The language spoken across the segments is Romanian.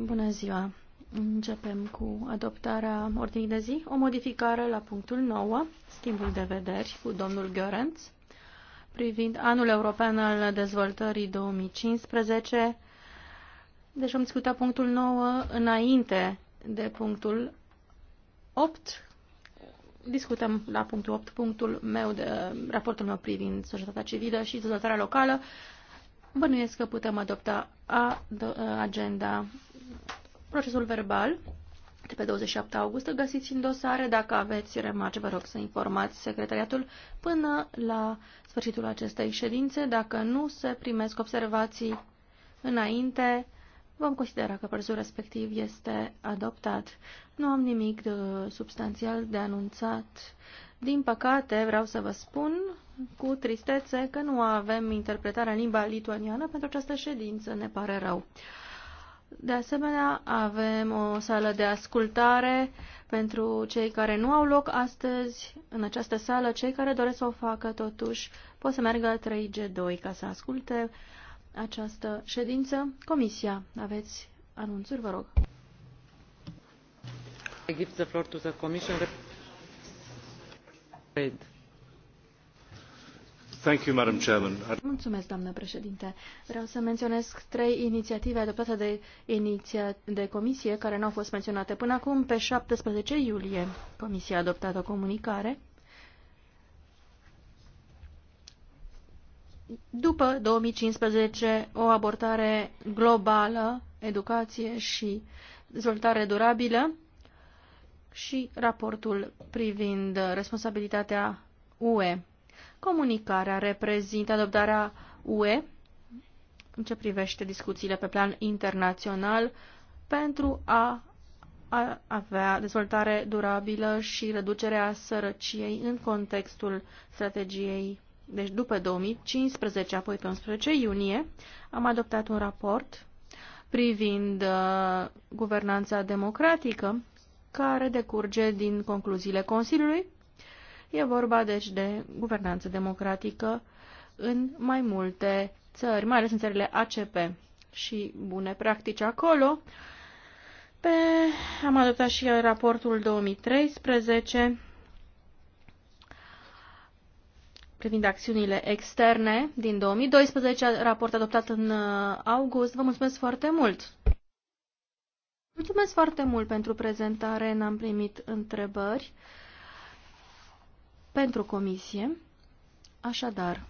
Bună ziua. Începem cu adoptarea ordinii de zi, o modificare la punctul nouă schimbul de vederi cu domnul goerens privind anul european al dezvoltării 2015. Deci vom discuta punctul nouă înainte de punctul opt. discutăm la punctul opt punctul meu de raportul meu privind societatea civilă și dezvoltarea locală. Bănuiesc că putem adopta a, agenda, procesul verbal de pe 27 august. Găsiți în dosare. Dacă aveți remarci, vă rog să informați secretariatul până la sfârșitul acestei ședințe. Dacă nu se primesc observații înainte, vom considera că părzul respectiv este adoptat. Nu am nimic de uh, substanțial de anunțat din păcate, vreau să vă spun cu tristețe că nu avem interpretarea în limba lituaniană pentru această ședință, ne pare rău. De asemenea, avem o sală de ascultare pentru cei care nu au loc astăzi în această sală. Cei care doresc să o facă, totuși, pot să meargă 3G2 ca să asculte această ședință. Comisia, aveți anunțuri, vă rog. I the floor to the commission. Mulțumesc, președinte. Vreau să menționez trei inițiative adoptate de, comisie care nu au fost menționate până acum. Pe șaptesprezece iulie, comisia a adoptat o comunicare după cincisprezece o abordare globală, educație și dezvoltare durabilă și raportul privind responsabilitatea UE. Comunicarea reprezintă adoptarea UE în ce privește discuțiile pe plan internațional pentru a avea dezvoltare durabilă și reducerea sărăciei în contextul strategiei. Deci după 2015, apoi pe 11 iunie, am adoptat un raport privind uh, guvernanța democratică care decurge din concluziile Consiliului. E vorba, deci, de guvernanță democratică în mai multe țări, mai ales în țările ACP și bune practici acolo. Pe, am adoptat și raportul 2013 privind acțiunile externe din 2012, raport adoptat în uh, august. Vă mulțumesc foarte mult! Mulțumesc foarte mult pentru prezentare. N-am primit întrebări pentru comisie. Așadar,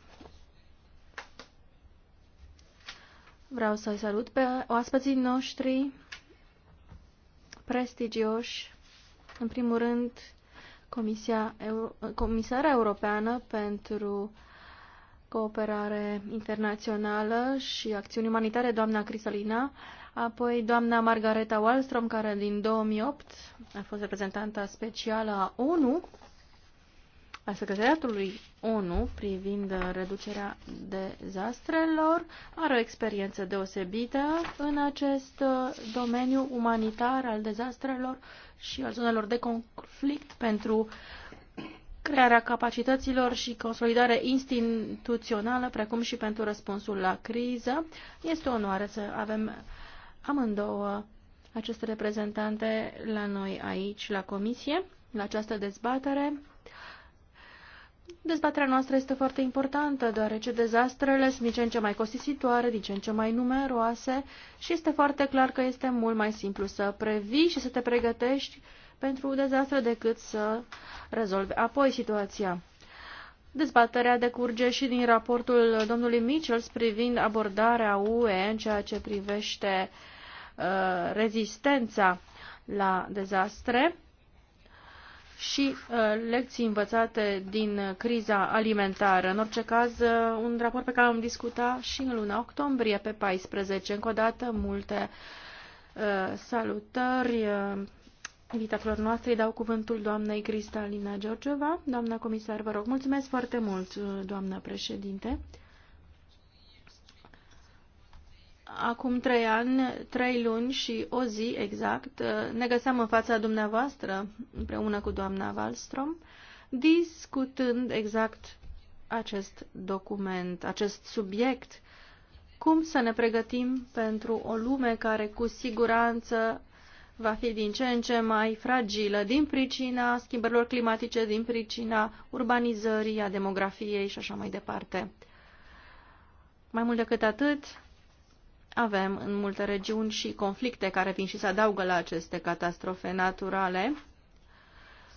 vreau să-i salut pe oaspeții noștri prestigioși. În primul rând, Comisia Comisarea Europeană pentru Cooperare Internațională și Acțiuni Umanitare, doamna Crisalina, Apoi doamna Margareta Wallström, care din 2008 a fost reprezentanta specială a ONU, a Secretariatului ONU privind reducerea dezastrelor, are o experiență deosebită în acest uh, domeniu umanitar al dezastrelor și al zonelor de conflict pentru crearea capacităților și consolidare instituțională, precum și pentru răspunsul la criză. Este o onoare să avem amândouă aceste reprezentante la noi aici, la comisie, la această dezbatere. Dezbaterea noastră este foarte importantă, deoarece dezastrele sunt din ce în ce mai costisitoare, din ce în ce mai numeroase și este foarte clar că este mult mai simplu să previi și să te pregătești pentru dezastre decât să rezolvi apoi situația. Dezbaterea decurge și din raportul domnului Michels privind abordarea UE în ceea ce privește uh, Uh, rezistența la dezastre și uh, lecții învățate din criza alimentară. În orice caz, uh, un raport pe care am discutat și în luna octombrie pe 14. Încă o dată, multe salutări invitatelor noastre. Dau cuvântul doamnei Cristalina Georgeva. Doamna comisar, vă rog, mulțumesc foarte mult, doamna președinte. acum trei ani, trei luni și o zi exact, uh, ne găseam în fața dumneavoastră, împreună cu doamna Wallström, discutând exact acest document, acest subiect, cum să ne pregătim pentru o lume care cu siguranță va fi din ce în ce mai fragilă din pricina schimbărilor climatice, din pricina urbanizării, a demografiei și așa mai departe. Mai mult decât atât, avem în multe regiuni și conflicte care vin și se adaugă la aceste catastrofe naturale.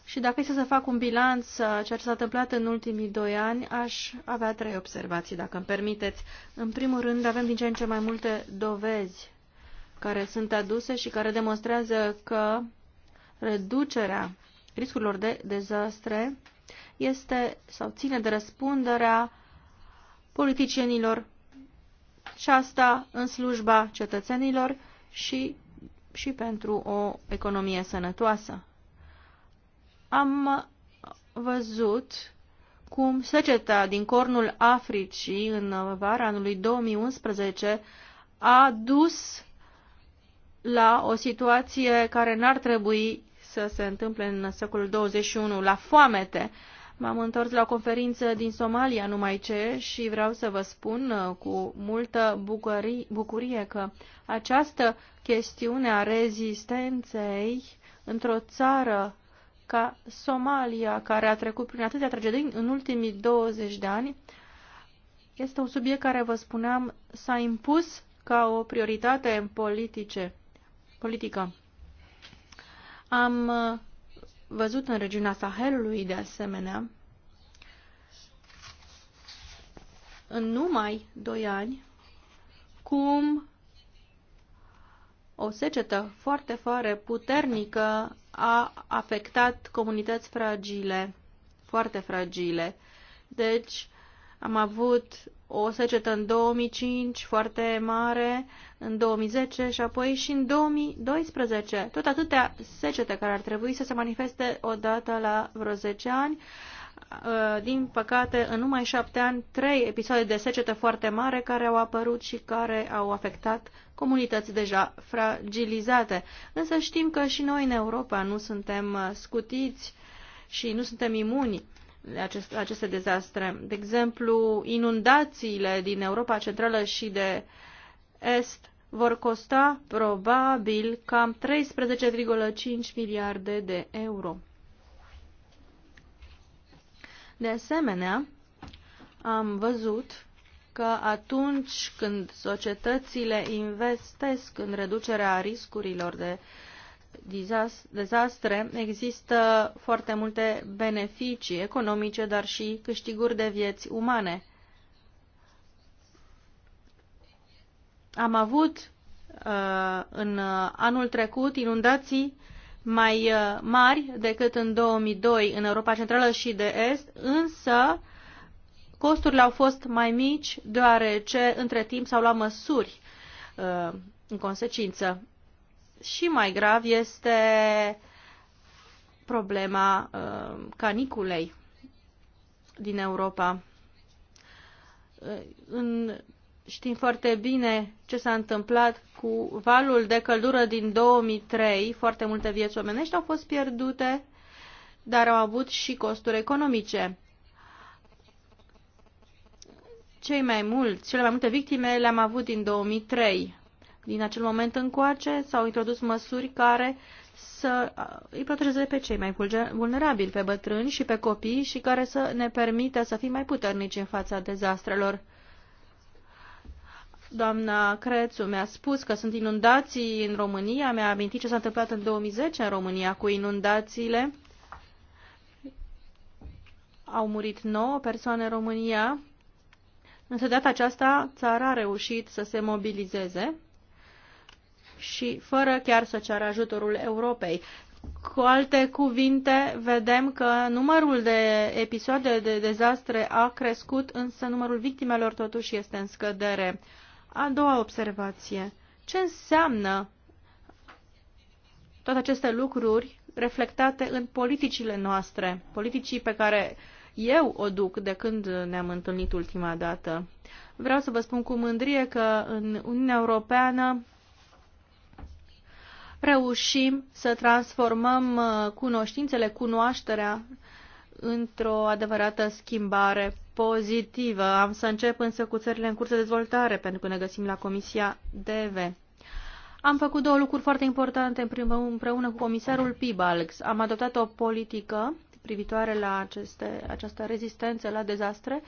Și dacă este să fac un bilanț a ceea ce s-a întâmplat în ultimii doi ani, aș avea trei observații, dacă îmi permiteți. În primul rând, avem din ce în ce mai multe dovezi care sunt aduse și care demonstrează că reducerea riscurilor de dezastre este sau ține de răspunderea politicienilor și asta în slujba cetățenilor și, și pentru o economie sănătoasă. Am văzut cum seceta din cornul Africii în vara anului 2011 a dus la o situație care n-ar trebui să se întâmple în secolul 21, la foamete. M-am întors la o conferință din Somalia numai ce și vreau să vă spun uh, cu multă bucurie, bucurie că această chestiune a rezistenței într-o țară ca Somalia, care a trecut prin atâtea tragedii în ultimii 20 de ani, este un subiect care, vă spuneam, s-a impus ca o prioritate în politice, politică. Am uh, văzut în regiunea Sahelului de asemenea. În numai doi ani, cum o secetă foarte, foarte puternică a afectat comunități fragile, foarte fragile. Deci am avut o secetă în 2005 foarte mare, în 2010 și apoi și în 2012. Tot atâtea secete care ar trebui să se manifeste odată la vreo 10 ani. Uh, din păcate, în numai 7 ani, 3 episoade de secetă foarte mare care au apărut și care au afectat comunități deja fragilizate. Însă știm că și noi în Europa nu suntem uh, scutiți și nu suntem imuni acest, aceste dezastre. De exemplu, inundațiile din Europa Centrală și de Est vor costa probabil cam 13,5 miliarde de euro. De asemenea, am văzut că atunci când societățile investesc în reducerea riscurilor de uh, dezastre, există foarte multe beneficii economice, dar și câștiguri de vieți umane. Am avut uh, în anul trecut inundații mai uh, mari decât în 2002 în Europa Centrală și de Est, însă costurile au fost mai mici deoarece între timp s-au luat măsuri uh, în consecință și mai grav este problema uh, caniculei din Europa. Uh, în, știm foarte bine ce s-a întâmplat cu valul de căldură din 2003. Foarte multe vieți omenești au fost pierdute, dar au avut și costuri economice. Cei mai mulți, cele mai multe victime le-am avut din 2003 din acel moment încoace s-au introdus măsuri care să îi protejeze pe cei mai vulnerabili, pe bătrâni și pe copii și care să ne permită să fim mai puternici în fața dezastrelor. Doamna Crețu mi-a spus că sunt inundații în România. Mi-a amintit ce s-a întâmplat în 2010 în România cu inundațiile. Au murit 9 persoane în România. Însă data aceasta țara a reușit să se mobilizeze și fără chiar să ceară ajutorul Europei. Cu alte cuvinte, vedem că numărul de episoade de dezastre a crescut, însă numărul victimelor totuși este în scădere. A doua observație. Ce înseamnă toate aceste lucruri reflectate în politicile noastre, politicii pe care eu o duc de când ne-am întâlnit ultima dată. Vreau să vă spun cu mândrie că în Uniunea Europeană reușim să transformăm uh, cunoștințele, cunoașterea într-o adevărată schimbare pozitivă. Am să încep însă cu țările în curs de dezvoltare, pentru că ne găsim la Comisia DV. Am făcut două lucruri foarte importante împreună cu comisarul Pibalx. Am adoptat o politică privitoare la aceste, această rezistență la dezastre.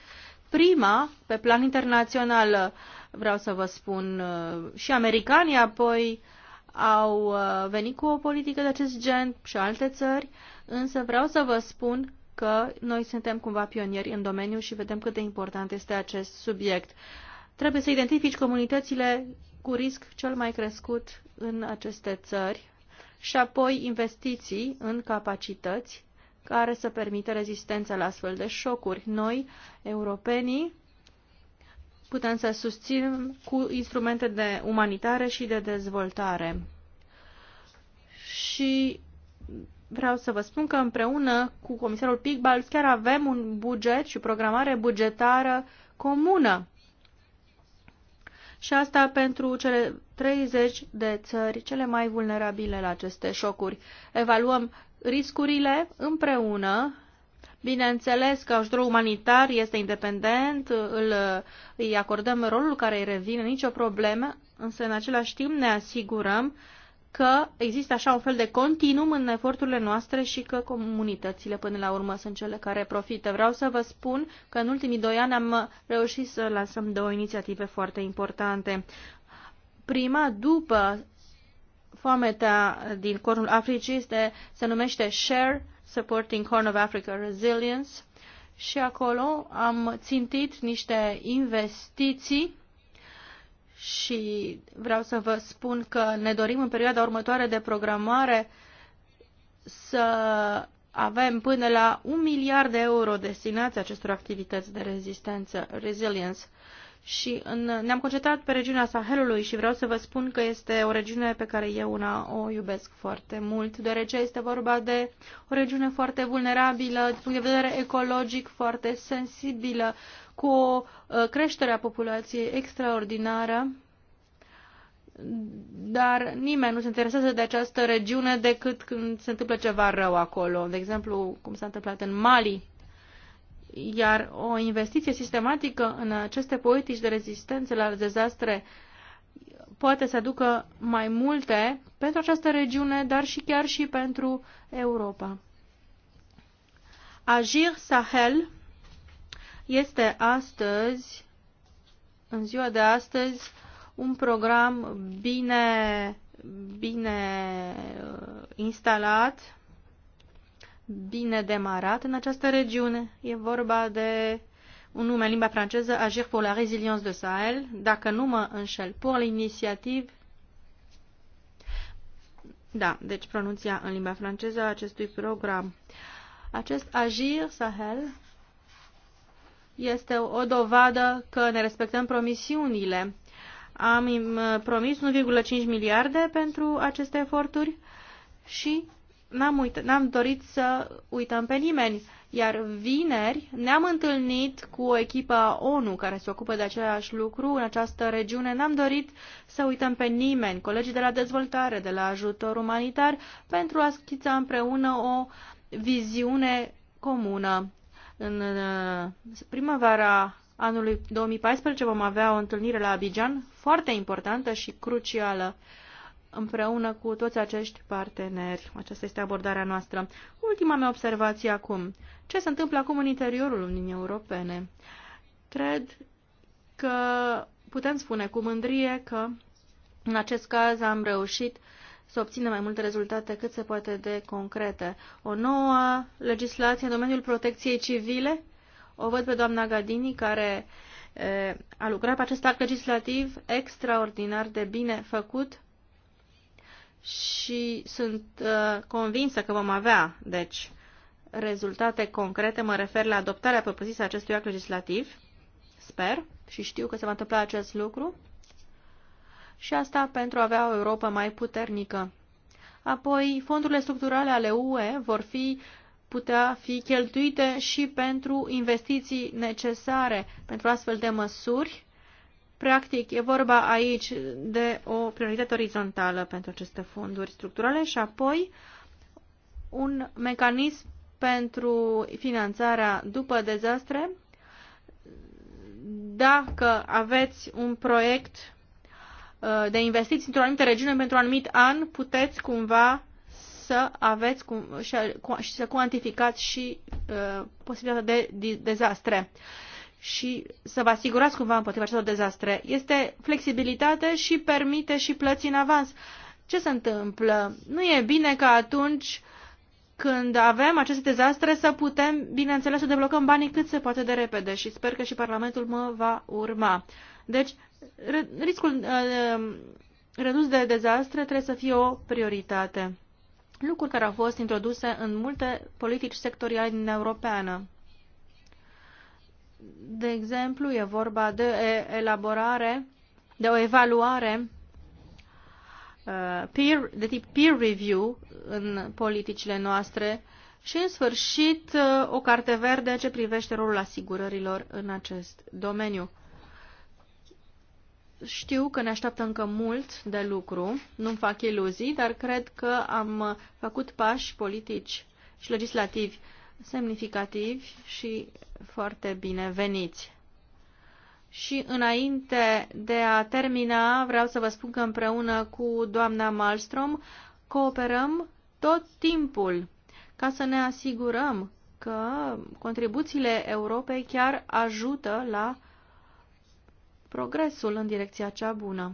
Prima, pe plan internațional, vreau să vă spun, uh, și americanii, apoi uh, au uh, venit cu o politică de acest gen și alte țări, însă vreau să vă spun că noi suntem cumva pionieri în domeniu și vedem cât de important este acest subiect. Trebuie să identifici comunitățile cu risc cel mai crescut în aceste țări și apoi investiții în capacități care să permită rezistența la astfel de șocuri. Noi, europenii, putem să susținem cu instrumente de umanitare și de dezvoltare. Și vreau să vă spun că împreună cu comisarul Pigbalz chiar avem un buget și programare bugetară comună. Și asta pentru cele 30 de țări cele mai vulnerabile la aceste șocuri. Evaluăm riscurile împreună Bineînțeles că ajutorul umanitar este independent, îl, îi acordăm rolul care îi revine, nicio problemă, însă în același timp ne asigurăm că există așa un fel de continuum în eforturile noastre și că comunitățile până la urmă sunt cele care profită. Vreau să vă spun că în ultimii doi ani am reușit să lansăm două inițiative foarte importante. Prima, după foametea din cornul Africii, este, se numește Share Supporting Horn of Africa Resilience și acolo am țintit niște investiții și vreau să vă spun că ne dorim în perioada următoare de programare să avem până la un miliard de euro destinați acestor activități de rezistență, resilience și ne-am concentrat pe regiunea Sahelului și vreau să vă spun că este o regiune pe care eu una o iubesc foarte mult, deoarece este vorba de o regiune foarte vulnerabilă, din punct de vedere ecologic, foarte sensibilă, cu o uh, creștere a populației extraordinară, dar nimeni nu se interesează de această regiune decât când se întâmplă ceva rău acolo, de exemplu cum s-a întâmplat în Mali iar o investiție sistematică în aceste politici de rezistență la dezastre poate să aducă mai multe pentru această regiune, dar și chiar și pentru Europa. Agir Sahel este astăzi, în ziua de astăzi, un program bine, bine uh, instalat bine demarat în această regiune. E vorba de un nume în limba franceză, Agir pour la résilience de Sahel, dacă nu mă înșel, pour l'initiative. Da, deci pronunția în limba franceză a acestui program. Acest Agir Sahel este o dovadă că ne respectăm promisiunile. Am mm, promis 1,5 miliarde pentru aceste eforturi și n-am, uit- n-am dorit să uităm pe nimeni. Iar vineri ne-am întâlnit cu echipa ONU care se ocupă de același lucru în această regiune. N-am dorit să uităm pe nimeni, colegii de la dezvoltare, de la ajutor umanitar, pentru a schița împreună o viziune comună. În uh, primăvara anului 2014 vom avea o întâlnire la Abidjan foarte importantă și crucială împreună cu toți acești parteneri. Aceasta este abordarea noastră. Ultima mea observație acum. Ce se întâmplă acum în interiorul Uniunii Europene? Cred că putem spune cu mândrie că în acest caz am reușit să obținem mai multe rezultate cât se poate de concrete. O nouă legislație în domeniul protecției civile. O văd pe doamna Gadini care a lucrat pe acest act legislativ extraordinar de bine făcut și sunt uh, convinsă că vom avea, deci, rezultate concrete. Mă refer la adoptarea propriu a acestui act legislativ, sper, și știu că se va întâmpla acest lucru. Și asta pentru a avea o Europa mai puternică. Apoi, fondurile structurale ale UE vor fi putea fi cheltuite și pentru investiții necesare, pentru astfel de măsuri Practic, e vorba aici de o prioritate orizontală pentru aceste fonduri structurale și apoi un mecanism pentru finanțarea după dezastre. Dacă aveți un proiect uh, de investiții într-o anumită regiune pentru un anumit an, puteți cumva să aveți cum, și, și să cuantificați și uh, posibilitatea de, de dezastre. Uh, și să vă asigurați cumva împotriva acestor dezastre. Este flexibilitate și permite și plăți în avans. Ce se întâmplă? Nu e bine ca atunci când avem aceste dezastre să putem, bineînțeles, să deblocăm banii cât se poate de repede și sper că și Parlamentul mă va urma. Deci, riscul uh, uh, redus de dezastre trebuie să fie o prioritate. Lucruri care au fost introduse în multe politici sectoriale din Europeană. De exemplu, e vorba de elaborare, de o evaluare uh, peer, de tip peer review în politicile noastre și, în sfârșit, uh, o carte verde ce privește rolul asigurărilor în acest domeniu. Știu că ne așteaptă încă mult de lucru, nu-mi fac iluzii, dar cred că am făcut pași politici și legislativi semnificativi și foarte bine veniți. Și înainte de a termina, vreau să vă spun că împreună cu doamna Malmström cooperăm tot timpul ca să ne asigurăm că contribuțiile Europei chiar ajută la progresul în direcția cea bună.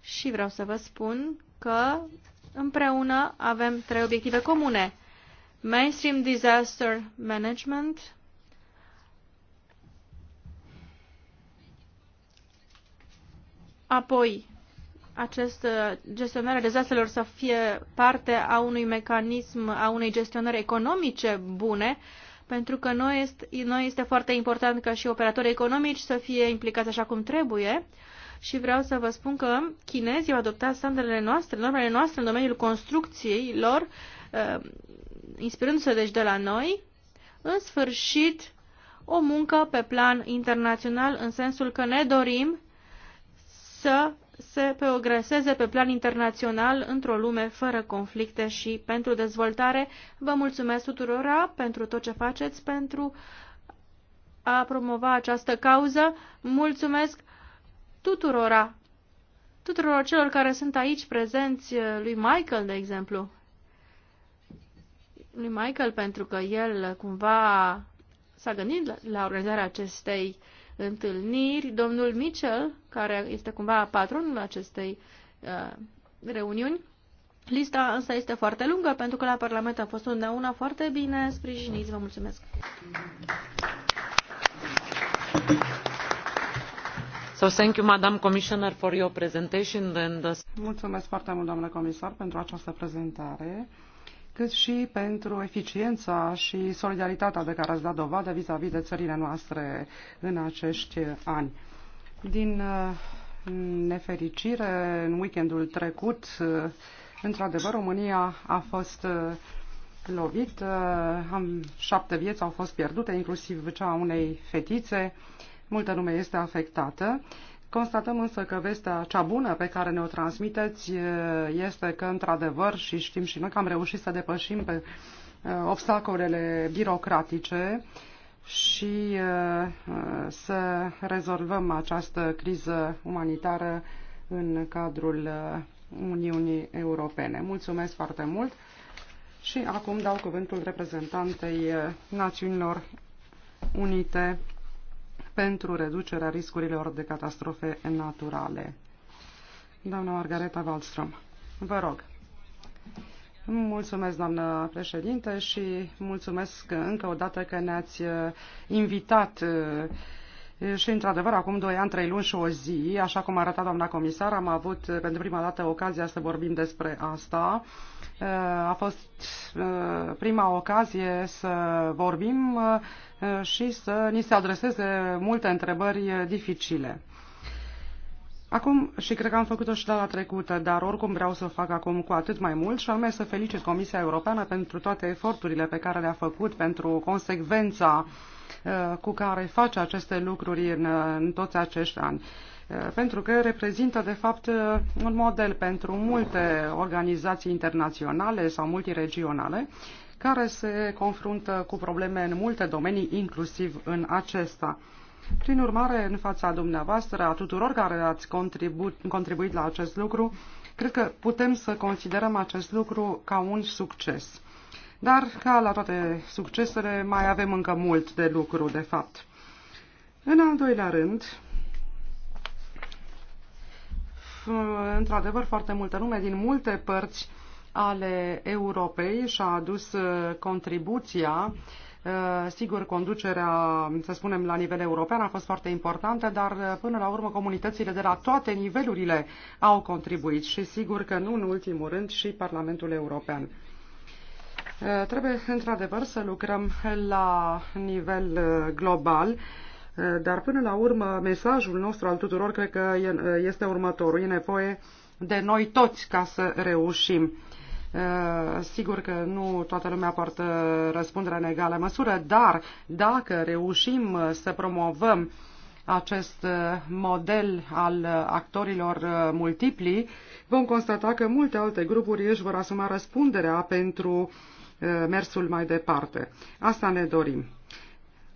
Și vreau să vă spun că împreună avem trei obiective comune mainstream disaster management, apoi această gestionare a dezastrelor să fie parte a unui mecanism, a unei gestionări economice bune, pentru că noi este, noi este foarte important ca și operatorii economici să fie implicați așa cum trebuie și vreau să vă spun că chinezii au adoptat standardele noastre, normele noastre în domeniul construcției lor inspirându-se deci de la noi, în sfârșit o muncă pe plan internațional, în sensul că ne dorim să se progreseze pe plan internațional într-o lume fără conflicte și pentru dezvoltare. Vă mulțumesc tuturora pentru tot ce faceți, pentru a promova această cauză. Mulțumesc tuturora, tuturor celor care sunt aici prezenți, lui Michael, de exemplu lui Michael pentru că el cumva s-a gândit la, organizarea acestei întâlniri. Domnul Mitchell, care este cumva patronul acestei uh, reuniuni, lista însă este foarte lungă pentru că la Parlament a fost una foarte bine sprijiniți. Vă mulțumesc! So thank you, Madam Commissioner, for your presentation. And the... Mulțumesc foarte mult, doamnă comisar, pentru această prezentare cât și pentru eficiența și solidaritatea de care ați dat dovadă vis-a-vis -vis de țările noastre în acești ani. Din uh, nefericire, în weekendul trecut, uh, într-adevăr, România a fost uh, lovit, Am șapte vieți au fost pierdute, inclusiv cea a unei fetițe, multă lume este afectată Constatăm însă că vestea cea bună pe care ne-o transmiteți este că, într-adevăr, și știm și noi că am reușit să depășim pe obstacolele birocratice și să rezolvăm această criză umanitară în cadrul Uniunii Europene. Mulțumesc foarte mult și acum dau cuvântul reprezentantei Națiunilor Unite pentru reducerea riscurilor de catastrofe naturale. Doamna Margareta Wallström, vă rog. Mulțumesc, doamnă președinte, și mulțumesc încă o dată că ne-ați invitat și, într-adevăr, acum 2 ani, 3 luni și o zi, așa cum arăta doamna comisar, am avut eh, pentru prima dată ocazia să vorbim despre asta. Eh, a fost eh, prima ocazie să vorbim și să ni se adreseze multe întrebări dificile. Acum, și cred că am făcut-o și data trecută, dar oricum vreau să o fac acum cu atât mai mult și anume să felicit Comisia Europeană pentru toate eforturile pe care le-a făcut, pentru consecvența uh, Uh, cu care face aceste lucruri în, uh, în toți acești ani. Uh, pentru că reprezintă, de fapt, un model pentru multe organizații internaționale sau multiregionale care se confruntă cu probleme în multe domenii, inclusiv în acesta. Prin urmare, în fața dumneavoastră, a tuturor care ați contribu- contribuit la acest lucru, cred că putem să considerăm acest lucru ca un succes. Dar, ca la toate succesele, mai avem încă mult de lucru, de fapt. În al doilea rând, într-adevăr, foarte multă lume din multe părți ale Europei și-a adus uh, contribuția uh, Sigur, conducerea, să spunem, la nivel european a fost foarte importantă, dar uh, până la urmă comunitățile de la toate nivelurile au contribuit și sigur că nu în ultimul rând și Parlamentul European. Eh, trebuie într-adevăr să lucrăm la nivel eh, global, eh, dar până la urmă mesajul nostru al tuturor cred că este următorul. E nevoie de noi toți ca să reușim. Sigur că nu toată lumea poartă răspunderea în egală măsură, dar dacă reușim să promovăm acest model al actorilor multipli, vom constata că multe alte grupuri își vor asuma răspunderea pentru uh, Uh, mersul mai departe. Asta ne dorim.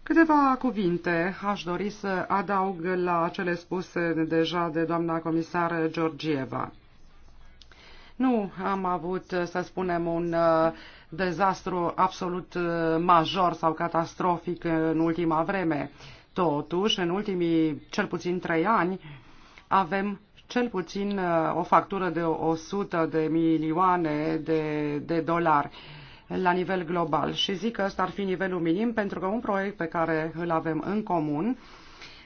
Câteva cuvinte aș dori să adaug la cele spuse deja de doamna comisară Georgieva. Nu am avut, să spunem, un uh, dezastru absolut uh, major sau catastrofic în ultima vreme. Totuși, în ultimii cel puțin trei ani, avem cel puțin o factură de 100 de milioane de, de dolari la nivel global și zic că ăsta ar fi nivelul minim pentru că un proiect pe care îl avem în comun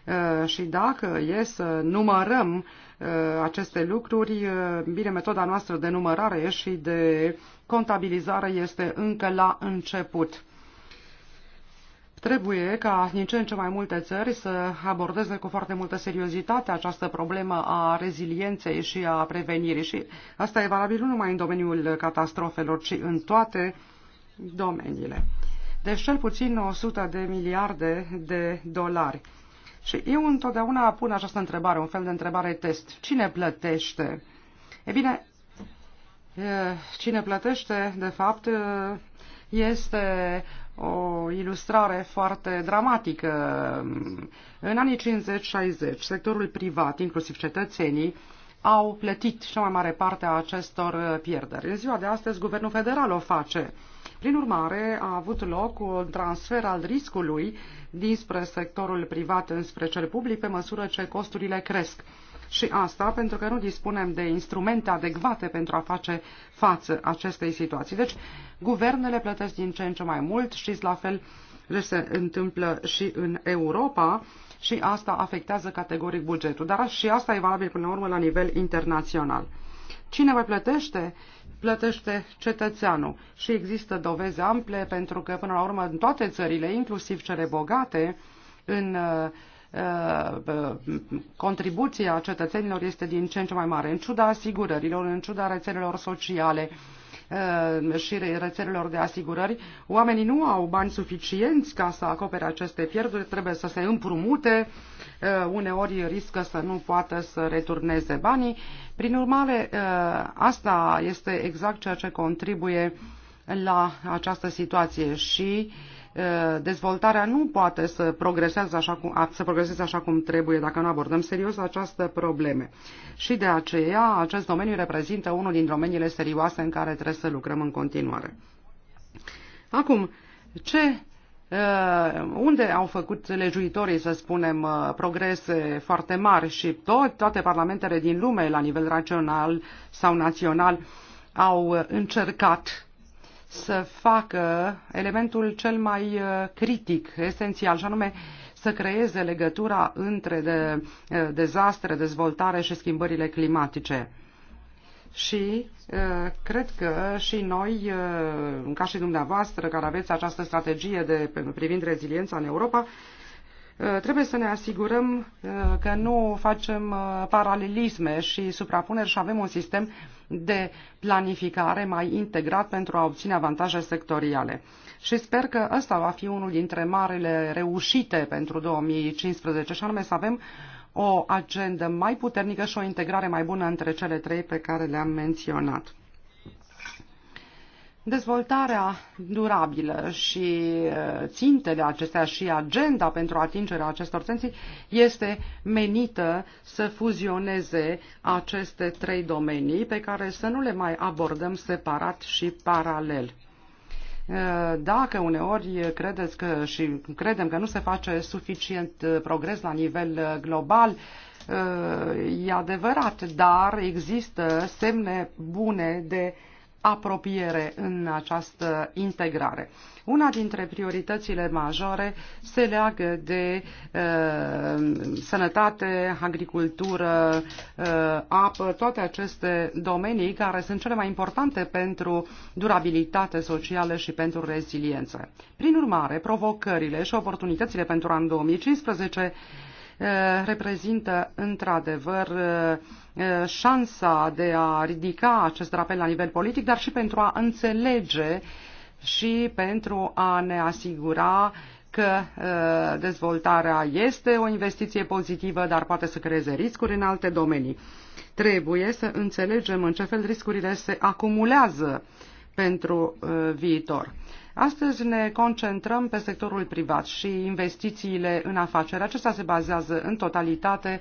uh, și dacă e să numărăm uh, aceste lucruri, uh, bine, metoda noastră de numărare și de contabilizare este încă la început. Trebuie ca din ce în ce mai multe țări să abordeze cu foarte multă seriozitate această problemă a rezilienței și a prevenirii și asta e valabil nu numai în domeniul catastrofelor, ci în toate uh, domeniile. Deci cel puțin 100 de miliarde de dolari. Și eu întotdeauna pun această întrebare, un fel de întrebare test. Cine plătește? E bine, cine plătește, de fapt, este o ilustrare foarte dramatică. În anii 50-60, sectorul privat, inclusiv cetățenii, au plătit cea mai mare parte a acestor uh, pierderi. În ziua de astăzi, Guvernul Federal o face. Prin urmare, a avut loc un transfer al riscului dinspre sectorul privat înspre cel public pe măsură ce costurile cresc. Și asta pentru că nu dispunem de instrumente adecvate pentru a face față acestei situații. Deci, guvernele plătesc din ce în ce mai mult și la fel se întâmplă și în Europa și asta afectează categoric bugetul. Dar și asta e valabil până la urmă la nivel internațional. Cine mai plătește? Plătește cetățeanul. Și există doveze ample pentru că până la urmă în toate țările, inclusiv cele bogate, în uh, uh, contribuția cetățenilor este din ce în ce mai mare, în ciuda asigurărilor, în ciuda rețelelor sociale, Uh, și rețelelor de asigurări, oamenii nu au bani suficienți ca să acopere aceste pierduri, trebuie să se împrumute, uh, uneori riscă să nu poată să returneze banii. Prin urmare, uh, asta este exact ceea ce contribuie la această situație și uh, dezvoltarea nu poate să progreseze așa cum, să progreseze așa cum trebuie dacă nu abordăm serios această probleme. Și de aceea acest domeniu reprezintă unul din domeniile serioase în care trebuie să lucrăm în continuare. Acum, ce unde au făcut legiuitorii, să spunem, progrese foarte mari și tot, toate parlamentele din lume, la nivel rațional sau național, au încercat să facă elementul cel mai uh, critic, esențial, și anume să creeze legătura între de, uh, dezastre, dezvoltare și schimbările climatice. Și uh, cred că și noi, ca și dumneavoastră, care aveți această strategie de, privind reziliența în Europa, Uh, trebuie să ne asigurăm uh, că nu facem uh, paralelisme și suprapuneri și avem un sistem de planificare mai integrat pentru a obține avantaje sectoriale. Și sper că ăsta va fi unul dintre marile reușite pentru 2015, și anume să avem o agendă mai puternică și o integrare mai bună între cele trei pe care le-am menționat. Dezvoltarea durabilă și uh, țintele acestea și agenda pentru atingerea acestor ținții este menită să fuzioneze aceste trei domenii pe care să nu le mai abordăm separat și paralel. Uh, dacă uneori credeți că și credem că nu se face suficient uh, progres la nivel global, e adevărat, dar există semne bune de apropiere în această integrare. Una dintre prioritățile majore se leagă de uh, sănătate, agricultură, uh, apă, toate aceste domenii care sunt cele mai importante pentru durabilitate socială și pentru reziliență. Prin urmare, provocările și oportunitățile pentru anul 2015 Uh, reprezintă într-adevăr uh, uh, șansa de a ridica acest drapel la nivel politic, dar și pentru a înțelege și pentru a ne asigura că dezvoltarea este o investiție pozitivă, dar poate să creeze riscuri în alte domenii. Trebuie să înțelegem în ce fel riscurile se acumulează pentru viitor. Astăzi ne concentrăm pe sectorul privat și investițiile în afaceri. Acesta se bazează în totalitate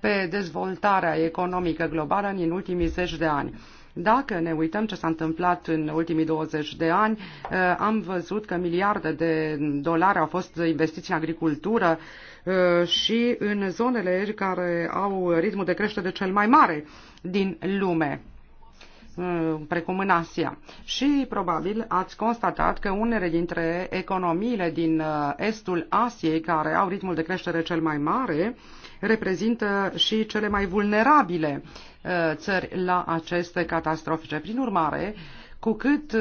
pe dezvoltarea economică globală în ultimii zeci de ani. Dacă ne uităm ce s-a întâmplat în ultimii 20 de ani, eh, am văzut că miliarde de dolari au fost investiți în agricultură eh, și în zonele care au ritmul de creștere cel mai mare din lume. Mm, precum în Asia. Și probabil ați constatat că unele dintre economiile din uh, estul Asiei, care au ritmul de creștere cel mai mare, reprezintă și cele mai vulnerabile uh, țări la aceste catastrofice. Prin urmare, cu cât uh,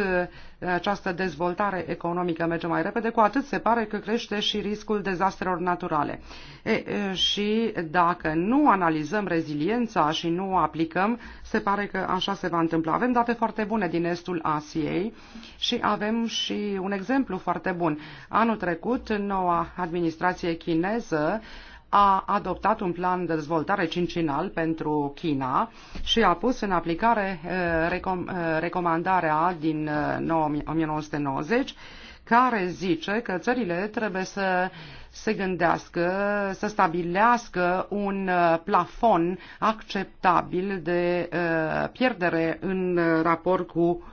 această dezvoltare economică merge mai repede, cu atât se pare că crește și riscul dezastrelor naturale. E, și dacă nu analizăm reziliența și nu o aplicăm, se pare că așa se va întâmpla. Avem date foarte bune din estul Asiei și avem și un exemplu foarte bun. Anul trecut, noua administrație chineză a adoptat un plan de dezvoltare cincinal pentru China și a pus în aplicare eh, recom- eh, recomandarea din 1990 eh, care zice că țările trebuie să se gândească, să stabilească un plafon acceptabil de pierdere în raport cu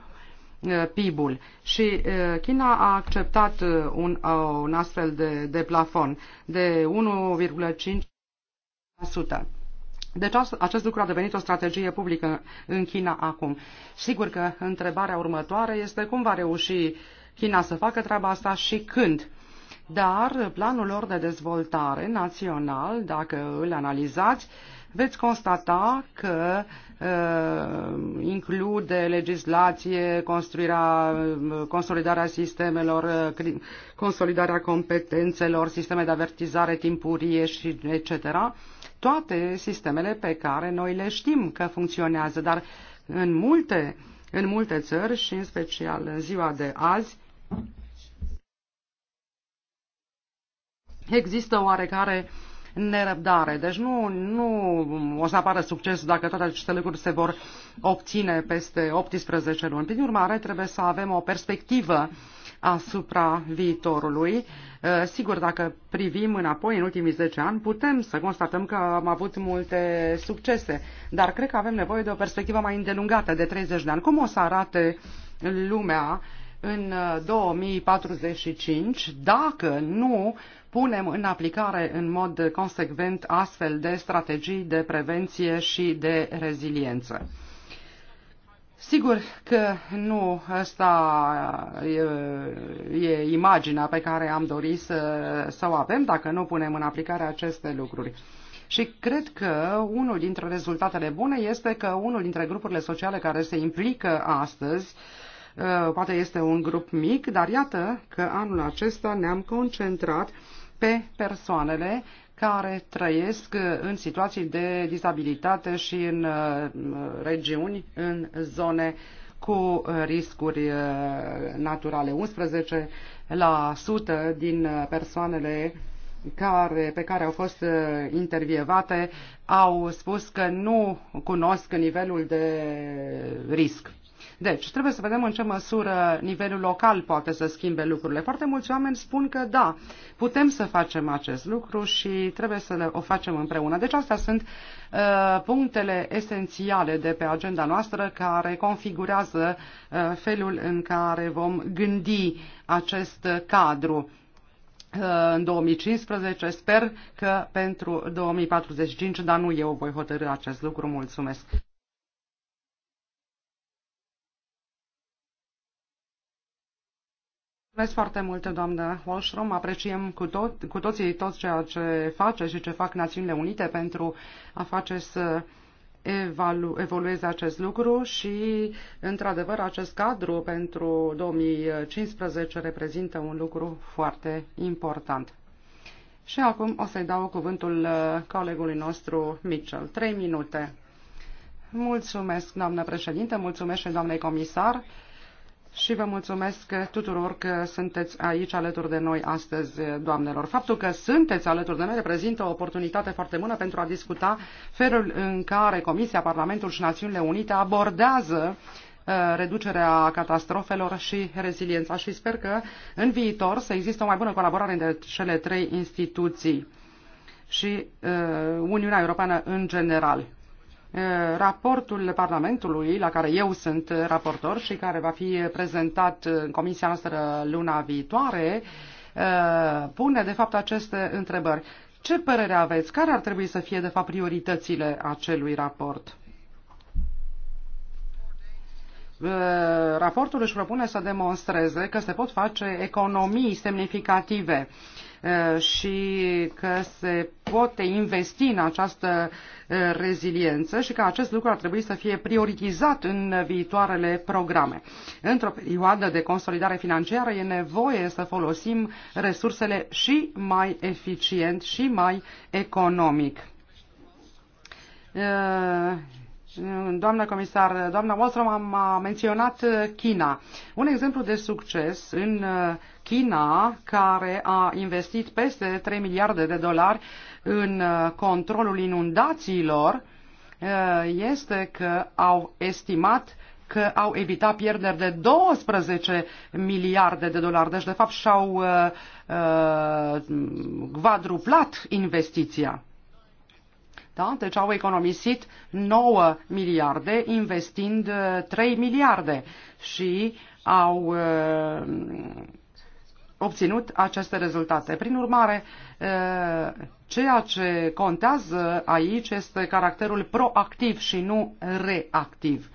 Uh, PIB-ul și uh, China a acceptat uh, un, un astfel de, de plafon de 1,5%. Deci acest lucru a devenit o strategie publică în China acum. Sigur că întrebarea următoare este cum va reuși China să facă treaba asta și când. Dar planul lor de dezvoltare național, dacă îl analizați, uh, veți constata că uh, include legislație, construirea, consolidarea sistemelor, uh, consolidarea competențelor, sisteme de avertizare timpurie și etc. Toate sistemele pe care noi le știm că funcționează, dar în multe, în multe țări și în special în ziua de azi, există oarecare uh, nerăbdare. Deci nu, nu o să apară succes dacă toate aceste lucruri se vor obține peste 18 luni. Prin urmare, trebuie să avem o perspectivă asupra viitorului. Eh, sigur, dacă privim înapoi în ultimii 10 ani, putem să constatăm că am avut multe succese, dar cred că avem nevoie de o perspectivă mai îndelungată, de 30 de ani. Cum o să arate lumea în 2045 eh, dacă nu punem în aplicare în mod consecvent astfel de strategii de prevenție și de reziliență. Sigur că nu asta e, e imaginea pe care am dorit să, să o avem dacă nu punem în aplicare aceste lucruri. Și cred că unul dintre rezultatele bune este că unul dintre grupurile sociale care se implică astăzi, poate este un grup mic, dar iată că anul acesta ne-am concentrat pe persoanele care trăiesc în situații de dizabilitate și în uh, regiuni, în zone cu riscuri uh, naturale. 11% din persoanele care, pe care au fost uh, intervievate au spus că nu cunosc nivelul de risc deci, trebuie să vedem în ce măsură nivelul local poate să schimbe lucrurile. Foarte mulți oameni spun că da, putem să facem acest lucru și trebuie să le, o facem împreună. Deci, astea sunt uh, punctele esențiale de pe agenda noastră care configurează uh, felul în care vom gândi acest cadru uh, în 2015. Sper că pentru 2045, dar nu eu voi hotărâ acest lucru. Mulțumesc! Mulțumesc foarte mult, doamnă Holstrom. Apreciem cu, tot, cu toții tot ceea ce face și ce fac Națiunile Unite pentru a face să evalu, evolueze acest lucru și, într-adevăr, acest cadru pentru 2015 reprezintă un lucru foarte important. Și acum o să-i dau cuvântul uh, colegului nostru Mitchell. Trei minute. Mulțumesc, doamnă președinte, mulțumesc și doamnei comisar și vă mulțumesc tuturor că sunteți aici alături de noi astăzi, doamnelor. Faptul că sunteți alături de noi reprezintă o oportunitate foarte bună pentru a discuta felul în care Comisia, Parlamentul și Națiunile Unite abordează uh, reducerea catastrofelor și reziliența și sper că în viitor să există o mai bună colaborare între cele trei instituții și uh, Uniunea Europeană în general. Eh, raportul Parlamentului, la care eu sunt raportor și care va fi prezentat în comisia noastră luna viitoare, eh, pune de fapt aceste întrebări. Ce părere aveți? Care ar trebui să fie de fapt prioritățile acelui raport? Eh, raportul își propune să demonstreze că se pot face economii semnificative și că se poate investi în această reziliență și că acest lucru ar trebui să fie prioritizat în viitoarele programe. Într-o perioadă de consolidare financiară e nevoie să folosim resursele și mai eficient și mai economic doamnă comisar, doamna Wallström a menționat uh, China. Un exemplu de succes în uh, China, care a investit peste 3 miliarde de dolari în uh, controlul inundațiilor, este că au estimat că au evitat pierderi de 12 miliarde de dolari. Deci, de fapt, și-au uh, uh, quadruplat investiția. Da? Deci au economisit 9 miliarde investind 3 uh, miliarde și au uh, obținut aceste rezultate. Prin urmare, uh, ceea ce contează aici este caracterul proactiv și nu reactiv.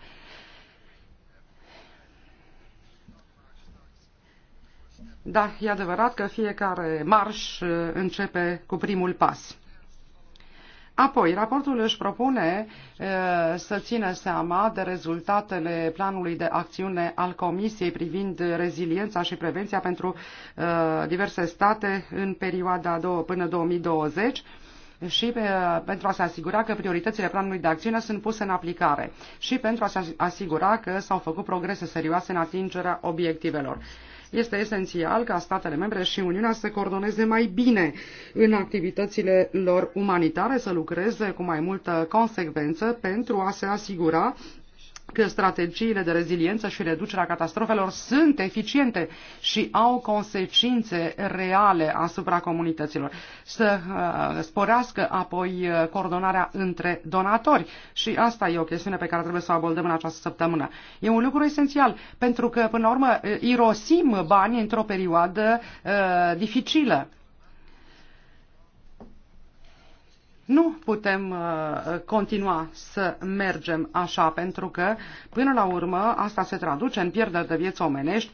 Da, e adevărat că fiecare marș începe cu primul pas. Apoi, raportul își propune să țină seama de rezultatele planului de acțiune al Comisiei privind reziliența și prevenția pentru diverse state în perioada până 2020 și pe, pentru a se asigura că prioritățile planului de acțiune sunt puse în aplicare și pentru a se asigura că s-au făcut progrese serioase în atingerea obiectivelor. Este esențial ca statele membre și Uniunea să coordoneze mai bine în activitățile lor umanitare, să lucreze cu mai multă consecvență pentru a se asigura că strategiile de reziliență și reducerea catastrofelor sunt eficiente și au consecințe reale asupra comunităților. Să uh, sporească apoi uh, coordonarea între donatori și asta e o chestiune pe care trebuie să o abordăm în această săptămână. E un lucru esențial pentru că până la urmă uh, irosim bani într-o perioadă uh, dificilă. Nu putem uh, continua să mergem așa, pentru că, până la urmă, asta se traduce în pierderi de vieți omenești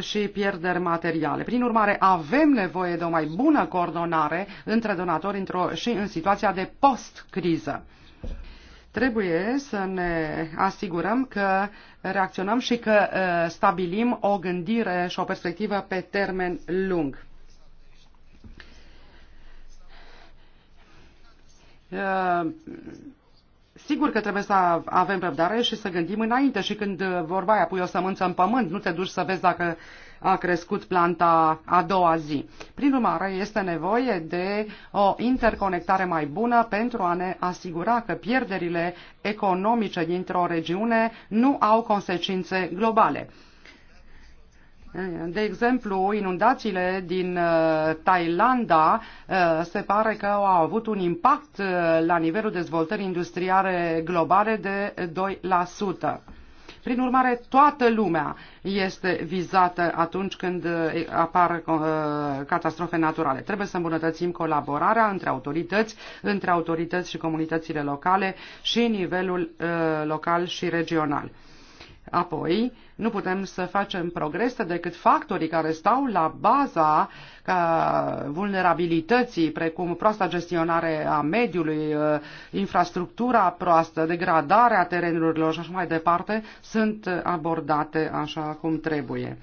și pierderi materiale. Prin urmare, avem nevoie de o mai bună coordonare între donatori într-o, și în situația de post-criză. Trebuie să ne asigurăm că reacționăm și că uh, stabilim o gândire și o perspectivă pe termen lung. Ehm, sigur că trebuie să avem răbdare și să gândim înainte și când uh, vorba aia pui o sămânță în pământ, nu te duci să vezi dacă a crescut planta a doua zi. Prin urmare, este nevoie de o interconectare mai bună pentru a ne asigura că pierderile economice dintr-o regiune nu au consecințe globale. De exemplu, inundațiile din uh, Thailanda uh, se pare că au avut un impact uh, la nivelul dezvoltării industriale globale de 2%. Prin urmare, toată lumea este vizată atunci când apar catastrofe naturale. Trebuie să îmbunătățim colaborarea între autorități, între autorități și comunitățile locale și nivelul local și regional. Apoi, nu putem să facem progrese decât factorii care stau la baza ca vulnerabilității, precum proasta gestionare a mediului, uh, infrastructura proastă, degradarea terenurilor și așa mai departe, sunt abordate așa cum trebuie.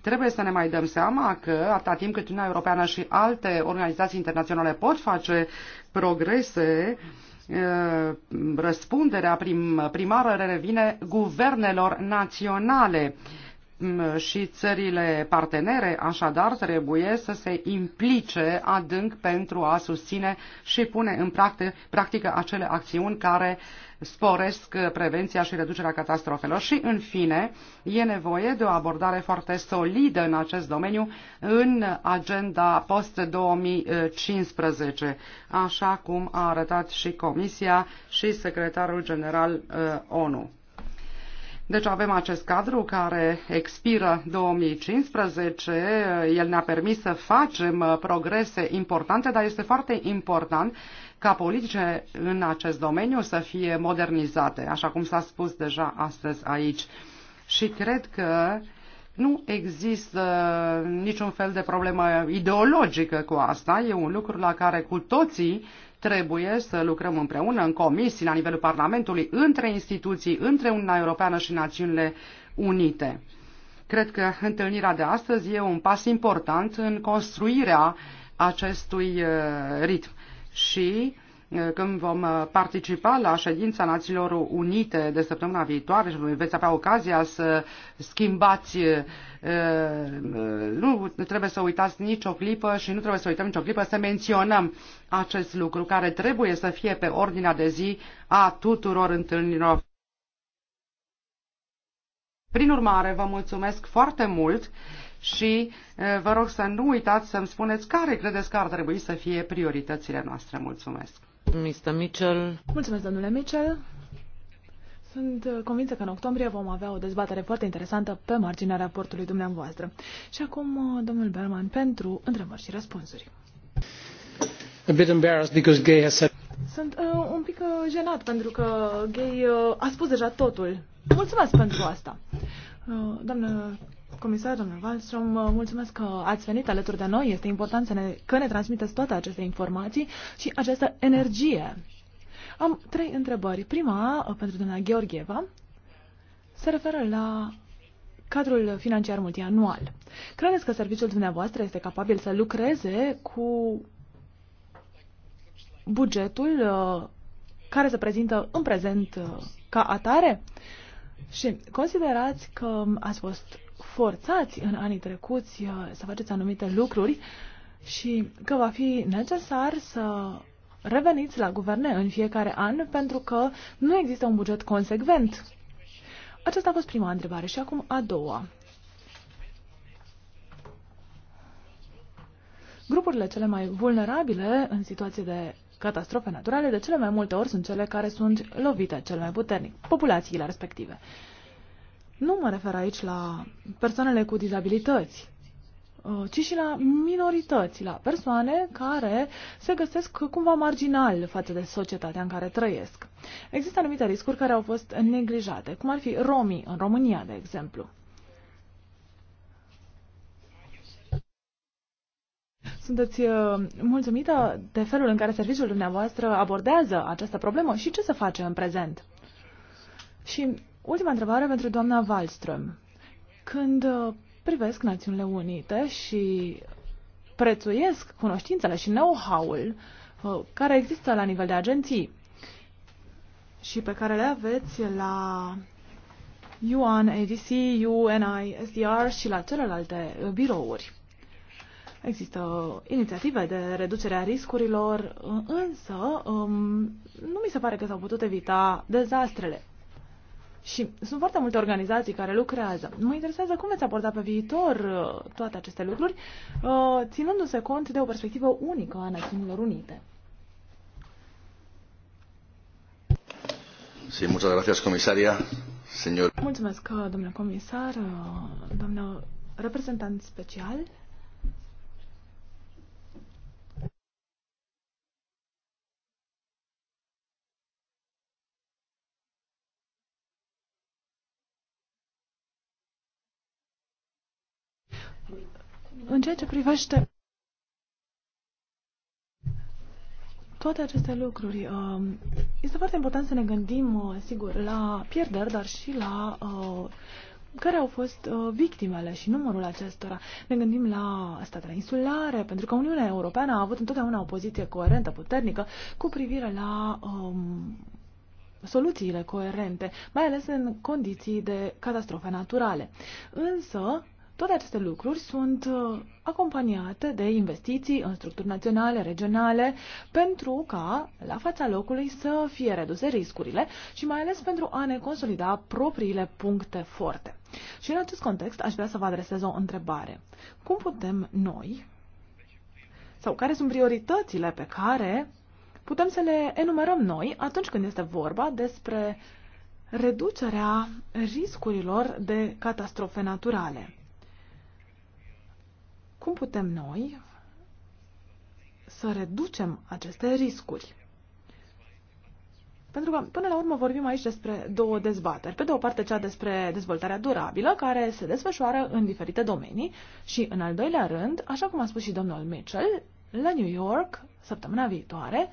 Trebuie să ne mai dăm seama că atâta timp cât Uniunea Europeană și alte organizații internaționale pot face progrese, uh, Uh, răspunderea prim, primară revine guvernelor naționale mm, și țările partenere, așadar, trebuie să se implice adânc pentru a susține și pune în practică acele acțiuni care sporesc uh, prevenția și reducerea catastrofelor. Și, în fine, e nevoie de o abordare foarte solidă în acest domeniu în agenda post-2015, așa cum a arătat și Comisia și Secretarul General uh, ONU. Deci avem acest cadru care expiră 2015, uh, el ne-a permis să facem progrese importante, dar este foarte important ca politice în acest domeniu să fie modernizate, așa cum s-a spus deja astăzi aici. Și cred că nu există niciun fel de problemă ideologică cu asta. E un lucru la care cu toții trebuie să lucrăm împreună în comisii, la nivelul Parlamentului, între instituții, între Uniunea Europeană și Națiunile Unite. Cred că întâlnirea de astăzi e un pas important în construirea acestui uh, ritm și când vom participa la ședința Națiunilor Unite de săptămâna viitoare și veți avea ocazia să schimbați, nu trebuie să uitați nicio clipă și nu trebuie să uităm nicio clipă să menționăm acest lucru care trebuie să fie pe ordinea de zi a tuturor întâlnirilor. Prin urmare, vă mulțumesc foarte mult și vă rog să nu uitați să-mi spuneți care credeți că ar trebui să fie prioritățile noastre. Mulțumesc! Mr. Mitchell. Mulțumesc, domnule Mitchell. Sunt uh, convinsă că în octombrie vom avea o dezbatere foarte interesantă pe marginea raportului dumneavoastră. Și acum, uh, domnul Berman, pentru întrebări și răspunsuri. A bit embarrassed because Gay has said... Sunt uh, un pic uh, jenat pentru că Gay uh, a spus deja totul. Mulțumesc pentru asta. Uh, doamnă comisar, domnul Wallström, mulțumesc că ați venit alături de noi. Este important să ne, că ne transmiteți toate aceste informații și această energie. Am trei întrebări. Prima, uh, pentru doamna Gheorgheva, se referă la cadrul financiar multianual. Credeți că serviciul dumneavoastră este capabil să lucreze cu bugetul uh, care se prezintă în prezent uh, ca atare? Și considerați că ați fost forțați în anii trecuți uh, să faceți anumite lucruri și că va fi necesar să reveniți la guverne în fiecare an pentru că nu există un buget consecvent. Aceasta a fost prima întrebare și acum a doua. Grupurile cele mai vulnerabile în situații de catastrofe naturale de cele mai multe ori sunt cele care sunt lovite cel mai puternic, populațiile respective. Nu mă refer aici la persoanele cu dizabilități, uh, ci și la minorități, la persoane care se găsesc cumva marginal față de societatea în care trăiesc. Există anumite riscuri care au fost neglijate, cum ar fi romii în România, de exemplu. Sunteți uh, mulțumită de felul în care serviciul dumneavoastră abordează această problemă și ce să face în prezent? Și Ultima întrebare pentru doamna Wallström. Când uh, privesc Națiunile Unite și prețuiesc cunoștințele și know-how-ul uh, care există la nivel de agenții și pe care le aveți la UN, ADC, UNI, SDR și la celelalte uh, birouri. Există inițiative de reducere a riscurilor, însă um, nu mi se pare că s-au putut evita dezastrele. Și sunt foarte multe organizații care lucrează. Mă interesează cum veți aborda pe viitor uh, toate aceste lucruri, uh, ținându-se cont de o perspectivă unică a Națiunilor Unite. Sí, muchas gracias, comisaria. Señor. Mulțumesc, uh, domnule comisar, domnule reprezentant special. ceea ce privește toate aceste lucruri, um, este foarte important să ne gândim, uh, sigur, la pierderi, dar și la uh, care au fost uh, victimele și numărul acestora. Ne gândim la statele insulare, pentru că Uniunea Europeană a avut întotdeauna o poziție coerentă, puternică, cu privire la um, soluțiile coerente, mai ales în condiții de catastrofe naturale. Însă, toate aceste lucruri sunt uh, acompaniate de investiții în structuri naționale, regionale, pentru ca la fața locului să fie reduse riscurile și mai ales pentru a ne consolida propriile puncte forte. Și în acest context aș vrea să vă adresez o întrebare. Cum putem noi, sau care sunt prioritățile pe care putem să le enumerăm noi atunci când este vorba despre reducerea riscurilor de catastrofe naturale. Cum putem noi să reducem aceste riscuri? Pentru că, până la urmă, vorbim aici despre două dezbateri. Pe de o parte, cea despre dezvoltarea durabilă, care se desfășoară în diferite domenii, și, în al doilea rând, așa cum a spus și domnul Mitchell, la New York, săptămâna viitoare,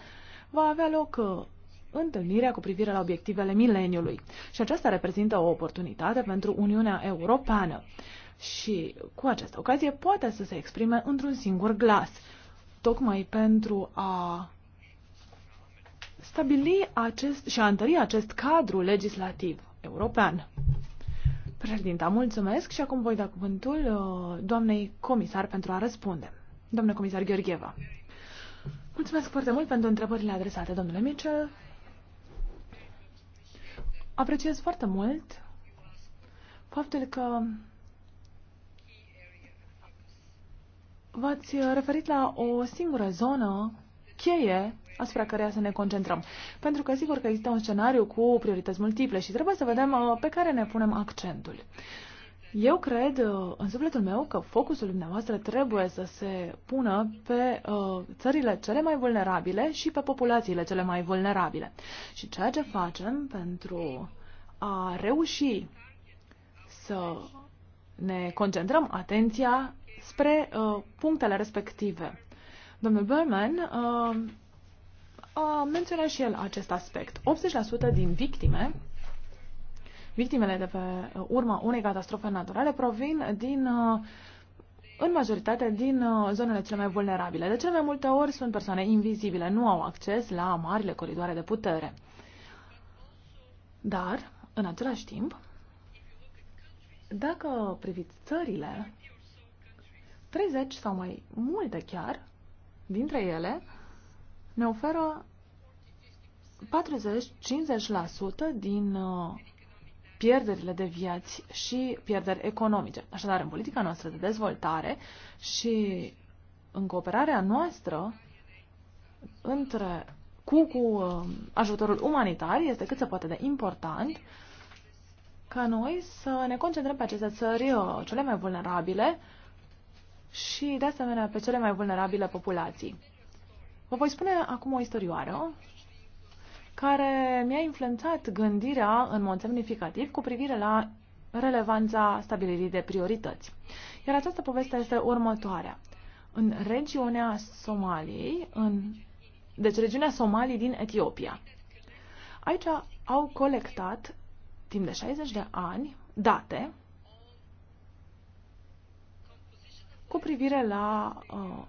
va avea loc uh, întâlnirea cu privire la obiectivele mileniului. Și aceasta reprezintă o oportunitate pentru Uniunea Europeană și cu această ocazie poate să se exprime într-un singur glas, tocmai pentru a stabili acest și a întări acest cadru legislativ european. Președinta, mulțumesc și acum voi da cuvântul uh, doamnei comisar pentru a răspunde. Domnule comisar Gheorgheva. Mulțumesc foarte mult pentru întrebările adresate, domnule Mitchell. Apreciez foarte mult faptul că V-ați uh, referit la o singură zonă cheie asupra căreia să ne concentrăm. Pentru că sigur că există un scenariu cu priorități multiple și trebuie să vedem uh, pe care ne punem accentul. Eu cred uh, în sufletul meu că focusul dumneavoastră trebuie să se pună pe uh, țările cele mai vulnerabile și pe populațiile cele mai vulnerabile. Și ceea ce facem pentru a reuși să ne concentrăm atenția spre uh, punctele respective. Domnul Berman uh, a menționat și el acest aspect. 80% din victime, victimele de pe uh, urma unei catastrofe naturale, provin din uh, în majoritate din uh, zonele cele mai vulnerabile. De cele mai multe ori sunt persoane invizibile, nu au acces la marile coridoare de putere. Dar, în același timp, dacă priviți țările 30 sau mai multe chiar dintre ele ne oferă 40-50% din uh, pierderile de viați și pierderi economice. Așadar, în politica noastră de dezvoltare și în cooperarea noastră între, cu, cu uh, ajutorul umanitar este cât se poate de important ca noi să ne concentrăm pe aceste țări uh, cele mai vulnerabile și, de asemenea, pe cele mai vulnerabile populații. Vă voi spune acum o istorioară care mi-a influențat gândirea în mod semnificativ cu privire la relevanța stabilirii de priorități. Iar această poveste este următoarea. În regiunea Somaliei, în, deci regiunea Somalii din Etiopia, aici au colectat timp de 60 de ani date cu privire la uh,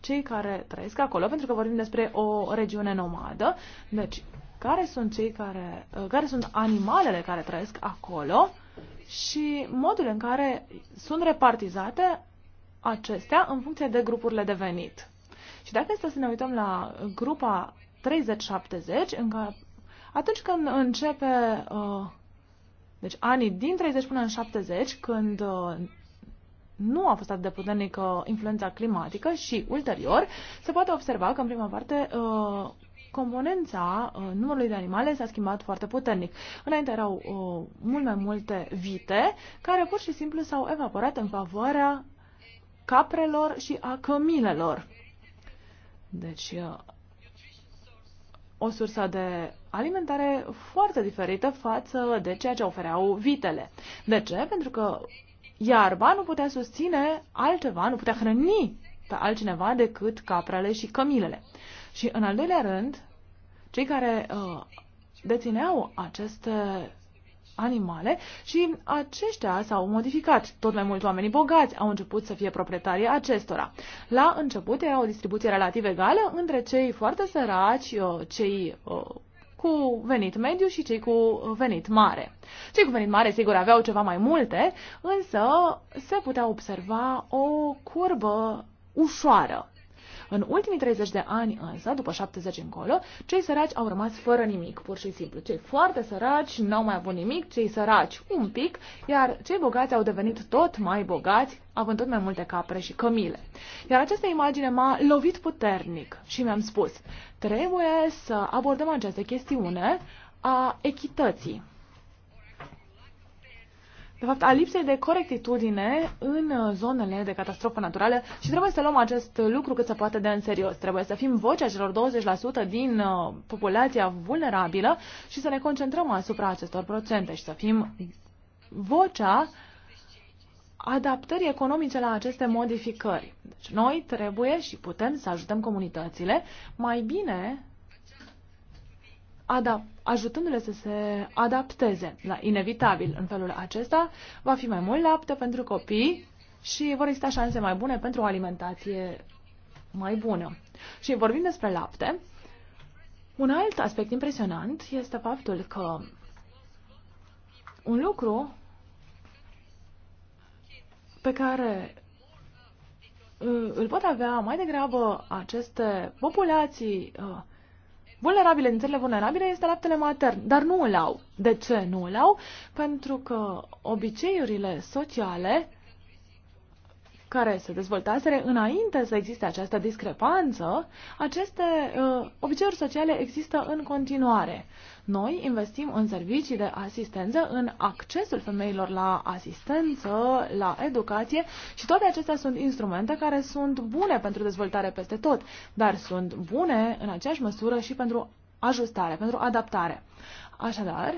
cei care trăiesc acolo, pentru că vorbim despre o regiune nomadă. Deci, care sunt cei care, uh, care sunt animalele care trăiesc acolo și modul în care sunt repartizate acestea în funcție de grupurile de venit. Și dacă este să ne uităm la grupa 30-70, în care, atunci când începe uh, deci anii din 30 până în 70, când uh, nu a fost atât de puternică influența climatică și ulterior se poate observa că în prima parte uh, componența uh, numărului de animale s-a schimbat foarte puternic. Înainte erau uh, mult mai multe vite care pur și simplu s-au evaporat în favoarea caprelor și a cămilelor. Deci, o sursă de alimentare foarte diferită față de ceea ce ofereau vitele. De ce? Pentru că iarba nu putea susține altceva, nu putea hrăni pe altcineva decât caprele și cămilele. Și în al doilea rând, cei care uh, dețineau aceste animale și aceștia s-au modificat. Tot mai mulți oamenii bogați au început să fie proprietarii acestora. La început era o distribuție relativ egală între cei foarte săraci, uh, cei uh, cu venit mediu și cei cu venit mare. Cei cu venit mare, sigur, aveau ceva mai multe, însă se putea observa o curbă ușoară. În ultimii 30 de ani însă, după 70 încolo, cei săraci au rămas fără nimic, pur și simplu. Cei foarte săraci n-au mai avut nimic, cei săraci un pic, iar cei bogați au devenit tot mai bogați, având tot mai multe capre și cămile. Iar această imagine m-a lovit puternic și mi-am spus, trebuie să abordăm această chestiune a echității de fapt, a lipsei de corectitudine în uh, zonele de catastrofă naturală și trebuie să luăm acest lucru cât se poate de în serios. Trebuie să fim vocea celor 20% din uh, populația vulnerabilă și să ne concentrăm asupra acestor procente și să fim vocea adaptării economice la aceste modificări. Deci noi trebuie și putem să ajutăm comunitățile mai bine adap- ajutându-le să se adapteze la inevitabil. În felul acesta va fi mai mult lapte pentru copii și vor exista șanse mai bune pentru o alimentație mai bună. Și vorbim despre lapte. Un alt aspect impresionant este faptul că un lucru pe care uh, îl pot avea mai degrabă aceste populații uh, vulnerabile din țările vulnerabile este laptele matern, dar nu îl au. De ce nu îl au? Pentru că obiceiurile sociale care se dezvoltaseră înainte să existe această discrepanță, aceste uh, obiceiuri sociale există în continuare. Noi investim în servicii de asistență, în accesul femeilor la asistență, la educație și toate acestea sunt instrumente care sunt bune pentru dezvoltare peste tot, dar sunt bune în aceeași măsură și pentru ajustare, pentru adaptare. Așadar,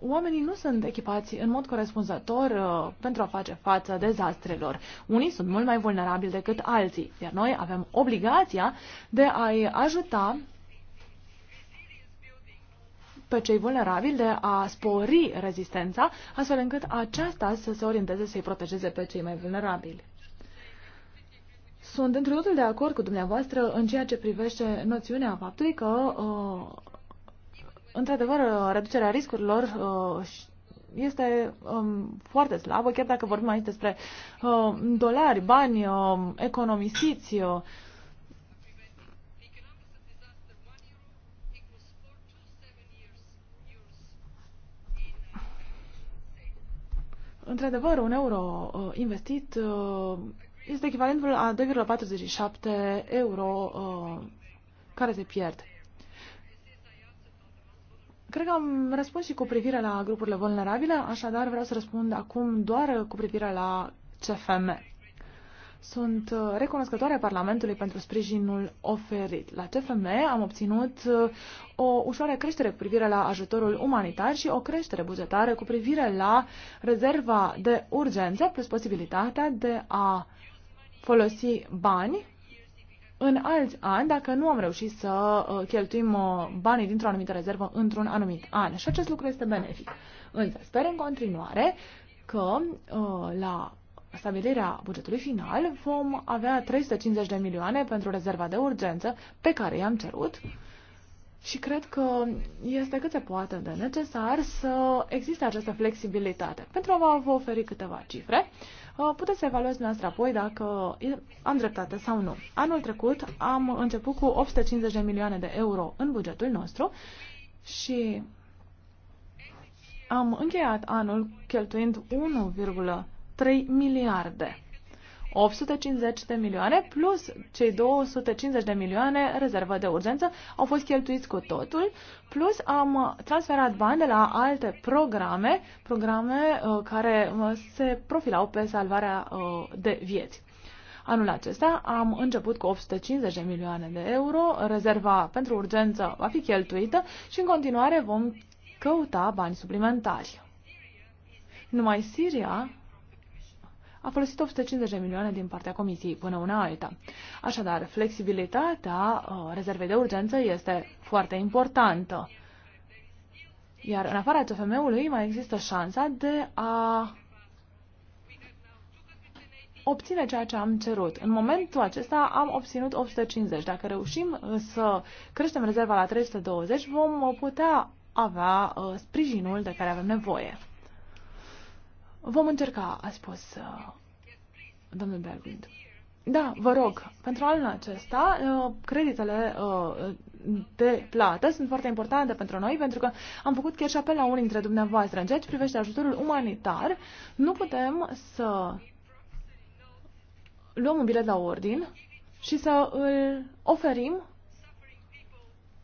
oamenii nu sunt echipați în mod corespunzător uh, pentru a face față dezastrelor. Unii sunt mult mai vulnerabili decât alții, iar noi avem obligația de a-i ajuta pe cei vulnerabili, de a spori rezistența, astfel încât aceasta să se orienteze să-i protejeze pe cei mai vulnerabili. Sunt într totul de acord cu dumneavoastră în ceea ce privește noțiunea faptului că, uh, într-adevăr, reducerea riscurilor uh, este um, foarte slabă, chiar dacă vorbim aici despre uh, dolari, bani uh, economisiți, Într-adevăr, un euro uh, investit uh, este echivalentul a 2,47 euro uh, care se pierd. Cred că am răspuns și cu privire la grupurile vulnerabile, așadar vreau să răspund acum doar cu privire la CFM. Sunt uh, recunoscătoare Parlamentului pentru sprijinul oferit. La CFM am obținut uh, o ușoară creștere cu privire la ajutorul umanitar și o creștere bugetară cu privire la rezerva de urgență, plus posibilitatea de a folosi bani în alți ani dacă nu am reușit să uh, cheltuim banii dintr-o anumită rezervă într-un anumit an. Și acest lucru este benefic. Însă sper în continuare că la stabilirea bugetului final vom avea 350 de milioane pentru rezerva de urgență pe care i-am cerut și cred că este cât se poate de necesar să existe această flexibilitate. Pentru a vă oferi câteva cifre, uh, puteți să evaluați dumneavoastră apoi dacă am dreptate sau nu. Anul trecut am început cu 850 de milioane de euro în bugetul nostru și am încheiat anul cheltuind 1, 3 miliarde. 850 de milioane plus cei 250 de milioane rezervă de urgență au fost cheltuiți cu totul, plus am transferat bani de la alte programe, programe uh, care uh, se profilau pe salvarea uh, de vieți. Anul acesta am început cu 850 de milioane de euro, rezerva pentru urgență va fi cheltuită și în continuare vom căuta bani suplimentari. Numai Siria a folosit 850 de milioane din partea Comisiei până una alta. Așadar, flexibilitatea uh, rezervei de urgență este foarte importantă. Iar în afara CFM-ului mai există șansa de a obține ceea ce am cerut. În momentul acesta am obținut 850. Dacă reușim uh, să creștem rezerva la 320, vom uh, putea avea sprijinul de care avem nevoie. Vom încerca, a spus uh, domnul Bergwind. Da, vă rog, pentru anul acesta, uh, creditele uh, de plată sunt foarte importante pentru noi, pentru că am făcut chiar și apel la unii dintre dumneavoastră. În ceea ce privește ajutorul umanitar, nu putem să luăm un bilet la ordin și să îl oferim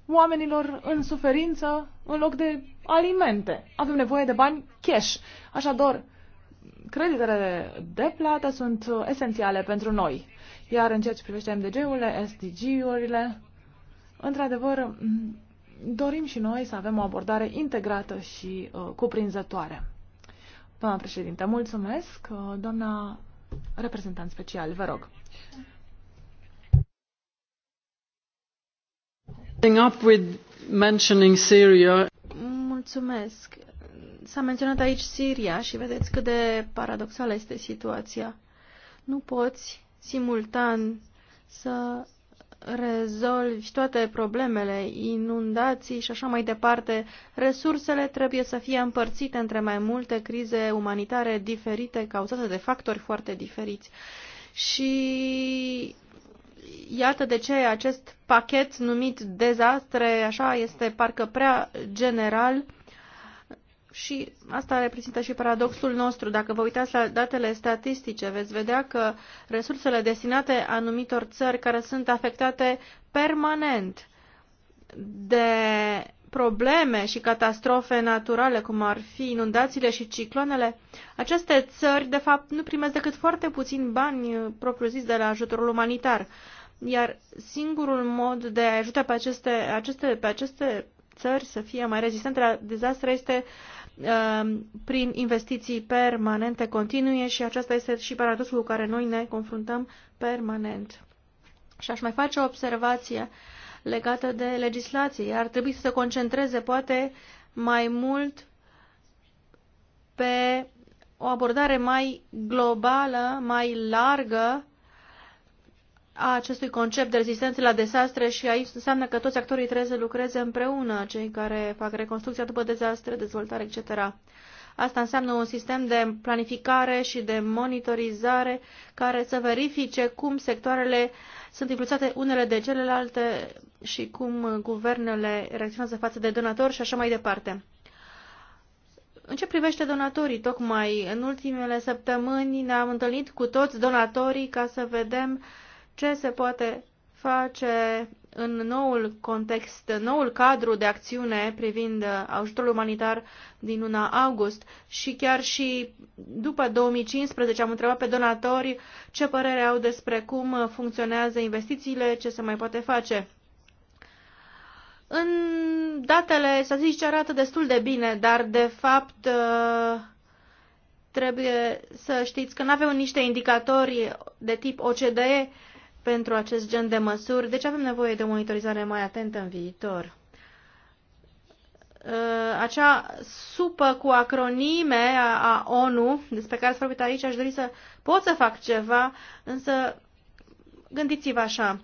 oamenilor în suferință în loc de alimente. Avem nevoie de bani cash. Așadar, creditele de plată sunt uh, esențiale pentru noi. Iar în ceea ce privește MDG-urile, SDG-urile, într-adevăr, dorim și noi să avem o abordare integrată și uh, cuprinzătoare. Doamna președinte, mulțumesc. Uh, doamna reprezentant special, vă rog. Mulțumesc. S-a menționat aici Siria și vedeți cât de paradoxală este situația. Nu poți simultan să rezolvi toate problemele, inundații și așa mai departe, resursele trebuie să fie împărțite între mai multe crize umanitare diferite, cauzate de factori foarte diferiți. Și iată de ce acest pachet numit dezastre, așa, este parcă prea general și asta reprezintă și paradoxul nostru. Dacă vă uitați la datele statistice, veți vedea că resursele destinate anumitor țări care sunt afectate permanent de probleme și catastrofe naturale, cum ar fi inundațiile și ciclonele, aceste țări, de fapt, nu primesc decât foarte puțin bani eh, propriu-zis de la ajutorul umanitar. Iar singurul mod de a ajuta pe aceste, aceste, pe aceste țări să fie mai rezistente la dezastre este uh, Um, prin investiții permanente continue și acesta este și paradoxul cu care noi ne confruntăm permanent. Și aș mai face o observație legată de legislație. Ar trebui să se concentreze poate mai mult pe o abordare mai globală, mai largă a acestui concept de rezistență la dezastre și aici înseamnă că toți actorii trebuie să lucreze împreună, cei care fac reconstrucția după dezastre, dezvoltare, etc. Asta înseamnă un sistem de planificare și de monitorizare care să verifice cum sectoarele sunt influențate unele de celelalte și cum guvernele reacționează față de donatori și așa mai departe. În ce privește donatorii, tocmai în ultimele săptămâni ne-am întâlnit cu toți donatorii ca să vedem uh, ce se poate face în noul context, noul cadru de acțiune privind ajutorul umanitar din luna august și chiar și după 2015 am întrebat pe donatori ce părere au despre cum funcționează investițiile, ce se mai poate face. În datele să statistice arată destul de bine, dar de fapt trebuie să știți că nu avem niște indicatori de tip OCDE pentru acest gen de măsuri, deci avem nevoie de o monitorizare mai atentă în viitor. Uh, acea supă cu acronime a ONU, despre care ați vorbit aici, aș dori să pot să fac ceva, însă gândiți-vă așa.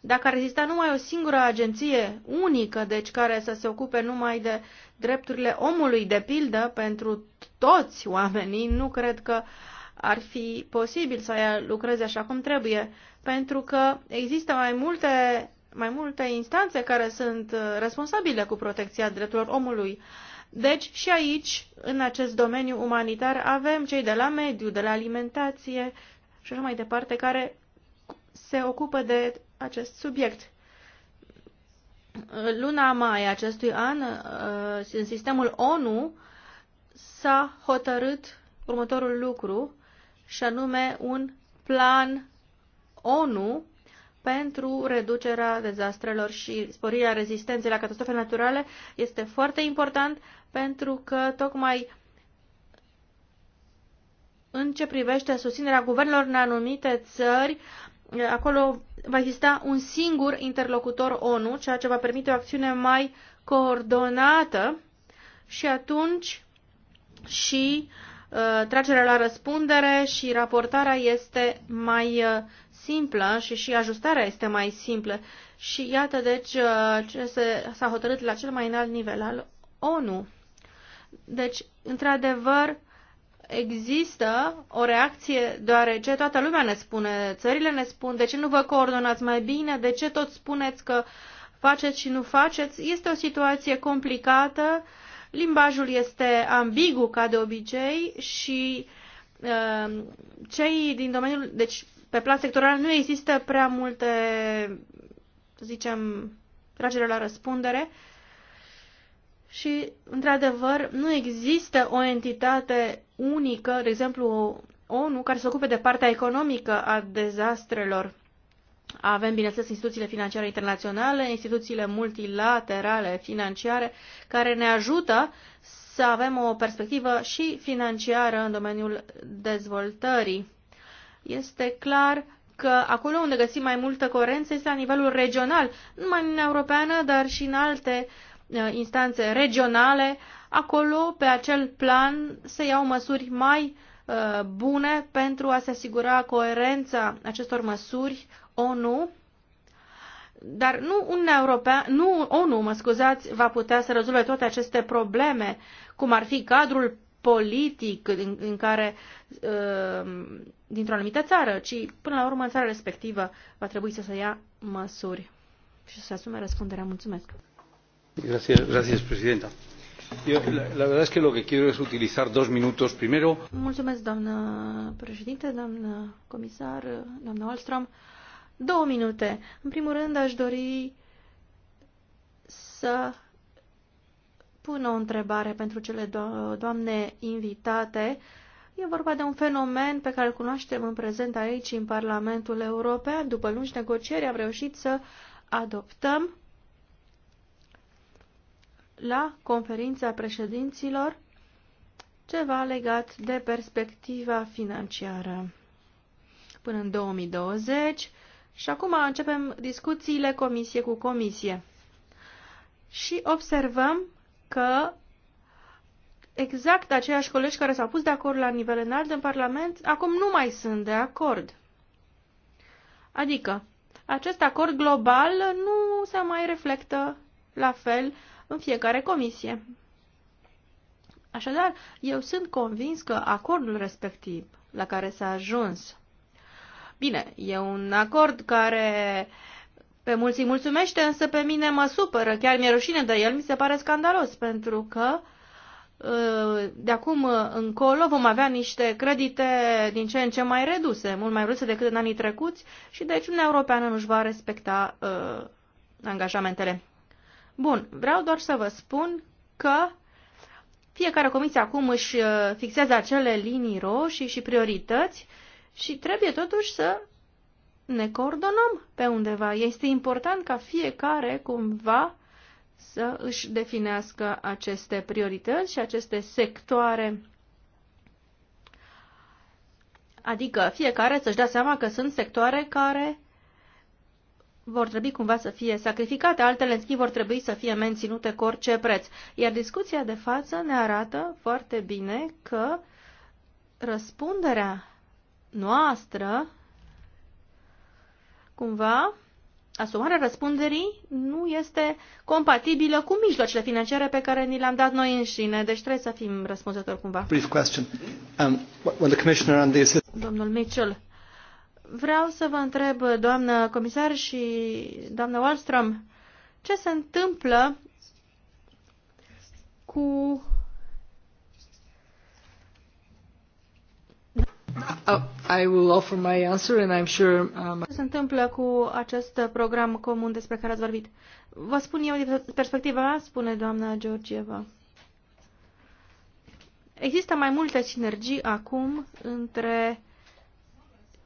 Dacă ar exista numai o singură agenție unică, deci care să se ocupe numai de drepturile omului, de pildă, pentru toți oamenii, nu cred că uh, ar fi posibil să lucreze așa cum trebuie, pentru că există mai multe, mai multe instanțe care sunt uh, responsabile cu protecția drepturilor omului. Deci și aici, în acest domeniu umanitar, avem cei de la mediu, de la alimentație și așa mai departe, care se ocupă de acest subiect. Luna mai acestui an, uh, în sistemul ONU, s-a hotărât următorul lucru, și anume un plan ONU pentru reducerea dezastrelor și sporirea rezistenței la catastrofe naturale este foarte important pentru că tocmai în ce privește susținerea guvernelor în anumite țări, acolo va exista un singur interlocutor ONU, ceea ce va permite o acțiune mai coordonată și atunci și uh, Uh, tragerea la răspundere și raportarea este mai uh, simplă și și ajustarea este mai simplă. Și iată, deci, uh, ce s-a hotărât la cel mai înalt nivel al ONU. Deci, într-adevăr, există o reacție, deoarece toată lumea ne spune, țările ne spun, de ce nu vă coordonați mai bine, de ce tot spuneți că faceți și nu faceți. Este o situație complicată Limbajul este ambigu ca de obicei și uh, cei din domeniul, deci pe plan sectoral nu există prea multe, să zicem, tragere la răspundere și, într-adevăr, nu există o entitate unică, de exemplu ONU, care se ocupe de partea economică a dezastrelor avem, bineînțeles, instituțiile financiare internaționale, instituțiile multilaterale financiare, care ne ajută să avem o perspectivă și financiară în domeniul dezvoltării. Este clar că acolo unde găsim mai multă coerență este la nivelul regional, nu numai în Europeană, dar și în alte uh, instanțe regionale. Acolo, pe acel plan, se iau măsuri mai uh, bune pentru a se asigura coerența acestor măsuri ONU, dar nu Uniunea Europeană, nu ONU, mă scuzați, va putea să rezolve toate aceste probleme, cum ar fi cadrul politic din, din care uh, dintr-o anumită țară, ci până la urmă în țara respectivă va trebui să se ia măsuri și să se asume răspunderea. Mulțumesc. Gracias, presidenta. Yo, la, la verdad es que lo que quiero es utilizar dos minutos primero. Mulțumesc, doamnă președinte, doamnă comisar, doamnă Alstrom. Două minute. În primul rând aș dori să pun o întrebare pentru cele do- doamne invitate. E vorba de un fenomen pe care îl cunoaștem în prezent aici, în Parlamentul European. După lungi negocieri am reușit să adoptăm la conferința președinților ceva legat de perspectiva financiară. Până în 2020 și acum începem discuțiile comisie cu comisie. Și observăm că exact aceiași colegi care s-au pus de acord la nivel înalt în Parlament, acum nu mai sunt de acord. Adică, acest acord global nu se mai reflectă la fel în fiecare comisie. Așadar, eu sunt convins că acordul respectiv la care s-a ajuns Bine, e un acord care pe mulți îi mulțumește, însă pe mine mă supără, chiar mi-e rușine de el, mi se pare scandalos, pentru că uh, de acum încolo vom avea niște credite din ce în ce mai reduse, mult mai reduse decât în anii trecuți și deci Uniunea Europeană nu își va respecta uh, angajamentele. Bun, vreau doar să vă spun că fiecare comisie acum își uh, fixează acele linii roșii și priorități și trebuie totuși să ne coordonăm pe undeva. Este important ca fiecare cumva să își definească aceste priorități și aceste sectoare. Adică fiecare să-și dea seama că sunt sectoare care vor trebui cumva să fie sacrificate, altele, în schimb, vor trebui să fie menținute cu orice preț. Iar discuția de față ne arată foarte bine că răspunderea noastră, cumva, asumarea răspunderii nu este compatibilă cu mijloacele financiare pe care ni le-am dat noi înșine, deci trebuie să fim răspunzători cumva. Brief question. Um, well, the commissioner and the assistant. Domnul Mitchell, vreau să vă întreb, doamnă comisar și doamnă Wallström, ce se întâmplă cu Uh, I will offer my answer and I'm sure... Um, Ce se întâmplă cu acest program comun despre care ați vorbit? Vă spun eu din perspectiva mea, spune doamna Georgieva. Există mai multe sinergii acum între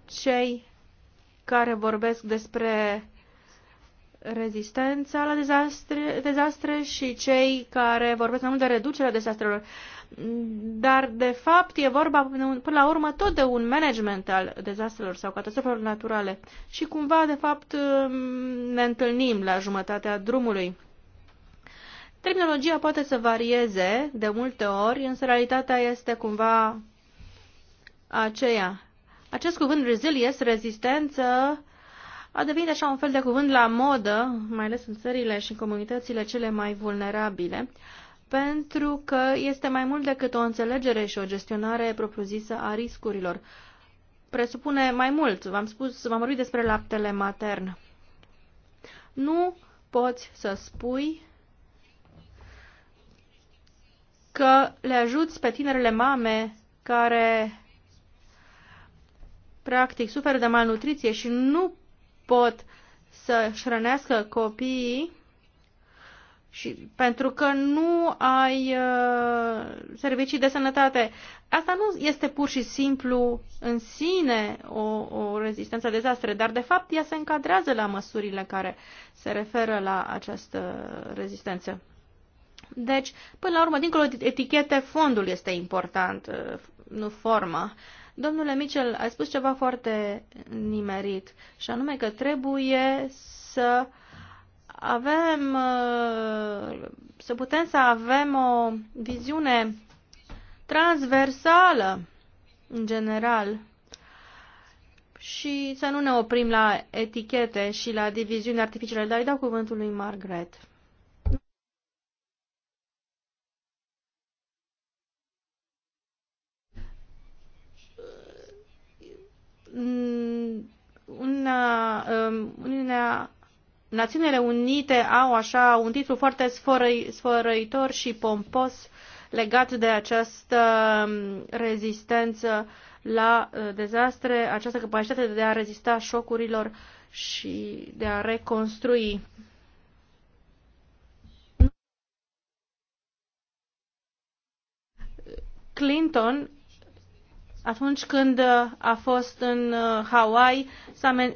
cei care vorbesc despre rezistența la dezastre, dezastre și cei care vorbesc mai mult de reducerea dezastrelor. Uh, dar de fapt e vorba până la urmă tot de un management al dezastrelor sau catastrofelor naturale și cumva de fapt ne întâlnim la jumătatea drumului. Terminologia poate să varieze de multe ori, însă realitatea este cumva aceea. Acest cuvânt resilience, rezistență, a devenit așa un fel de cuvânt la modă, mai ales în țările și în comunitățile cele mai vulnerabile. Uh, pentru că este mai mult decât o înțelegere și o gestionare propriu-zisă a riscurilor. Presupune mai mult, v-am spus, v-am vorbit despre laptele matern. Nu poți să spui că le ajuți pe tinerele mame care practic suferă de malnutriție și nu pot să-și hrănească copiii și pentru că nu ai uh, servicii de sănătate. Asta nu este pur și simplu în sine o, o rezistență dezastre, dar de fapt ea se încadrează la măsurile care se referă la această rezistență. Deci, până la urmă, dincolo de etichete, fondul este important, uh, nu forma. Domnule Mitchell, ai spus ceva foarte nimerit, și anume că trebuie să uh, avem, uh, să putem să avem o viziune transversală, în general, și să nu ne oprim la etichete și la diviziuni artificiale, dar îi dau cuvântul lui Margaret. Una, uh, una, Națiunile Unite au așa un titlu foarte sfărăitor și pompos legat de această um, rezistență la uh, dezastre, această capacitate de a rezista șocurilor și de a reconstrui. Clinton, atunci când a fost în uh, Hawaii,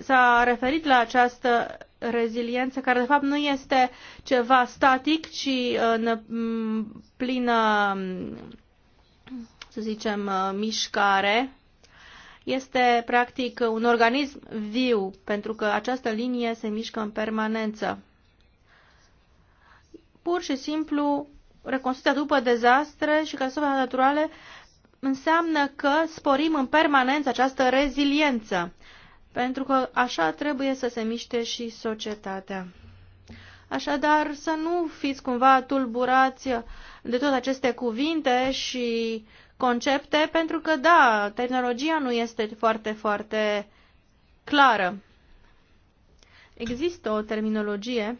s-a referit la această reziliență, care de fapt nu este ceva static, ci în plină, să zicem, mișcare. Este practic un organism viu, pentru că această linie se mișcă în permanență. Pur și simplu, reconstrucția după dezastre și catastrofe naturale înseamnă că sporim în permanență această reziliență pentru că așa trebuie să se miște și societatea. Așadar, să nu fiți cumva tulburați de toate aceste cuvinte și concepte, pentru că, da, tehnologia nu este foarte, foarte clară. Există o terminologie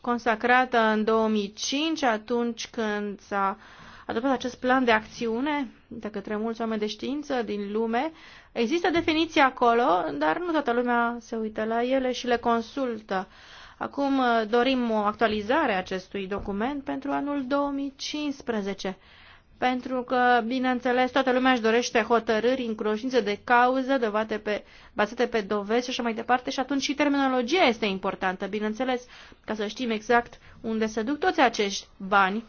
consacrată în 2005, atunci când s-a uh, adoptat acest plan de acțiune de către mulți oameni de știință din lume. Există definiții acolo, dar nu toată lumea se uită la ele și le consultă. Acum uh, dorim o actualizare a acestui document pentru anul 2015 pentru că, bineînțeles, toată lumea își dorește hotărâri în cunoștință de cauză, dovate pe, bazate pe dovezi și așa mai departe și atunci și terminologia este importantă, bineînțeles, ca să știm exact unde se duc toți acești bani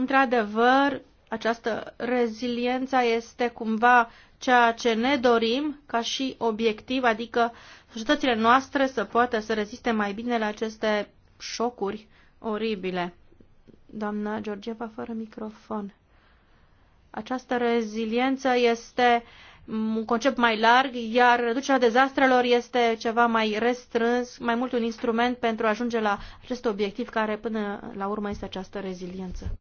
Într-adevăr, această reziliență este cumva ceea ce ne dorim ca și obiectiv, adică societățile noastre să poată să reziste mai bine la aceste șocuri oribile. Doamna Georgieva, fără microfon. Această reziliență este un concept mai larg, iar reducerea dezastrelor este ceva mai restrâns, mai mult un instrument pentru a ajunge la acest obiectiv care până la urmă este această reziliență.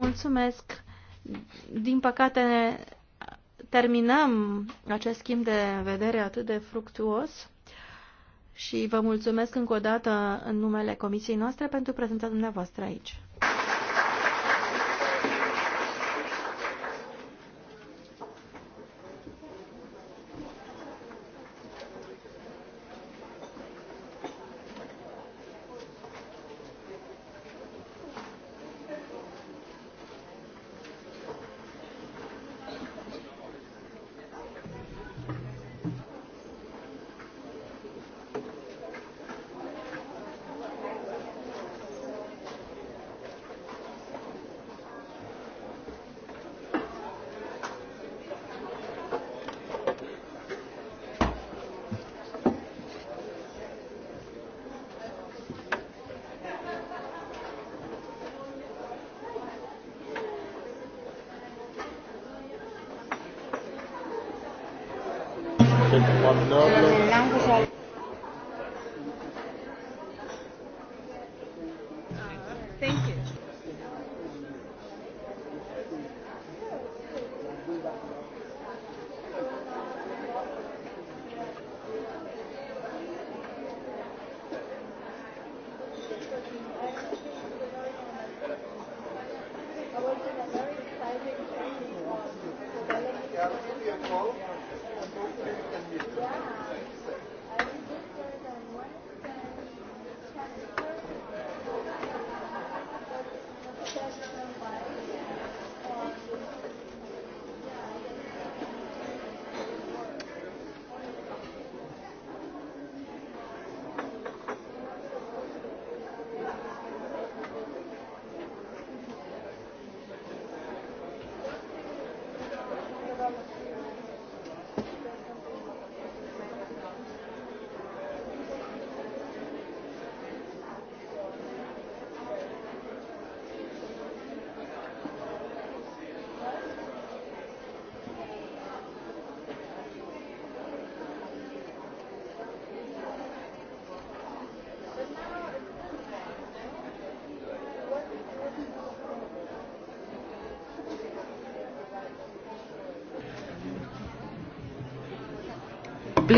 Mulțumesc. Din păcate terminăm acest schimb de vedere atât de fructuos și vă mulțumesc încă o dată în numele comisiei noastre pentru prezența dumneavoastră aici.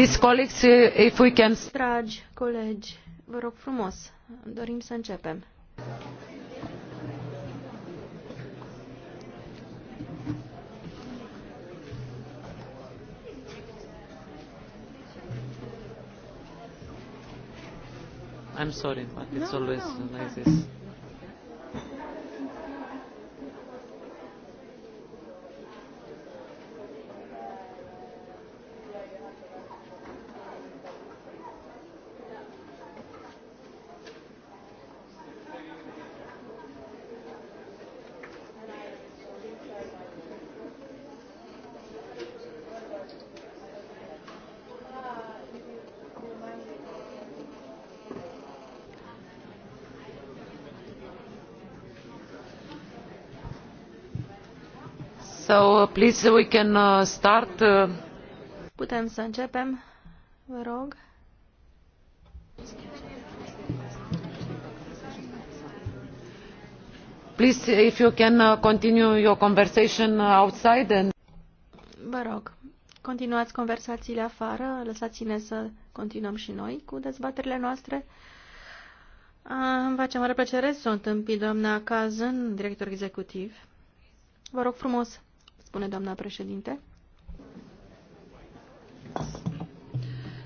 Uh, Dragi colegi, vă rog frumos, dorim să începem. I'm sorry, but it's no, always no. like this. please we can uh, start. Uh. Putem să începem, vă rog. Please, if you can uh, continue your conversation outside and... Vă rog, continuați conversațiile afară, lăsați-ne să continuăm și noi cu dezbaterile noastre. Îmi face mare plăcere să o întâmpi doamna Cazân, director executiv. Vă rog frumos spune doamna președinte.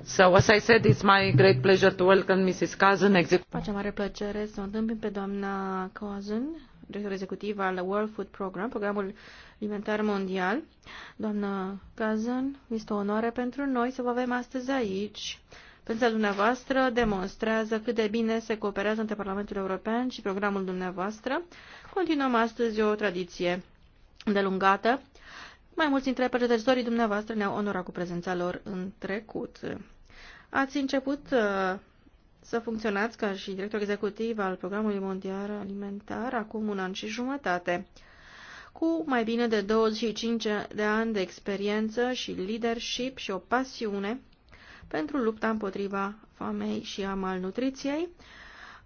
So, as I said, it's my great pleasure to welcome Mrs. Kazan, executive. Face mare plăcere să o întâmpin pe doamna Kazan, director executiv al World Food Program, programul alimentar mondial. Doamna Kazan, este o onoare pentru noi să vă avem astăzi aici. Prezența dumneavoastră demonstrează cât de bine se cooperează între Parlamentul European și programul dumneavoastră. Continuăm astăzi o tradiție îndelungată mai mulți dintre predecesorii dumneavoastră ne-au onorat cu prezența lor în trecut. Ați început uh, să funcționați ca și director executiv al Programului Mondial Alimentar acum un an și jumătate. Cu mai bine de 25 de ani de experiență și leadership și o pasiune pentru lupta împotriva famei și a malnutriției,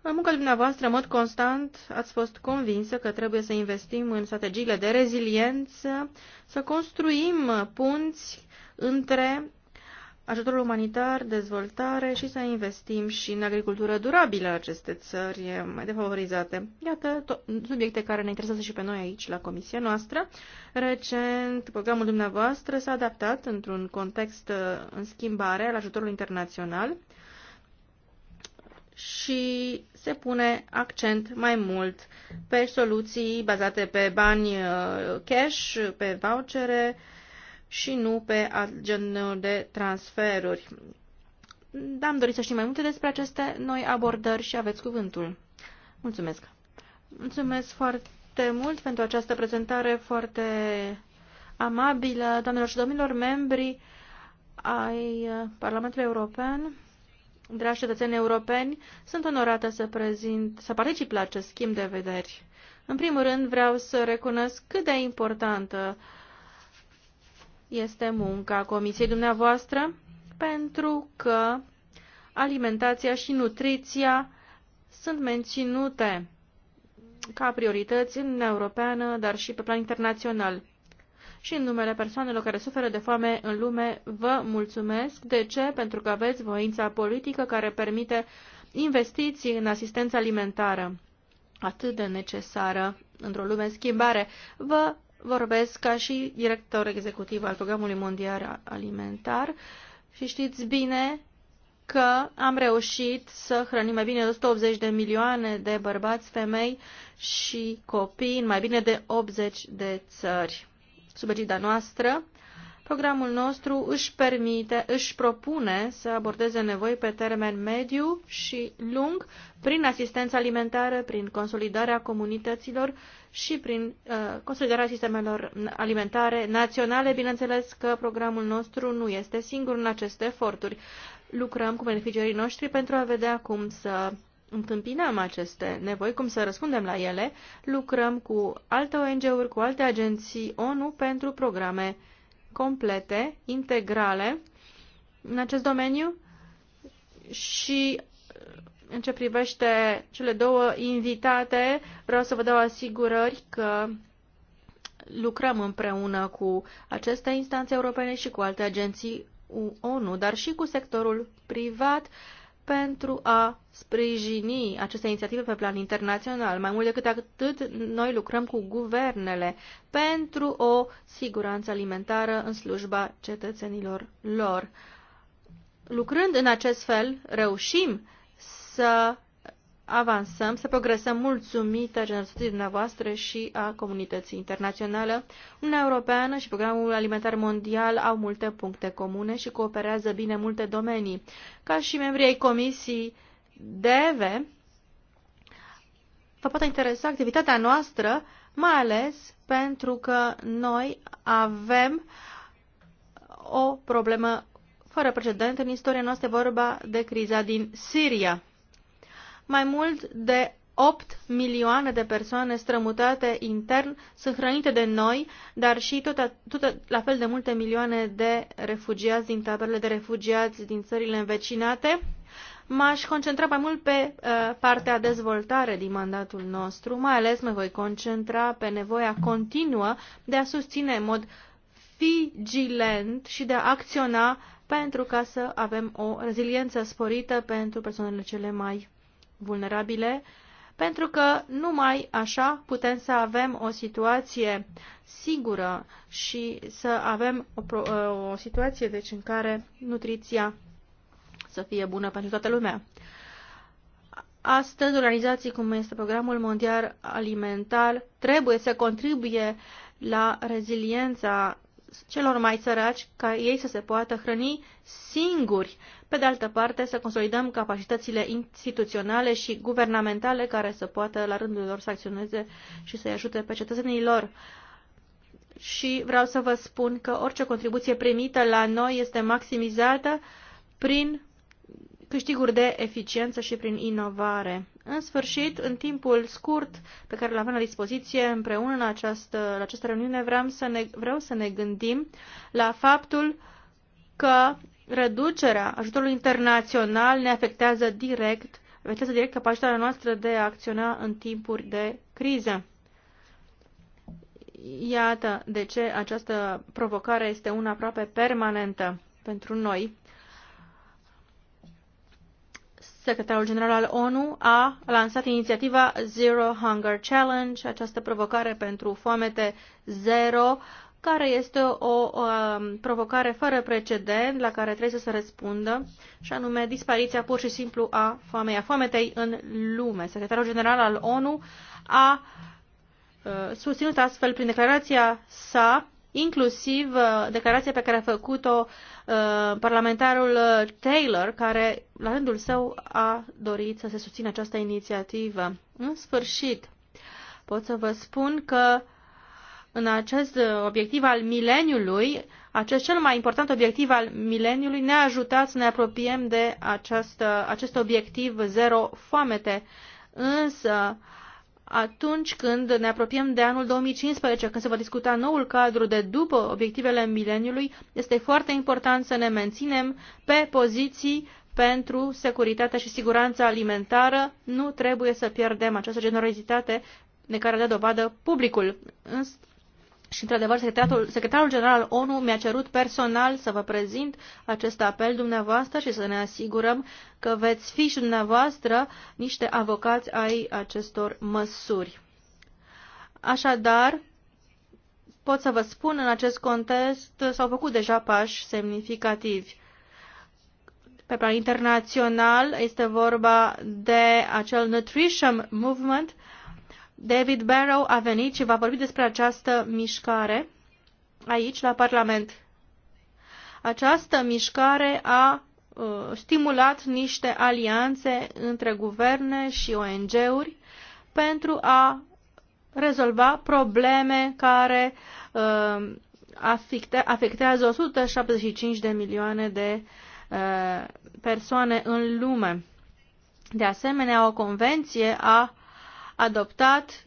în munca dumneavoastră, în mod constant, ați fost convinsă că trebuie să investim în strategiile de reziliență, să construim punți între ajutorul umanitar, dezvoltare și să investim și în agricultură durabilă aceste țări mai defavorizate. Iată subiecte care ne interesează și pe noi aici la comisia noastră. Recent, programul dumneavoastră s-a adaptat într-un context în schimbare al ajutorului internațional și se pune accent mai mult pe soluții bazate pe bani uh, cash, pe vouchere și nu pe gen de transferuri. Da, am dorit să știm mai multe despre aceste noi abordări și aveți cuvântul. Mulțumesc! Mulțumesc foarte mult pentru această prezentare foarte amabilă, doamnelor și domnilor membri ai Parlamentului European. Dragi cetățeni europeni, sunt onorată să, prezint, să particip la acest schimb de vederi. În primul rând, vreau să recunosc cât de importantă este munca Comisiei dumneavoastră, pentru că alimentația și nutriția sunt menținute ca priorități în Uniunea Europeană, dar și pe plan internațional și în numele persoanelor care suferă de foame în lume, vă mulțumesc. De ce? Pentru că aveți voința politică care permite investiții în asistență alimentară atât de necesară într-o lume în schimbare. Vă vorbesc ca și director executiv al Programului Mondial Alimentar și știți bine că am reușit să hrănim mai bine de 180 de milioane de bărbați, femei și copii în mai bine de 80 de țări sub egida noastră, programul nostru își permite, își propune să abordeze nevoi pe termen mediu și lung prin asistență alimentară, prin consolidarea comunităților și prin uh, consolidarea sistemelor alimentare naționale. Bineînțeles că programul nostru nu este singur în aceste eforturi. Lucrăm cu beneficiarii noștri pentru a vedea cum să întâmpinăm aceste nevoi, cum să răspundem la ele, lucrăm cu alte ONG-uri, cu alte agenții ONU pentru programe complete, integrale în acest domeniu și uh, în ce privește cele două invitate, vreau să vă dau asigurări că lucrăm împreună cu aceste instanțe europene și cu alte agenții ONU, dar și cu sectorul privat uh, pentru a sprijini aceste inițiative pe plan internațional. Mai mult decât atât, noi lucrăm cu guvernele pentru o siguranță alimentară în slujba cetățenilor lor. Lucrând în acest fel, reușim să avansăm, să progresăm mulțumită generosității dumneavoastră și a comunității internaționale. Uniunea Europeană și Programul Alimentar Mondial au multe puncte comune și cooperează bine multe domenii. Ca și membrii ai Comisii DEVE, vă poate interesa activitatea noastră, mai ales pentru că noi avem o problemă fără precedent în istoria noastră, vorba de criza din Siria mai mult de 8 milioane de persoane strămutate intern sunt hrănite de noi, dar și tot, tot la fel de multe milioane de refugiați din taberele de refugiați din țările învecinate. M-aș concentra mai mult pe uh, partea dezvoltare din mandatul nostru, mai ales mă voi concentra pe nevoia continuă de a susține în mod vigilent și de a acționa pentru ca să avem o reziliență sporită pentru persoanele cele mai vulnerabile, pentru că numai așa putem să avem o situație sigură și să avem o, o situație deci, în care nutriția să fie bună pentru toată lumea. Astăzi, organizații cum este Programul Mondial Alimentar trebuie să contribuie la reziliența celor mai săraci ca ei să se poată hrăni singuri pe de altă parte să consolidăm capacitățile instituționale și guvernamentale care să poată la rândul lor să acționeze și să-i ajute pe cetățenii lor. Și vreau să vă spun că orice contribuție primită la noi este maximizată prin câștiguri de eficiență și prin inovare. În sfârșit, în timpul scurt pe care îl avem la dispoziție împreună în această, la această reuniune, vreau să, ne, vreau să ne gândim la faptul că reducerea ajutorului internațional ne afectează direct, afectează direct capacitatea noastră de a acționa în timpuri de criză. Iată de ce această provocare este una aproape permanentă pentru noi. Secretarul General al ONU a lansat inițiativa Zero Hunger Challenge, această provocare pentru foamete zero, care este o, o um, provocare fără precedent la care trebuie să se răspundă, și anume dispariția pur și simplu a foamei, a foametei în lume. Secretarul General al ONU a uh, susținut astfel prin declarația sa, inclusiv uh, declarația pe care a făcut-o uh, parlamentarul Taylor, care la rândul său a dorit să se susțină această inițiativă. În sfârșit, pot să vă spun că uh, în acest uh, obiectiv al mileniului, acest cel mai important obiectiv al mileniului, ne-a ajutat să ne apropiem de această, acest obiectiv zero foamete. Însă, atunci când ne apropiem de anul 2015, când se va discuta noul cadru de după obiectivele mileniului, este foarte important să ne menținem pe poziții pentru securitatea și siguranța alimentară. Nu trebuie să pierdem această generozitate de care dă dovadă publicul. Și, într-adevăr, secretarul, secretarul general ONU mi-a cerut personal să vă prezint acest apel dumneavoastră și să ne asigurăm că veți fi și dumneavoastră niște avocați ai acestor măsuri. Așadar, pot să vă spun, în acest context s-au făcut deja pași semnificativi. Pe plan internațional este vorba de acel Nutrition Movement, uh, David Barrow a venit și va vorbi despre această mișcare aici, la Parlament. Această mișcare a uh, stimulat niște alianțe între guverne și ONG-uri pentru a rezolva probleme care uh, afecte, afectează 175 de milioane de uh, persoane în lume. De asemenea, o convenție a adoptat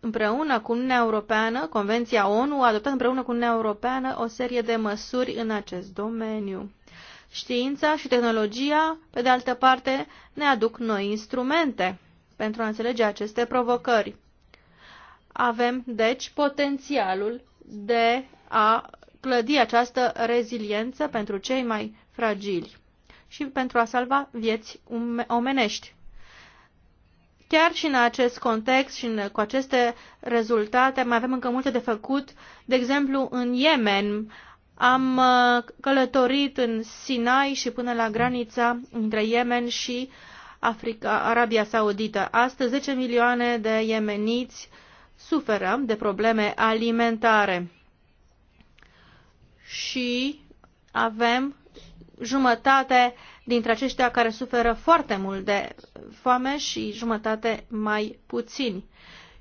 împreună cu Uniunea Europeană, Convenția ONU a adoptat împreună cu Uniunea Europeană o serie de măsuri în acest domeniu. Știința și tehnologia, pe de altă parte, ne aduc noi instrumente pentru a înțelege aceste provocări. Avem, deci, potențialul de a clădi această reziliență pentru cei mai fragili și pentru a salva vieți omenești. Chiar și în acest context și în, cu aceste rezultate mai avem încă multe de făcut. De exemplu, în Yemen am uh, călătorit în Sinai și până la granița între Yemen și Africa, Arabia Saudită. Astăzi 10 milioane de yemeniți suferă de probleme alimentare și avem jumătate dintre aceștia care suferă foarte mult de foame și jumătate mai puțini.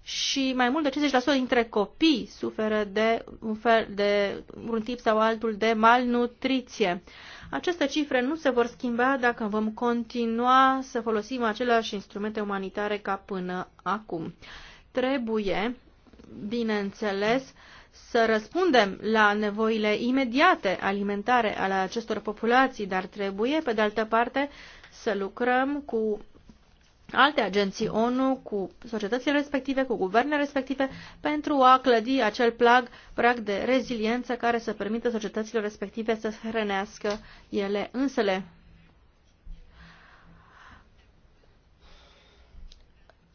Și mai mult de 50% dintre copii suferă de un, fel, de un tip sau altul de malnutriție. Aceste cifre nu se vor schimba dacă vom continua să folosim aceleași instrumente umanitare ca până acum. Trebuie, bineînțeles, uh, să răspundem la nevoile imediate alimentare ale acestor populații, dar trebuie, pe de altă parte, să lucrăm cu alte agenții ONU, cu societățile respective, cu guvernele respective, pentru a clădi acel plag, prag de reziliență care să permită societăților respective să hrănească ele însele.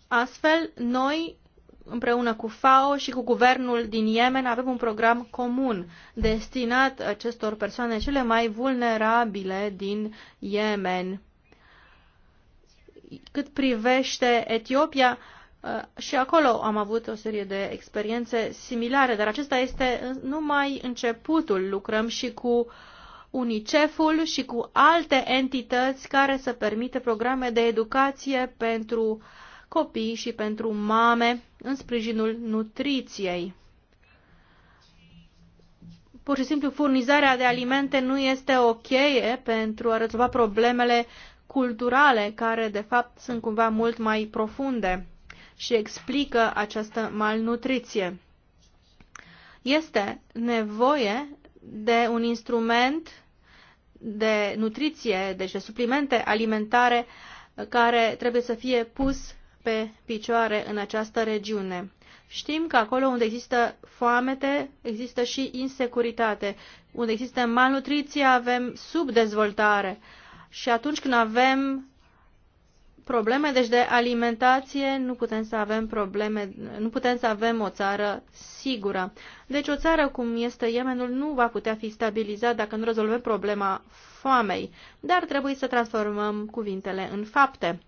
Astfel, noi împreună cu FAO și cu guvernul din Yemen avem un program comun destinat acestor persoane cele mai vulnerabile din Yemen. Cât privește Etiopia, eh, și acolo am avut o serie de experiențe similare, dar acesta este numai începutul. Lucrăm și cu UNICEF-ul și cu alte entități care să permită programe de educație pentru uh, copii și pentru mame în sprijinul nutriției. Pur și simplu, furnizarea de alimente nu este o cheie pentru a rezolva problemele culturale, care de fapt sunt cumva mult mai profunde și explică această malnutriție. Este nevoie de un instrument de nutriție, deci de suplimente alimentare, care trebuie să fie pus pe picioare în această regiune. Știm că acolo unde există foamete, există și insecuritate. Unde există malnutriție, avem subdezvoltare. Și atunci când avem probleme deci de alimentație, nu putem să avem probleme, nu putem să avem o țară sigură. Deci o țară cum este Yemenul nu va putea fi stabilizat dacă nu rezolvăm problema foamei, dar trebuie să transformăm cuvintele în fapte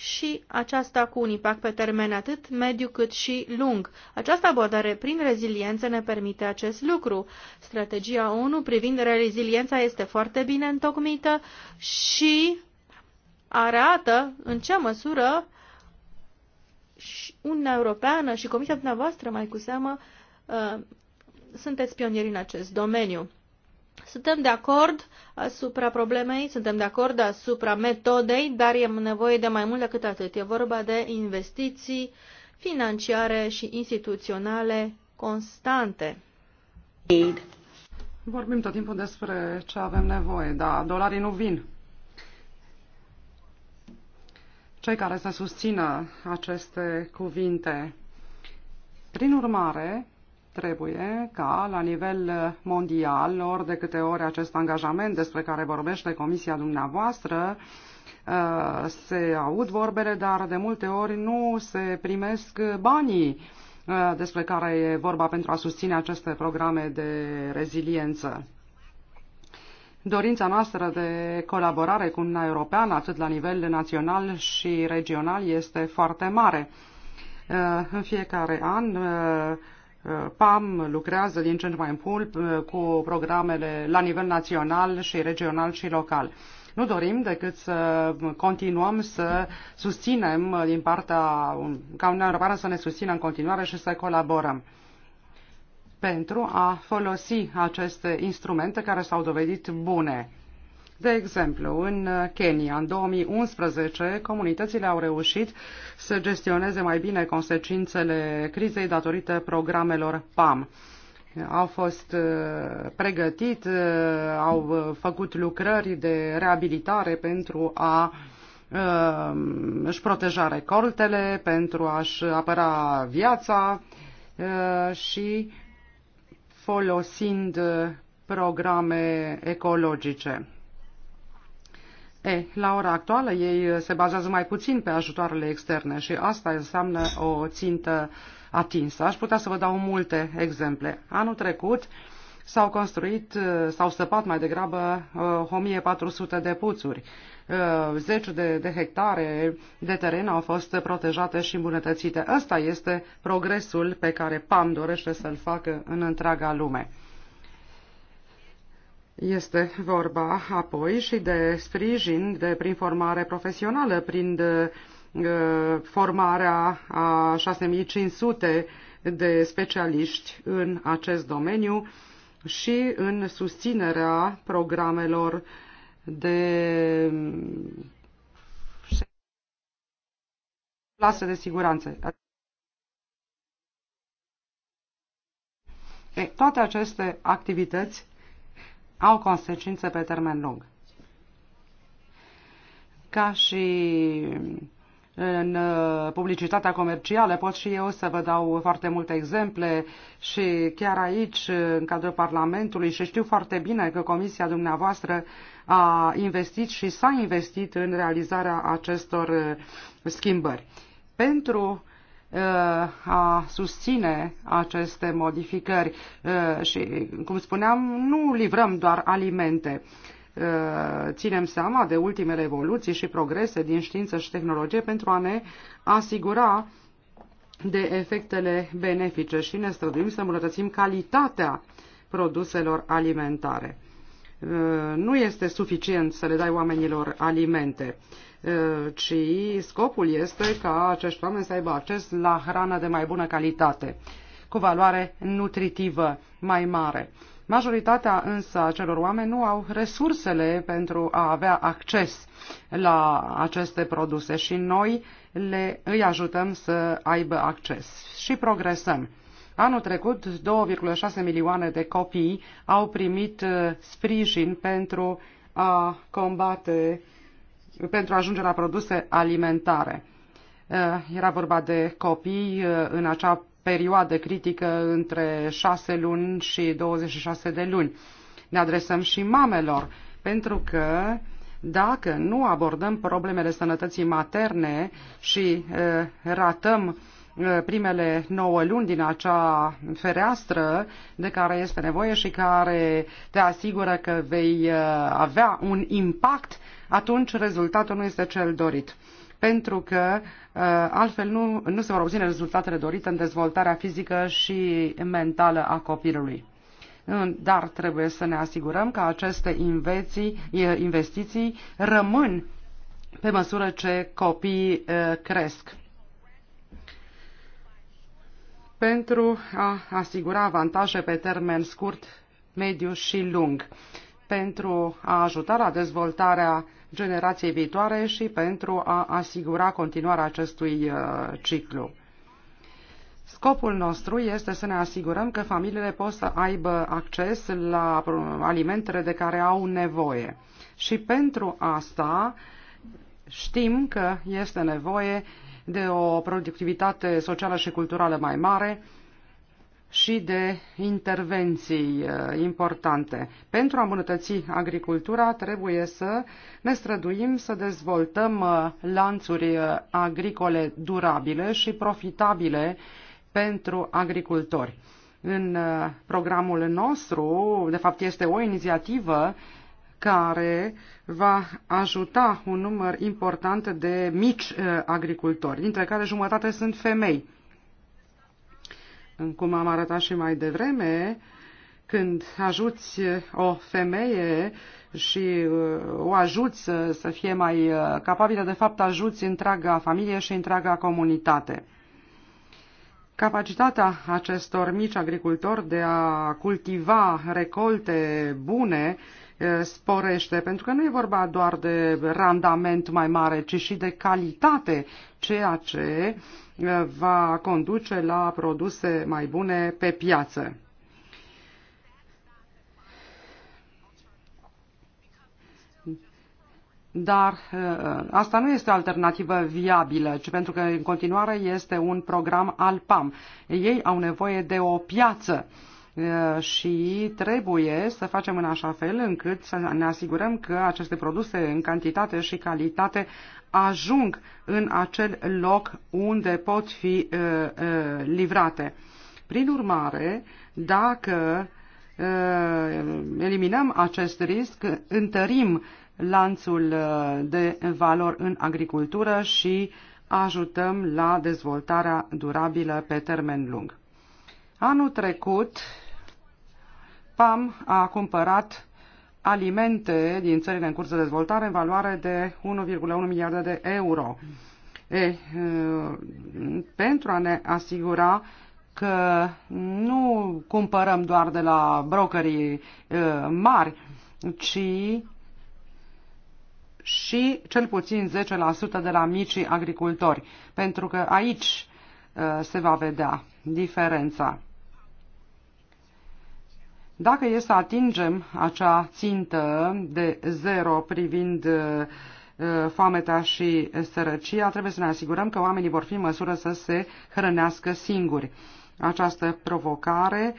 și aceasta cu un impact pe termen atât mediu cât și lung. Această abordare prin reziliență ne permite acest lucru. Strategia ONU privind reziliența este foarte bine întocmită și arată în ce măsură Uniunea Europeană și Comisia dumneavoastră, mai cu seamă, uh, sunteți pionieri în acest domeniu. Suntem de acord asupra problemei, suntem de acord asupra metodei, dar e nevoie de mai mult decât atât. E vorba de investiții financiare și instituționale constante. Vorbim tot timpul despre ce avem nevoie, dar dolarii nu vin. Cei care să susțină aceste cuvinte. Prin urmare, Trebuie ca, la nivel mondial, ori de câte ori acest angajament despre care vorbește Comisia dumneavoastră, uh, se aud vorbele, dar de multe ori nu se primesc banii uh, despre care e vorba pentru a susține aceste programe de reziliență. Dorința noastră de colaborare cu Uniunea Europeană, atât la nivel național și regional, este foarte mare. Uh, în fiecare an PAM lucrează din ce în mai mult uh, cu programele la nivel național și regional și local. Nu dorim decât să continuăm să susținem uh, din partea, ca Uniunea Europeană să ne susțină în continuare și să colaborăm pentru a folosi aceste instrumente care s-au dovedit bune. De exemplu, în uh, Kenya, în 2011, comunitățile au reușit să gestioneze mai bine consecințele crizei datorită programelor PAM. Au fost uh, pregătit, uh, au făcut lucrări de reabilitare pentru a își proteja recoltele, pentru a-și apăra viața și folosind programe ecologice. E, la ora actuală ei se bazează mai puțin pe ajutoarele externe și asta înseamnă o țintă atinsă. Aș putea să vă dau multe exemple. Anul trecut s-au construit, s-au săpat mai degrabă 1400 de puțuri. Zeci de, de hectare de teren au fost protejate și îmbunătățite. Ăsta este progresul pe care PAM dorește să-l facă în întreaga lume. Este vorba apoi și de sprijin de, prin formare profesională, prin de, uh, formarea a 6500 de specialiști în acest domeniu și în susținerea programelor de plase um, de siguranță. E, toate aceste activități au consecințe pe termen lung. Ca și în uh, publicitatea comercială, pot și eu să vă dau foarte multe exemple și chiar aici, în cadrul Parlamentului, și știu foarte bine că Comisia dumneavoastră a investit și s-a investit în realizarea acestor uh, schimbări. Pentru Uh, a susține aceste modificări uh, și, cum spuneam, nu livrăm doar alimente. Uh, ținem seama de ultimele evoluții și progrese din știință și tehnologie pentru a ne asigura de efectele benefice și ne străduim să îmbunătățim calitatea produselor alimentare. Nu este suficient să le dai oamenilor alimente ci scopul este ca acești oameni să aibă acces la hrană de mai bună calitate, cu valoare nutritivă mai mare. Majoritatea însă a celor oameni nu au resursele pentru a avea acces la aceste produse și noi le, îi ajutăm să aibă acces și progresăm. Anul trecut, 2,6 milioane de copii au primit sprijin pentru a combate uh, pentru a ajunge la produse alimentare. Eh, era vorba de copii eh, în acea perioadă critică între 6 luni și 26 de luni. Ne adresăm și mamelor, pentru că dacă nu abordăm problemele sănătății materne și eh, ratăm primele 9 luni din acea fereastră de care este nevoie și care te asigură că vei avea un impact atunci rezultatul nu este cel dorit pentru că uh, altfel nu, nu se vor obține rezultatele dorite în dezvoltarea fizică și mentală a copilului. Dar trebuie să ne asigurăm că aceste investiții rămân pe măsură ce copiii uh, cresc. Pentru a asigura avantaje pe termen scurt, mediu și lung, pentru a ajuta la dezvoltarea uh, generației viitoare și pentru a asigura continuarea acestui uh, ciclu. Scopul nostru este să ne asigurăm că familiile pot să aibă acces la alimentele de care au nevoie. Și pentru asta știm că este nevoie de o productivitate socială și culturală mai mare, și de intervenții uh, importante. Pentru a îmbunătăți agricultura trebuie să ne străduim să dezvoltăm uh, lanțuri uh, agricole durabile și profitabile pentru agricultori. În programul nostru, de fapt este o inițiativă care va ajuta un număr important de mici agricultori, dintre care jumătate sunt femei cum am arătat și mai devreme, când ajuți o femeie și uh, o ajuți să, să fie mai uh, capabilă, de fapt ajuți întreaga familie și întreaga comunitate. Capacitatea acestor mici agricultori de a cultiva recolte bune uh, sporește, pentru că nu e vorba doar de randament mai mare, ci și de calitate ceea ce va conduce la produse mai bune pe piață. Dar asta nu este o alternativă viabilă, ci pentru că în continuare este un program al PAM. Ei au nevoie de o piață și trebuie să facem în așa fel încât să ne asigurăm că aceste produse în cantitate și calitate ajung în acel loc unde pot fi uh, uh, livrate. Prin urmare, dacă uh, eliminăm acest risc, întărim lanțul uh, de valori în agricultură și ajutăm la dezvoltarea durabilă pe termen lung. Anul trecut, PAM a cumpărat alimente din țările în curs de dezvoltare în valoare de 1,1 miliarde de euro. E, uh, pentru a ne asigura că nu cumpărăm doar de la brokerii uh, mari, ci și cel puțin 10% de la micii agricultori, pentru că aici uh, se va vedea diferența. Dacă e să atingem acea țintă de zero privind uh, uh, foametea și sărăcia, trebuie să ne asigurăm că oamenii vor fi în măsură să se hrănească singuri. Această provocare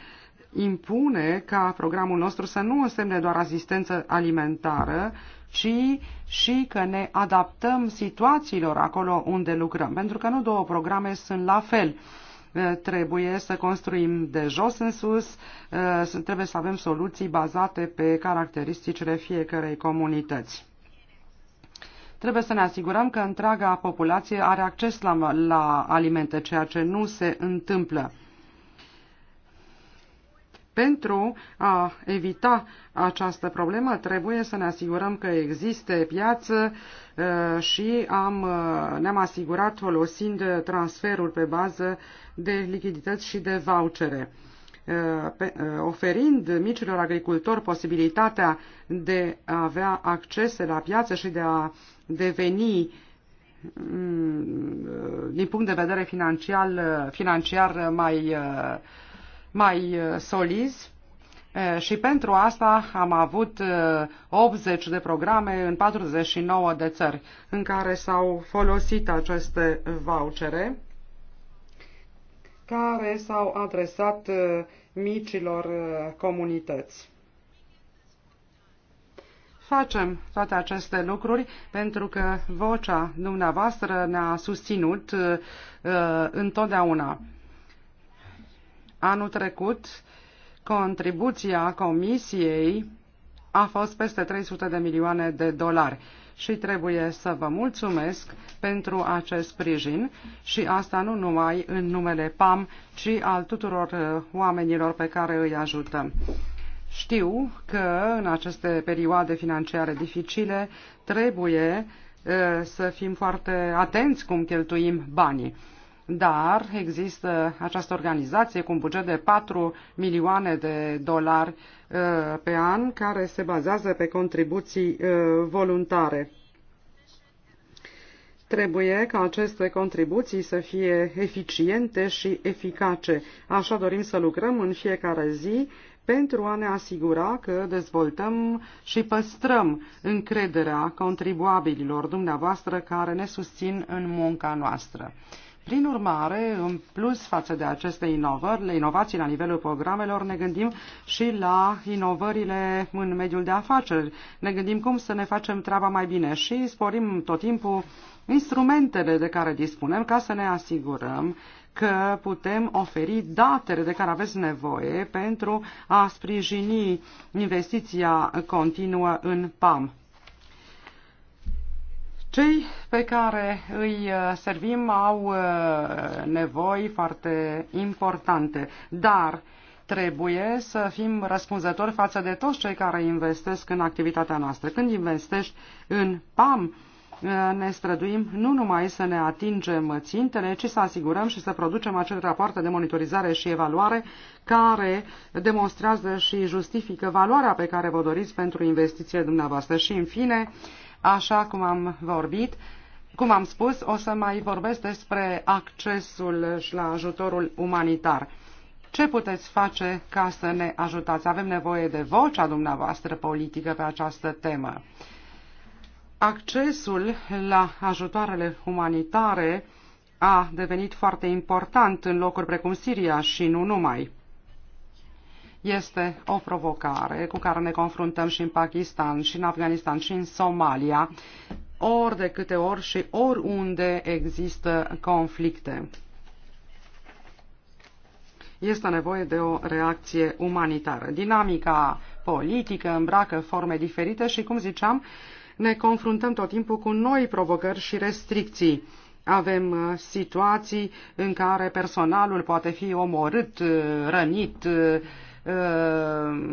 impune ca programul nostru să nu însemne doar asistență alimentară, ci și că ne adaptăm situațiilor acolo unde lucrăm, pentru că nu două programe sunt la fel Eh, trebuie să construim de jos în sus, eh, trebuie să avem soluții bazate pe caracteristicile fiecărei comunități trebuie să ne asigurăm că întreaga populație are acces la, la alimente, ceea ce nu se întâmplă. Pentru a evita această problemă, trebuie să ne asigurăm că există piață uh, și am, uh, ne-am asigurat folosind transferul pe bază de lichidități și de vouchere uh, oferind micilor agricultori posibilitatea de a avea acces la piață și de a deveni mm, din punct de vedere financiar, financiar mai mai uh, solizi uh, și pentru asta am avut 80 uh, de programe în 49 de țări în care s-au folosit aceste vouchere care s-au adresat micilor comunități. Facem toate aceste lucruri pentru că vocea dumneavoastră ne-a susținut uh, întotdeauna. Anul trecut, contribuția Comisiei a fost peste 300 de milioane de dolari și trebuie să vă mulțumesc pentru acest sprijin și asta nu numai în numele PAM, ci al tuturor uh, oamenilor pe care îi ajutăm. Știu că în aceste perioade financiare dificile trebuie uh, să fim foarte atenți cum cheltuim banii dar există această organizație cu un buget de 4 milioane de dolari uh, pe an care se bazează pe contribuții uh, voluntare. Trebuie ca aceste contribuții să fie eficiente și eficace. Așa dorim să lucrăm în fiecare zi pentru a ne asigura că dezvoltăm și păstrăm încrederea contribuabililor dumneavoastră care ne susțin în munca noastră. Prin urmare, în plus față de aceste inovări, inovații la nivelul programelor, ne gândim și la inovările în mediul de afaceri. Ne gândim cum să ne facem treaba mai bine și sporim tot timpul instrumentele de care dispunem ca să ne asigurăm că putem oferi datele de care aveți nevoie pentru a sprijini investiția continuă în PAM. Cei pe care îi uh, servim au uh, nevoi foarte importante, dar trebuie să fim răspunzători față de toți cei care investesc în activitatea noastră. Când investești în PAM, uh, ne străduim nu numai să ne atingem țintele, ci să asigurăm și să producem acele rapoarte de monitorizare și evaluare care demonstrează și justifică valoarea pe care vă doriți pentru investiție dumneavoastră. Și, în fine, Așa cum am vorbit, cum am spus, o să mai vorbesc despre accesul și la ajutorul umanitar. Ce puteți face ca să ne ajutați? Avem nevoie de vocea dumneavoastră politică pe această temă. Accesul la ajutoarele umanitare a devenit foarte important în locuri precum Siria și nu numai este o provocare cu care ne confruntăm și în Pakistan, și în Afganistan, și în Somalia, ori de câte ori și oriunde există conflicte. Este nevoie de o reacție umanitară. Dinamica politică îmbracă forme diferite și, cum ziceam, ne confruntăm tot timpul cu noi provocări și restricții. Avem uh, situații în care personalul poate fi omorât, uh, rănit, uh, Uh,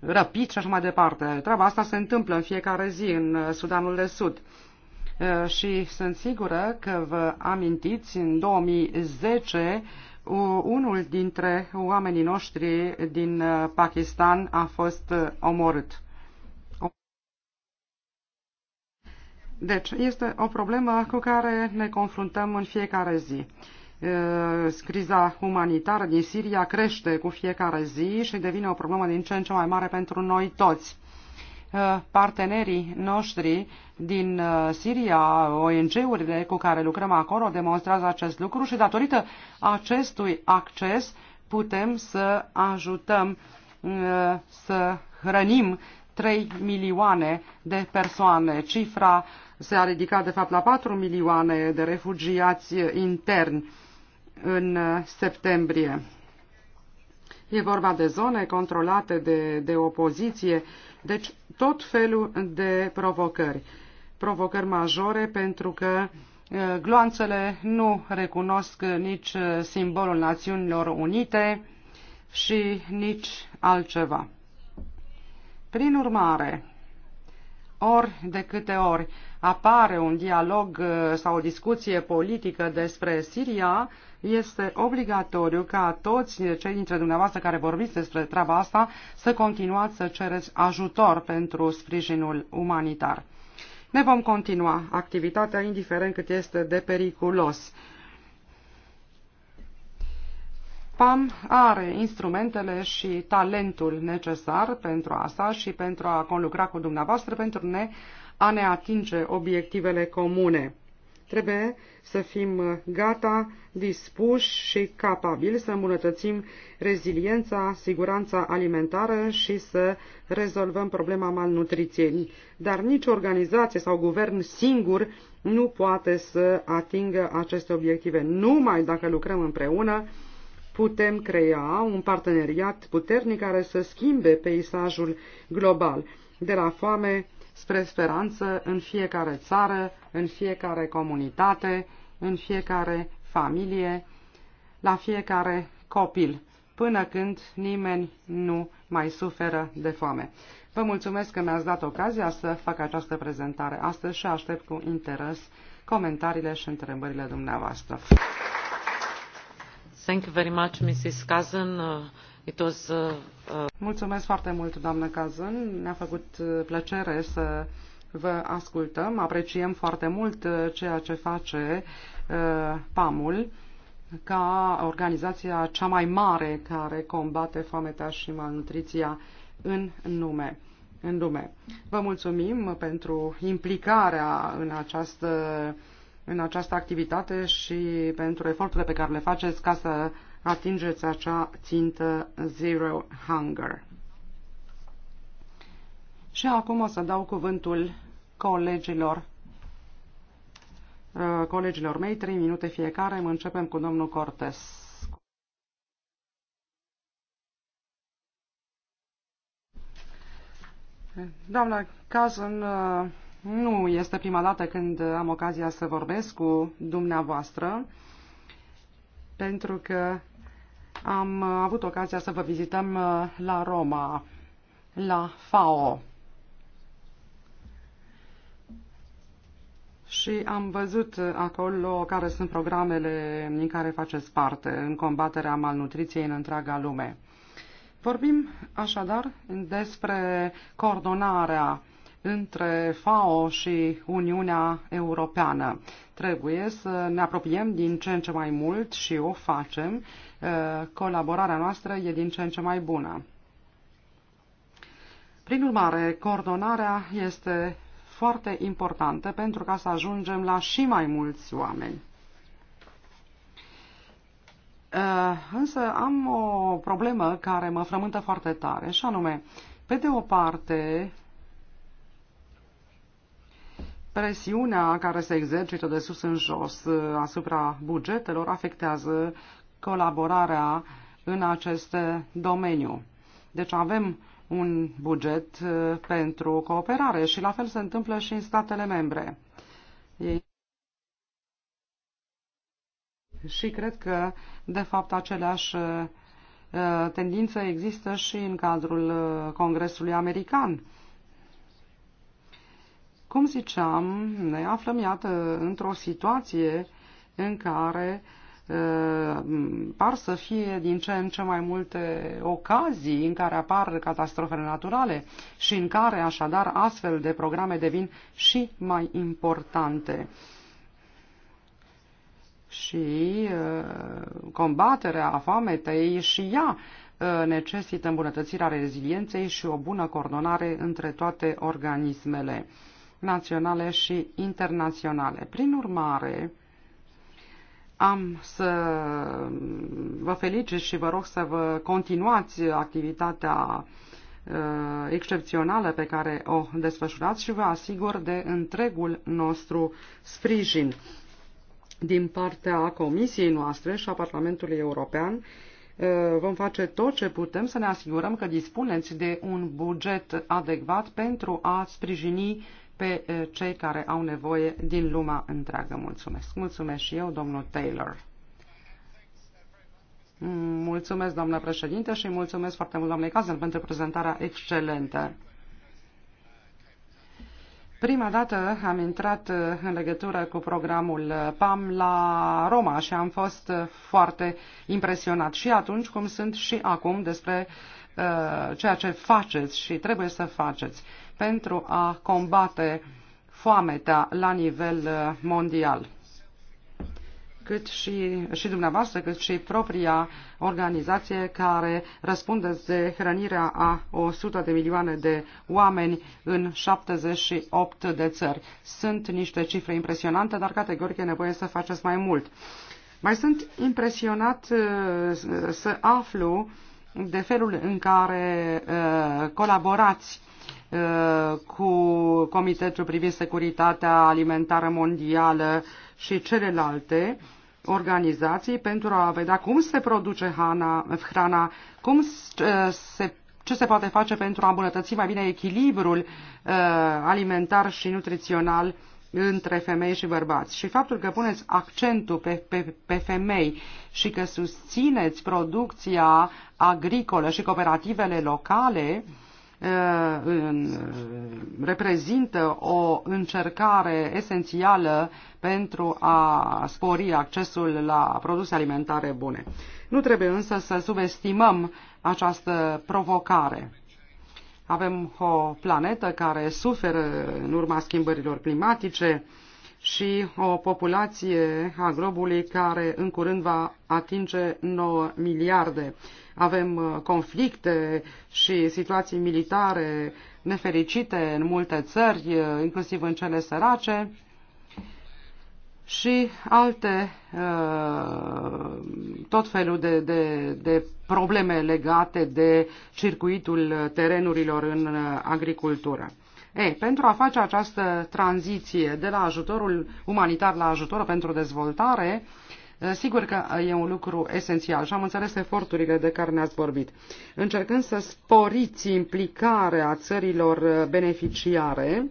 răpit și așa mai departe. Treaba asta se întâmplă în fiecare zi în uh, Sudanul de Sud. Uh, și sunt sigură că vă amintiți, în 2010, unul dintre oamenii noștri din Pakistan a fost omorât. Deci, este o problemă cu care ne confruntăm în fiecare zi criza umanitară din Siria crește cu fiecare zi și devine o problemă din ce în ce mai mare pentru noi toți. Partenerii noștri din Siria, ONG-urile cu care lucrăm acolo, demonstrează acest lucru și datorită acestui acces putem să ajutăm să hrănim 3 milioane de persoane. Cifra se a ridicat de fapt la 4 milioane de refugiați interni în uh, septembrie. E vorba de zone controlate de, de opoziție, deci tot felul de provocări. Provocări majore pentru că uh, gloanțele nu recunosc nici uh, simbolul Națiunilor Unite și nici altceva. Prin urmare, ori de câte ori apare un dialog sau o discuție politică despre Siria, este obligatoriu ca toți cei dintre dumneavoastră care vorbiți despre treaba asta să continuați să cereți ajutor pentru sprijinul umanitar. Ne vom continua activitatea, indiferent cât este de periculos. PAM are instrumentele și talentul necesar pentru asta și pentru a conlucra cu dumneavoastră pentru ne, a ne atinge obiectivele comune. Trebuie să fim uh, gata, dispuși și capabili să îmbunătățim reziliența, siguranța alimentară și să rezolvăm problema malnutriției. Dar nici organizație sau guvern singur nu poate să atingă aceste obiective. Numai dacă lucrăm împreună, putem crea un parteneriat puternic care să schimbe peisajul global, de la foame spre speranță în fiecare țară, în fiecare comunitate, în fiecare familie, la fiecare copil, până când nimeni nu mai suferă de foame. Vă mulțumesc că mi-ați dat ocazia să fac această prezentare astăzi și aștept cu interes comentariile și întrebările dumneavoastră. Thank you very much, Mrs. Cousin. It was, uh, uh, Mulțumesc foarte mult, doamnă Cazân. Ne-a făcut uh, plăcere să vă ascultăm. Apreciem foarte mult uh, ceea ce face uh, PAMul ca organizația cea mai mare care combate foametea și malnutriția în nume. În lume. Vă mulțumim pentru implicarea în această, în această activitate și pentru eforturile pe care le faceți ca să atingeți acea țintă Zero Hunger. Și acum o să dau cuvântul colegilor uh, colegilor mei, 3 minute fiecare. Începem cu domnul Cortes. Doamna Cazan, uh, nu este prima dată când am ocazia să vorbesc cu dumneavoastră, pentru că am uh, avut ocazia să vă vizităm uh, la Roma, la FAO. Și am văzut uh, acolo care sunt programele în care faceți parte în combaterea malnutriției în întreaga lume. Vorbim așadar despre coordonarea între FAO și Uniunea Europeană. Trebuie să ne apropiem din ce în ce mai mult și o facem. Uh, colaborarea noastră e din ce în ce mai bună. Prin urmare, coordonarea este foarte importantă pentru ca să ajungem la și mai mulți oameni. Uh, însă am o problemă care mă frământă foarte tare, și anume, pe de o parte, Presiunea care se exercită de sus în jos uh, asupra bugetelor afectează colaborarea în acest domeniu. Deci avem un buget uh, pentru cooperare și la fel se întâmplă și în statele membre. Ei... Și cred că, de fapt, aceleași uh, tendință există și în cadrul Congresului American cum ziceam, ne aflăm, iată, într-o situație în care uh, par să fie din ce în ce mai multe ocazii în care apar catastrofele naturale și în care, așadar, astfel de programe devin și mai importante și uh, combaterea foametei și ea uh, necesită îmbunătățirea rezilienței și o bună coordonare între toate organismele naționale și internaționale. Prin urmare, am să vă felicit și vă rog să vă continuați activitatea uh, excepțională pe care o desfășurați și vă asigur de întregul nostru sprijin din partea Comisiei noastre și a Parlamentului European. Uh, vom face tot ce putem să ne asigurăm că dispuneți de un buget adecvat pentru a sprijini pe cei care au nevoie din lumea întreagă. Mulțumesc. Mulțumesc și eu, domnul Taylor. Mulțumesc, doamnă președinte, și mulțumesc foarte mult, doamnei Cazen, pentru prezentarea excelentă. Prima dată am intrat în legătură cu programul PAM la Roma și am fost foarte impresionat și atunci cum sunt și acum despre uh, ceea ce faceți și trebuie să faceți. Uh, pentru a combate foametea la nivel uh, mondial cât și, și dumneavoastră, cât și propria organizație care răspunde de hrănirea a 100 de milioane de oameni în 78 de țări. Sunt niște cifre impresionante, dar categoric e nevoie să faceți mai mult. Mai sunt impresionat uh, să aflu de felul în care uh, colaborați uh, cu Comitetul privind securitatea alimentară mondială și celelalte organizații pentru a vedea cum se produce hana, hrana, cum uh, se, ce se poate face pentru a îmbunătăți mai bine echilibrul alimentar și nutrițional între femei și bărbați. Și faptul că puneți accentul pe, pe, pe femei și că susțineți producția agricolă și cooperativele locale uh, uh, reprezintă o încercare esențială pentru a spori accesul la produse alimentare bune. Nu trebuie însă să subestimăm această provocare avem o planetă care suferă în urma schimbărilor climatice și o populație a globului care în curând va atinge 9 miliarde. Avem uh, conflicte și situații militare nefericite în multe țări, uh, inclusiv în cele sărace și alte uh, tot felul de, de, de probleme legate de circuitul terenurilor în uh, agricultură. E pentru a face această tranziție de la ajutorul umanitar la ajutor pentru dezvoltare, uh, sigur că e un lucru esențial și am înțeles eforturile de care ne-ați vorbit. Încercând să sporiți implicarea țărilor beneficiare,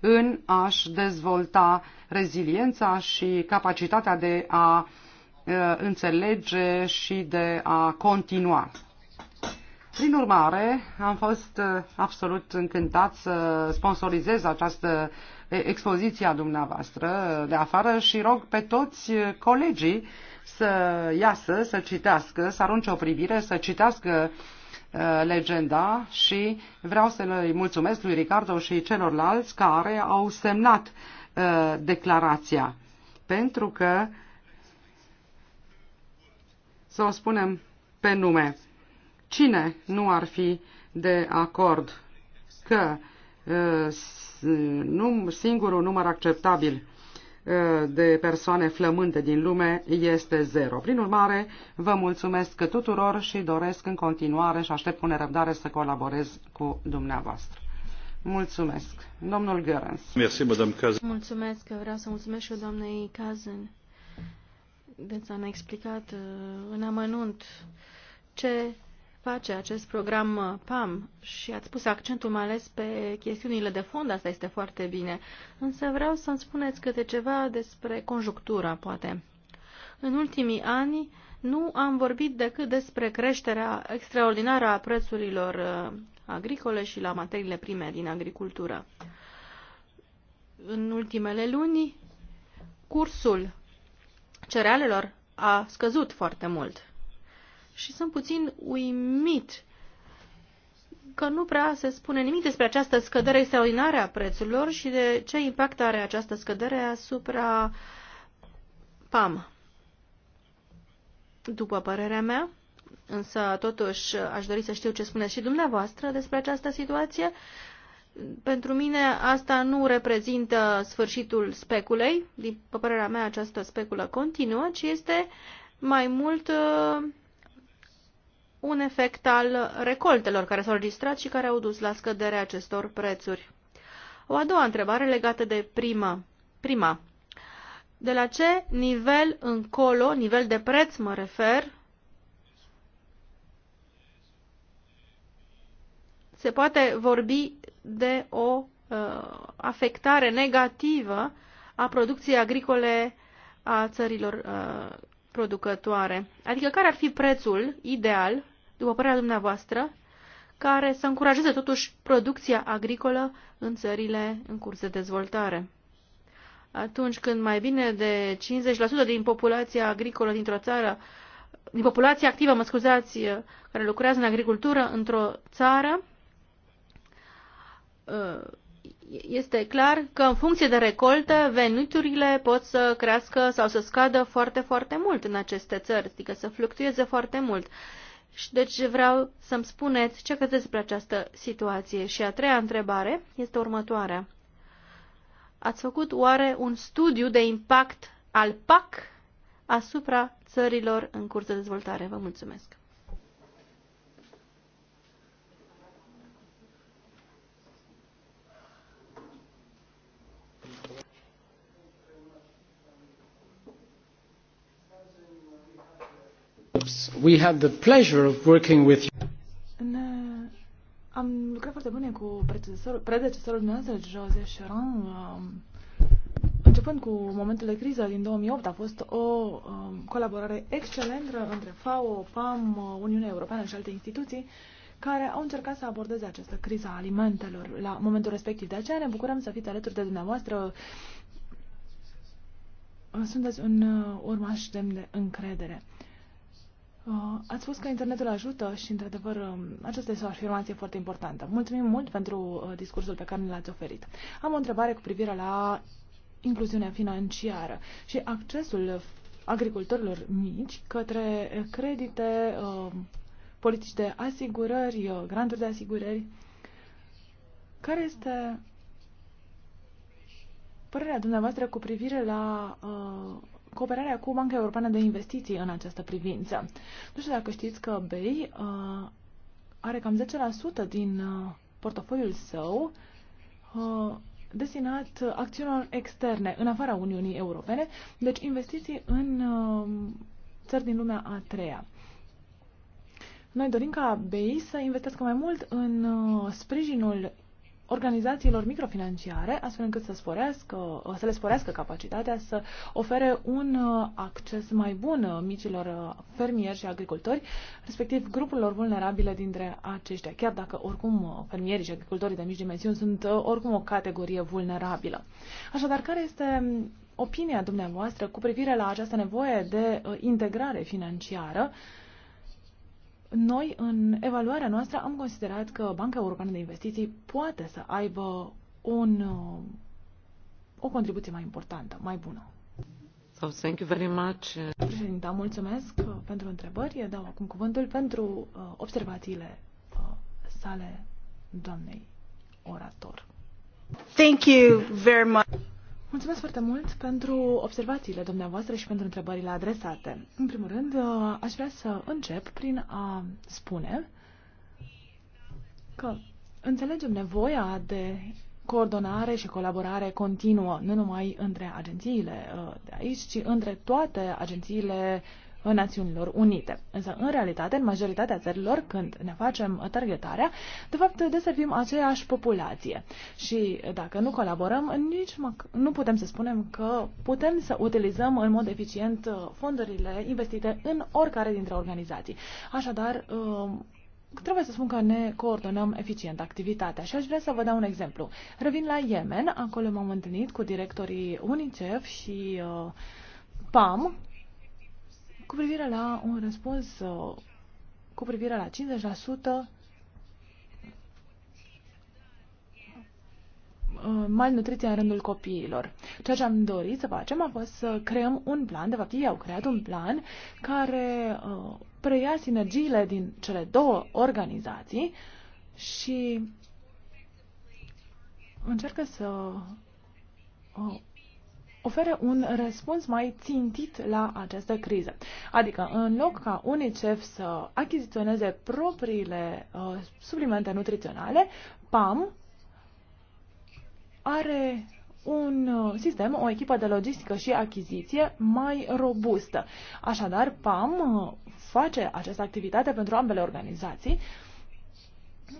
în a-și dezvolta reziliența și capacitatea de a înțelege și de a continua. Prin urmare, am fost absolut încântat să sponsorizez această expoziție a dumneavoastră de afară și rog pe toți colegii să iasă, să citească, să arunce o privire, să citească Uh, legenda și vreau să i mulțumesc lui Ricardo și celorlalți care au semnat uh, declarația. Pentru că, să o spunem pe nume, cine nu ar fi de acord că uh, nu, singurul număr acceptabil de persoane flămânde din lume este zero. Prin urmare, vă mulțumesc tuturor și doresc în continuare și aștept cu nerăbdare să colaborez cu dumneavoastră. Mulțumesc. Domnul Gărens. Mulțumesc. Vreau să mulțumesc și eu doamnei Cazen. Dânsa am a explicat uh, în amănunt ce face acest program uh, PAM și ați pus accentul mai ales pe chestiunile de fond, asta este foarte bine, însă vreau să-mi spuneți câte ceva despre conjunctura, poate. În ultimii ani nu am vorbit decât despre creșterea extraordinară a prețurilor uh, agricole și la materiile prime din agricultură. În ultimele luni, cursul cerealelor a scăzut foarte mult și sunt puțin uimit că nu prea se spune nimic despre această scădere extraordinară a prețurilor și de ce impact are această scădere asupra PAM. După părerea mea, însă totuși aș dori să știu ce spuneți și dumneavoastră despre această situație. Pentru mine asta nu reprezintă sfârșitul speculei, din părerea mea această speculă continuă, ci este mai mult uh, un efect al recoltelor care s-au registrat și care au dus la scăderea acestor prețuri. O a doua întrebare legată de prima. Prima. De la ce nivel încolo, nivel de preț mă refer, se poate vorbi de o uh, afectare negativă a producției agricole a țărilor uh, producătoare. Adică care ar fi prețul ideal, după părerea dumneavoastră, care să încurajeze totuși producția agricolă în țările în curs de dezvoltare? Atunci când mai bine de 50% din populația agricolă dintr-o țară, din populația activă, mă scuzați, care lucrează în agricultură într-o țară, este clar că în funcție de recoltă, veniturile pot să crească sau să scadă foarte, foarte mult în aceste țări, adică să fluctueze foarte mult. Și deci vreau să-mi spuneți ce credeți despre această situație. Și a treia întrebare este următoarea. Ați făcut oare un studiu de impact al PAC asupra țărilor în curs de dezvoltare? Vă mulțumesc. We the pleasure of working with you. Ne... Am lucrat foarte bine cu predecesorul, meu, dumneavoastră, José um, Începând cu momentele de criză din 2008, a fost o um, colaborare excelentă între FAO, PAM, Uniunea Europeană și alte instituții care au încercat să abordeze această criză a alimentelor la momentul respectiv. De aceea ne bucurăm să fiți alături de dumneavoastră. Sunteți un uh, urmaș demn de încredere. Uh, ați spus că internetul ajută și, într-adevăr, um, aceasta este o afirmație foarte importantă. Mulțumim mult pentru uh, discursul pe care ne l-ați oferit. Am o întrebare cu privire la incluziunea financiară și accesul agricultorilor mici către credite, uh, politici de asigurări, granturi de asigurări. Care este părerea dumneavoastră cu privire la cooperarea cu Banca Europeană de Investiții în această privință. Nu știu dacă știți că BEI uh, are cam 10% din uh, portofoliul său uh, destinat acțiunilor externe în afara Uniunii Europene, deci investiții în uh, țări din lumea a treia. Noi dorim ca BEI să investească mai mult în uh, sprijinul organizațiilor microfinanciare, astfel încât să, sporească, să le sporească capacitatea să ofere un uh, acces mai bun uh, micilor uh, fermieri și agricultori, respectiv grupurilor vulnerabile dintre aceștia, chiar dacă oricum fermierii și agricultorii de mici dimensiuni sunt oricum o categorie vulnerabilă. Așadar, care este um, opinia dumneavoastră cu privire la această nevoie de integrare financiară noi, în evaluarea noastră, am considerat că Banca Europeană de Investiții poate să aibă un, uh, o contribuție mai importantă, mai bună. So, thank you very much. Președinta, mulțumesc pentru întrebări. Eu dau acum cuvântul pentru uh, observațiile uh, sale doamnei orator. Thank you very much. Mulțumesc foarte mult pentru observațiile dumneavoastră și pentru întrebările adresate. În primul rând, uh, aș vrea să încep prin a spune că înțelegem nevoia de coordonare și colaborare continuă, nu numai între agențiile uh, de aici, ci între toate agențiile uh, Uh, Națiunilor Unite. Însă, în realitate, în majoritatea țărilor, când ne facem uh, targetarea, de fapt, deservim aceeași populație. Și uh, dacă nu colaborăm, nici nu putem să spunem că putem să utilizăm în mod eficient fondurile investite în oricare dintre organizații. Așadar, trebuie să spun că ne coordonăm eficient activitatea și aș vrea să vă dau un exemplu. Revin la Yemen, acolo m-am întâlnit cu directorii UNICEF și uh, PAM, cu privire la un răspuns uh, cu privire la 50% uh, malnutriția în rândul copiilor. Ceea ce am dorit să facem a fost să creăm un plan, de fapt ei au creat un plan care uh, preia sinergiile din cele două organizații și încearcă să ofere un răspuns mai țintit la această criză. Adică, în loc ca UNICEF să achiziționeze propriile uh, suplimente nutriționale, PAM are un uh, sistem, o echipă de logistică și achiziție mai robustă. Așadar, PAM uh, face această activitate pentru ambele organizații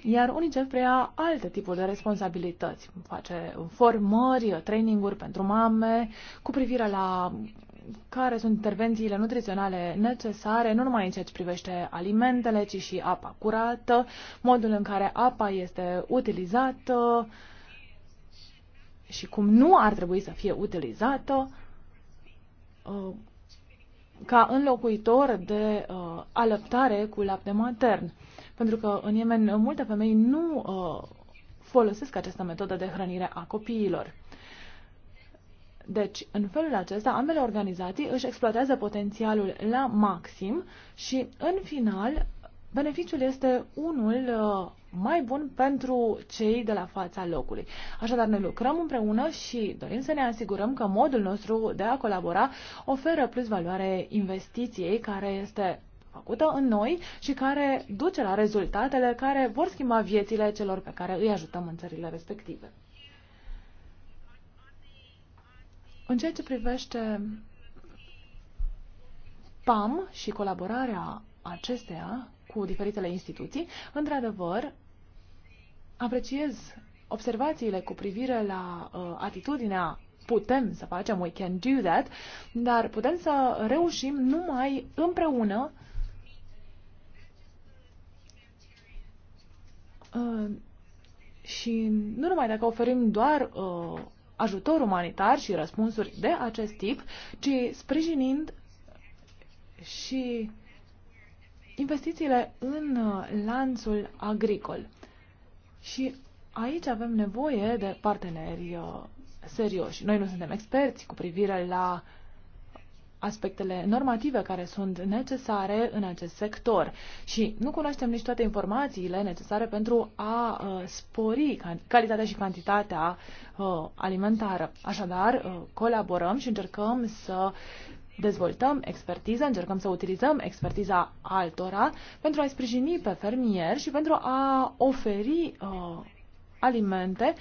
iar UNICEF preia alte tipuri de responsabilități. Face formări, traininguri pentru mame cu privire la care sunt intervențiile nutriționale necesare, nu numai în ceea ce privește alimentele, ci și apa curată, modul în care apa este utilizată și cum nu ar trebui să fie utilizată uh, ca înlocuitor de uh, alăptare cu lapte matern. Pentru că în Yemen multe femei nu uh, folosesc această metodă de hrănire a copiilor. Deci, în felul acesta, ambele organizații își exploatează potențialul la maxim și, în final, beneficiul este unul uh, mai bun pentru cei de la fața locului. Așadar, ne lucrăm împreună și dorim să ne asigurăm că modul nostru de a colabora oferă plus valoare investiției, care este făcută în noi și care duce la rezultatele care vor schimba viețile celor pe care îi ajutăm în țările respective. În ceea ce privește PAM și colaborarea acesteia cu diferitele instituții, într-adevăr, apreciez observațiile cu privire la uh, atitudinea putem să facem, we can do that, dar putem să reușim numai împreună Uh, și nu numai dacă oferim doar uh, ajutor umanitar și răspunsuri de acest tip, ci sprijinind și investițiile în uh, lanțul agricol. Și aici avem nevoie de parteneri serioși. Noi nu suntem experți cu privire la uh, aspectele normative care sunt necesare în acest sector și nu cunoaștem nici toate informațiile necesare pentru a uh, spori calitatea și cantitatea uh, alimentară. Așadar, uh, colaborăm și încercăm să dezvoltăm expertiză, încercăm să utilizăm expertiza altora pentru a-i sprijini pe fermier și pentru a oferi alimente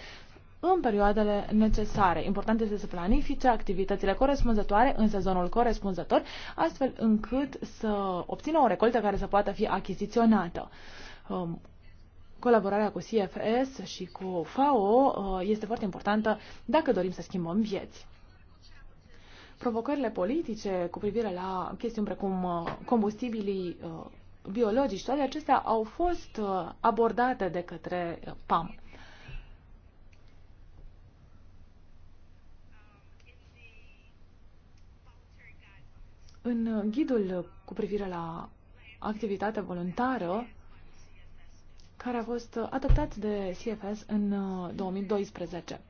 în perioadele necesare. Important este să planifice activitățile corespunzătoare în sezonul corespunzător, astfel încât să obțină o recoltă care să poată fi achiziționată. Um, colaborarea cu CFS și cu FAO uh, este foarte importantă dacă dorim să schimbăm vieți provocările politice cu privire la chestiuni precum uh, combustibilii uh, biologici, toate acestea au fost abordate de către PAM. În uh, ghidul uh, cu privire la activitatea voluntară, care a fost uh, adoptat de CFS în 2012.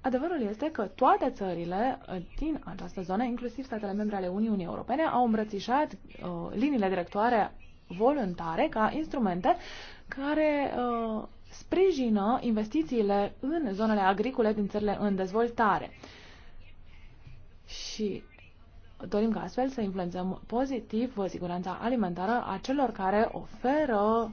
Adevărul este că toate țările din această zonă, inclusiv statele membre ale Uniunii Europene, au îmbrățișat uh, liniile directoare voluntare ca instrumente care uh, sprijină investițiile în zonele agricole din țările în dezvoltare. Și Dorim ca astfel să influențăm pozitiv siguranța alimentară a celor care oferă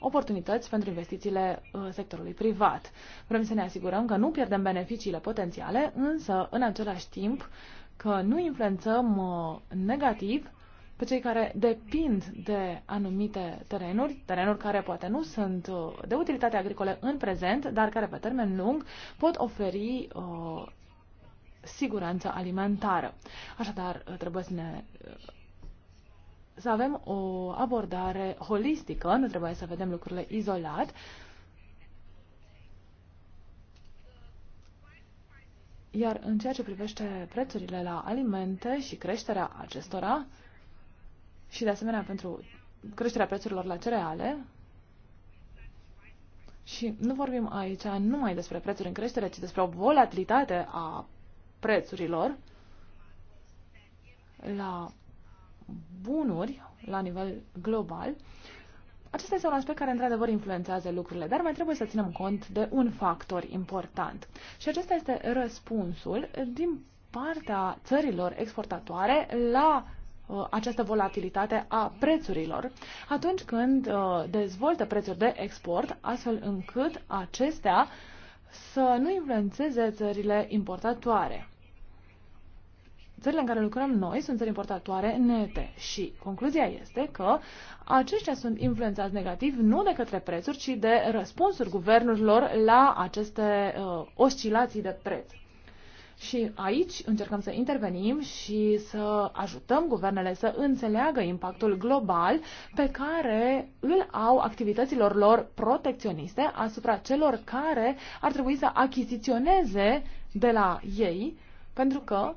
oportunități pentru investițiile uh, sectorului privat. Vrem să ne asigurăm că nu pierdem beneficiile potențiale, însă în același timp că nu influențăm uh, negativ pe cei care depind de anumite terenuri, terenuri care poate nu sunt uh, de utilitate agricole în prezent, dar care pe termen lung pot oferi uh, siguranță alimentară. Așadar, trebuie să ne să avem o abordare holistică, nu trebuie să vedem lucrurile izolat. Iar în ceea ce privește prețurile la alimente și creșterea acestora, și de asemenea pentru creșterea prețurilor la cereale, și nu vorbim aici numai despre prețuri în creștere, ci despre o volatilitate a prețurilor la bunuri la nivel global, acesta este un aspect care într-adevăr influențează lucrurile, dar mai trebuie să ținem cont de un factor important. Și acesta este răspunsul din partea țărilor exportatoare la uh, această volatilitate a prețurilor atunci când uh, dezvoltă prețuri de export, astfel încât acestea să nu influențeze țările importatoare țările în care lucrăm noi sunt țări importatoare nete și concluzia este că aceștia sunt influențați negativ nu de către prețuri, ci de răspunsuri guvernurilor la aceste uh, oscilații de preț. Și aici încercăm să intervenim și să ajutăm guvernele să înțeleagă impactul global pe care îl au activităților lor protecționiste asupra celor care ar trebui să achiziționeze de la ei, pentru că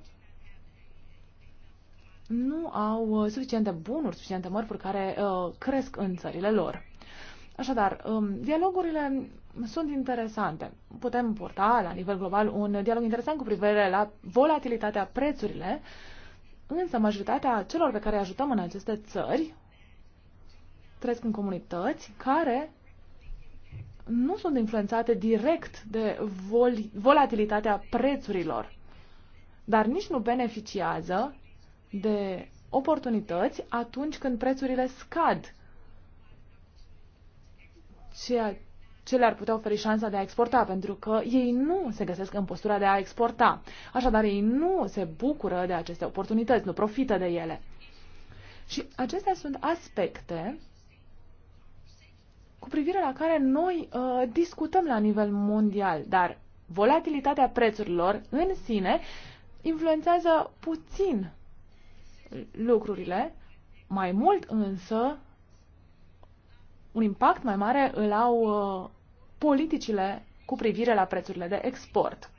nu au uh, suficiente bunuri, suficiente mărfuri care uh, cresc în țările lor. Așadar, um, dialogurile sunt interesante. Putem porta la nivel global un dialog interesant cu privire la volatilitatea prețurile, însă majoritatea celor pe care îi ajutăm în aceste țări trăiesc în comunități care nu sunt influențate direct de vol- volatilitatea prețurilor, dar nici nu beneficiază de oportunități atunci când prețurile scad. Ceea ce le-ar putea oferi șansa de a exporta, pentru că ei nu se găsesc în postura de a exporta. Așadar, ei nu se bucură de aceste oportunități, nu profită de ele. Și acestea sunt aspecte cu privire la care noi uh, discutăm la nivel mondial, dar volatilitatea prețurilor în sine influențează puțin lucrurile. Mai mult însă, un impact mai mare îl au uh, politicile cu privire la prețurile de export.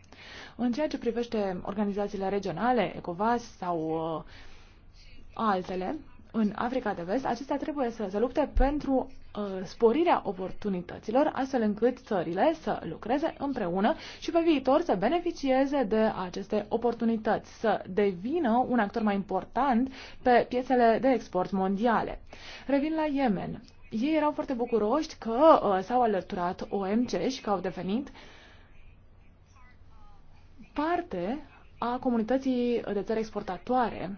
În ceea ce privește organizațiile regionale, ECOVAS sau uh, altele, în Africa de Vest, acestea trebuie să se lupte pentru Uh, sporirea oportunităților, astfel încât țările să lucreze împreună și pe viitor să beneficieze de aceste oportunități, să devină un actor mai important pe piețele de export mondiale. Revin la Yemen. Ei erau foarte bucuroși că uh, s-au alăturat OMC și că au devenit parte a comunității de țări exportatoare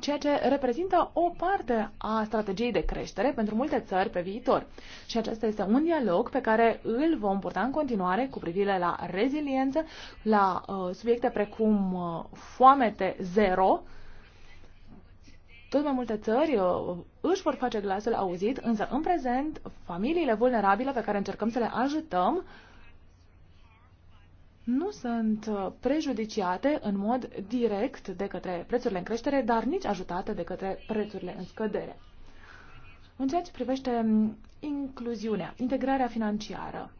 ceea ce reprezintă o parte a strategiei de creștere pentru multe țări pe viitor. Și acesta este un dialog pe care îl vom purta în continuare cu privire la reziliență, la uh, subiecte precum uh, foamete zero. Tot mai multe țări uh, își vor face glasul auzit, însă în prezent familiile vulnerabile pe care încercăm să le ajutăm uh, nu sunt uh, prejudiciate în mod direct de către prețurile în creștere, dar nici ajutate de către prețurile în scădere. În ceea ce privește incluziunea, integrarea financiară,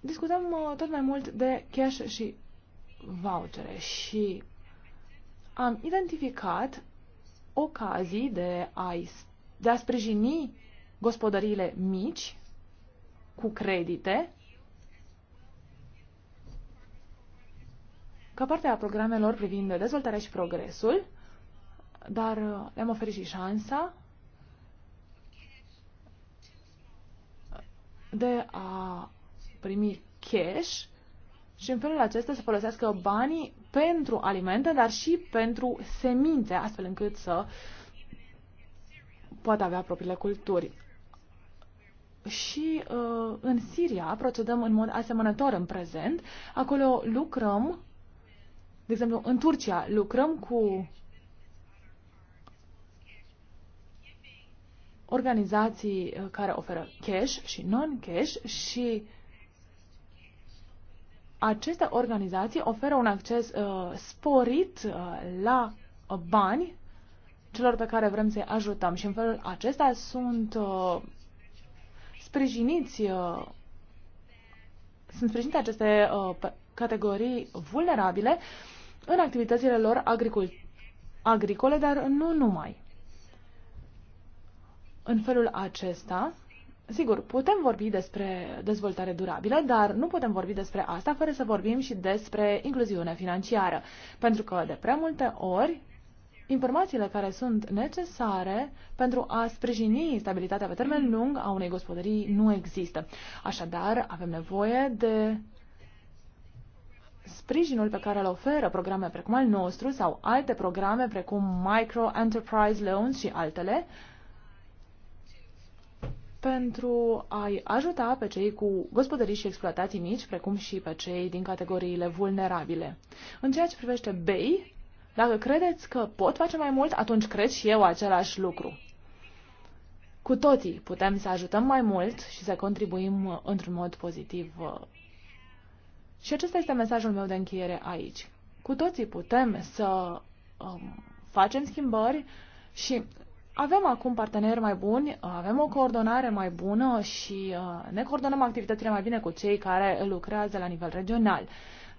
discutăm uh, tot mai mult de cash și vouchere și am identificat ocazii de a, de a sprijini gospodăriile mici cu credite, ca parte a programelor privind dezvoltarea și progresul, dar uh, le-am oferit și șansa de a primi cash și în felul acesta să folosească banii pentru alimente, dar și pentru semințe, astfel încât să poată avea propriile culturi și uh, în Siria procedăm în mod asemănător în prezent. Acolo lucrăm, de exemplu, în Turcia lucrăm cu organizații uh, care oferă cash și non-cash și aceste organizații oferă un acces uh, sporit uh, la uh, bani celor pe care vrem să-i ajutăm și în felul acesta sunt uh, sprijiniți, uh, sunt sprijinite aceste uh, categorii vulnerabile în activitățile lor agricol agricole, dar nu numai. În felul acesta, sigur, putem vorbi despre dezvoltare durabilă, dar nu putem vorbi despre asta fără să vorbim și despre incluziune financiară, pentru că de prea multe ori informațiile care sunt necesare pentru a sprijini stabilitatea pe termen lung a unei gospodării nu există. Așadar, avem nevoie de sprijinul pe care îl oferă programe precum al nostru sau alte programe precum Micro Enterprise Loans și altele pentru a-i ajuta pe cei cu gospodării și exploatații mici, precum și pe cei din categoriile vulnerabile. În ceea ce privește BEI, dacă credeți că pot face mai mult, atunci cred și eu același lucru. Cu toții putem să ajutăm mai mult și să contribuim uh, într-un mod pozitiv. Uh. Și acesta este mesajul meu de încheiere aici. Cu toții putem să um, facem schimbări și avem acum parteneri mai buni, avem o coordonare mai bună și uh, ne coordonăm activitățile mai bine cu cei care lucrează la nivel regional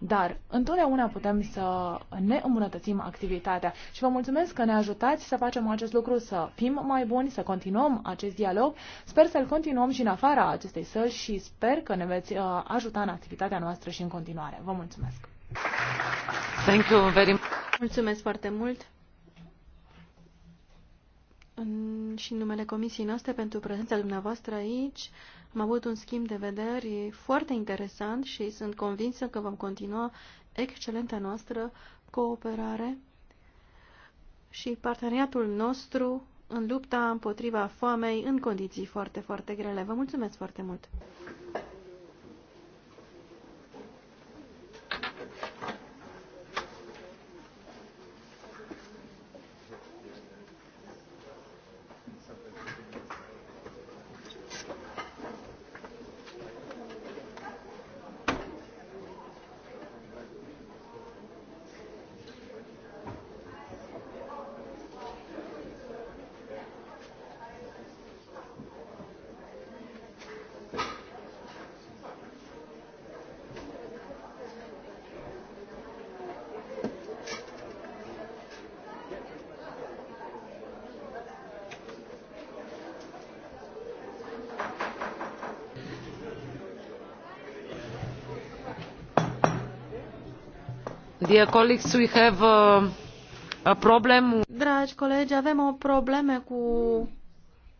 dar întotdeauna putem să ne îmbunătățim activitatea și vă mulțumesc că ne ajutați să facem acest lucru, să fim mai buni, să continuăm acest dialog. Sper să-l continuăm și în afara acestei săli și sper că ne veți uh, ajuta în activitatea noastră și în continuare. Vă mulțumesc! Thank you very much. Mulțumesc foarte mult! în, și în numele comisiei noastre pentru prezența dumneavoastră aici. Am avut un schimb de vederi foarte interesant și sunt convinsă că vom continua excelenta noastră cooperare și parteneriatul nostru în lupta împotriva foamei în condiții foarte, foarte grele. Vă mulțumesc foarte mult! have uh, a, problem. Dragi colegi, avem o probleme cu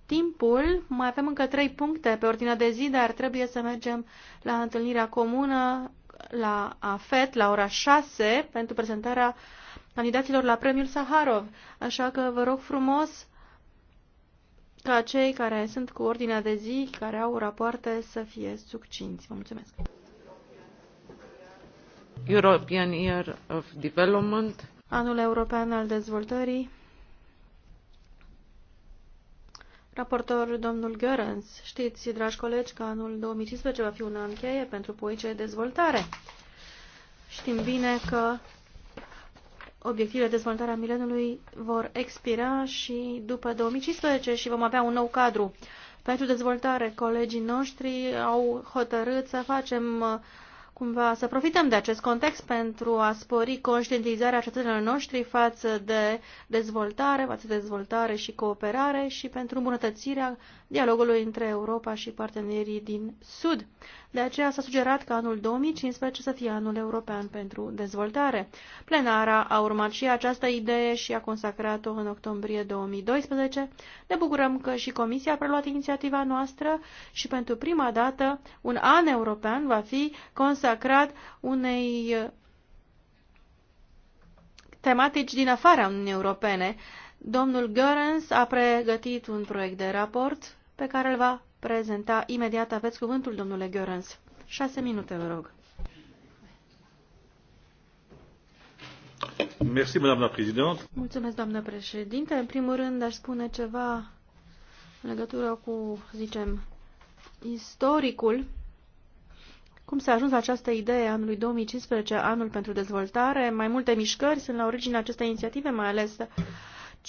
timpul. Mai avem încă trei puncte pe ordinea de zi, dar trebuie să mergem la întâlnirea comună la AFET la ora 6 pentru prezentarea candidaților la premiul Saharov. Așa că vă rog frumos ca cei care sunt cu ordinea de zi, care au rapoarte, să fie succinți. Vă mulțumesc! European Year of Development, Anul European al Dezvoltării, Raportor domnul Görens, știți, dragi colegi, că anul 2015 va fi un an cheie pentru poice de dezvoltare. Știm bine că obiectivele de dezvoltare a milenului vor expira și după 2015 și vom avea un nou cadru. Pentru dezvoltare, colegii noștri au hotărât să facem cumva să profităm de acest context pentru a spori conștientizarea cetățenilor noștri față de dezvoltare, față de dezvoltare și cooperare și pentru îmbunătățirea dialogului între Europa și partenerii din Sud. De aceea s-a sugerat ca anul 2015 să fie anul european pentru dezvoltare. Plenara a urmat și această idee și a consacrat-o în octombrie 2012. Ne bucurăm că și Comisia a preluat inițiativa noastră și pentru prima dată un an european va fi consacrat unei uh, tematici din afara Uniunii Europene. Domnul Görens a pregătit un proiect de raport pe care îl va prezenta imediat. Aveți cuvântul, domnule Gheorens. Șase minute, vă rog. Merci, doamna președinte. Mulțumesc, doamnă președinte. În primul rând, aș spune ceva în legătură cu, zicem, istoricul cum s-a ajuns la această idee anului 2015, anul pentru dezvoltare? Mai multe mișcări sunt la originea acestei inițiative, mai ales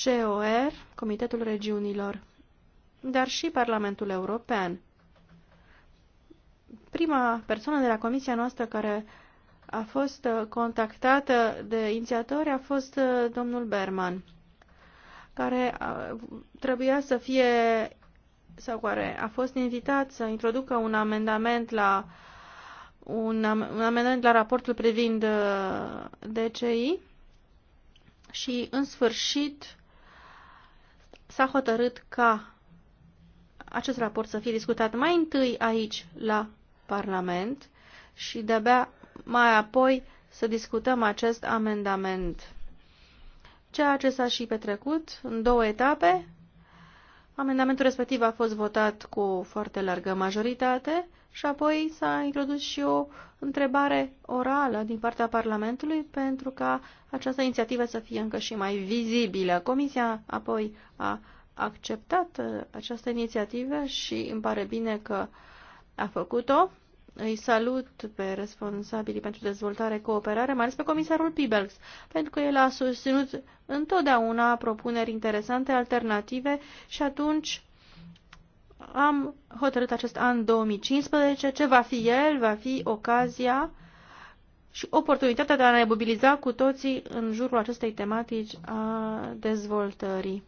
COR, Comitetul Regiunilor dar și Parlamentul European. Prima persoană de la comisia noastră care a fost uh, contactată de inițiatori a fost uh, domnul Berman, care uh, trebuia să fie sau care a fost invitat să introducă un amendament la un, un amendament la raportul privind DCI și în sfârșit s-a hotărât ca acest raport să fie discutat mai întâi aici la Parlament și de-abia mai apoi să discutăm acest amendament. Ceea ce s-a și petrecut în două etape. Amendamentul respectiv a fost votat cu o foarte largă majoritate și apoi s-a introdus și o întrebare orală din partea Parlamentului pentru ca această inițiativă să fie încă și mai vizibilă. Comisia apoi a acceptat uh, această inițiativă și îmi pare bine că a făcut-o. Îi salut pe responsabilii pentru dezvoltare, cooperare, mai ales pe comisarul Pibelx, pentru că el a susținut întotdeauna propuneri interesante, alternative și atunci am hotărât acest an 2015 ce va fi el, va fi ocazia și oportunitatea de a ne mobiliza cu toții în jurul acestei tematici a dezvoltării.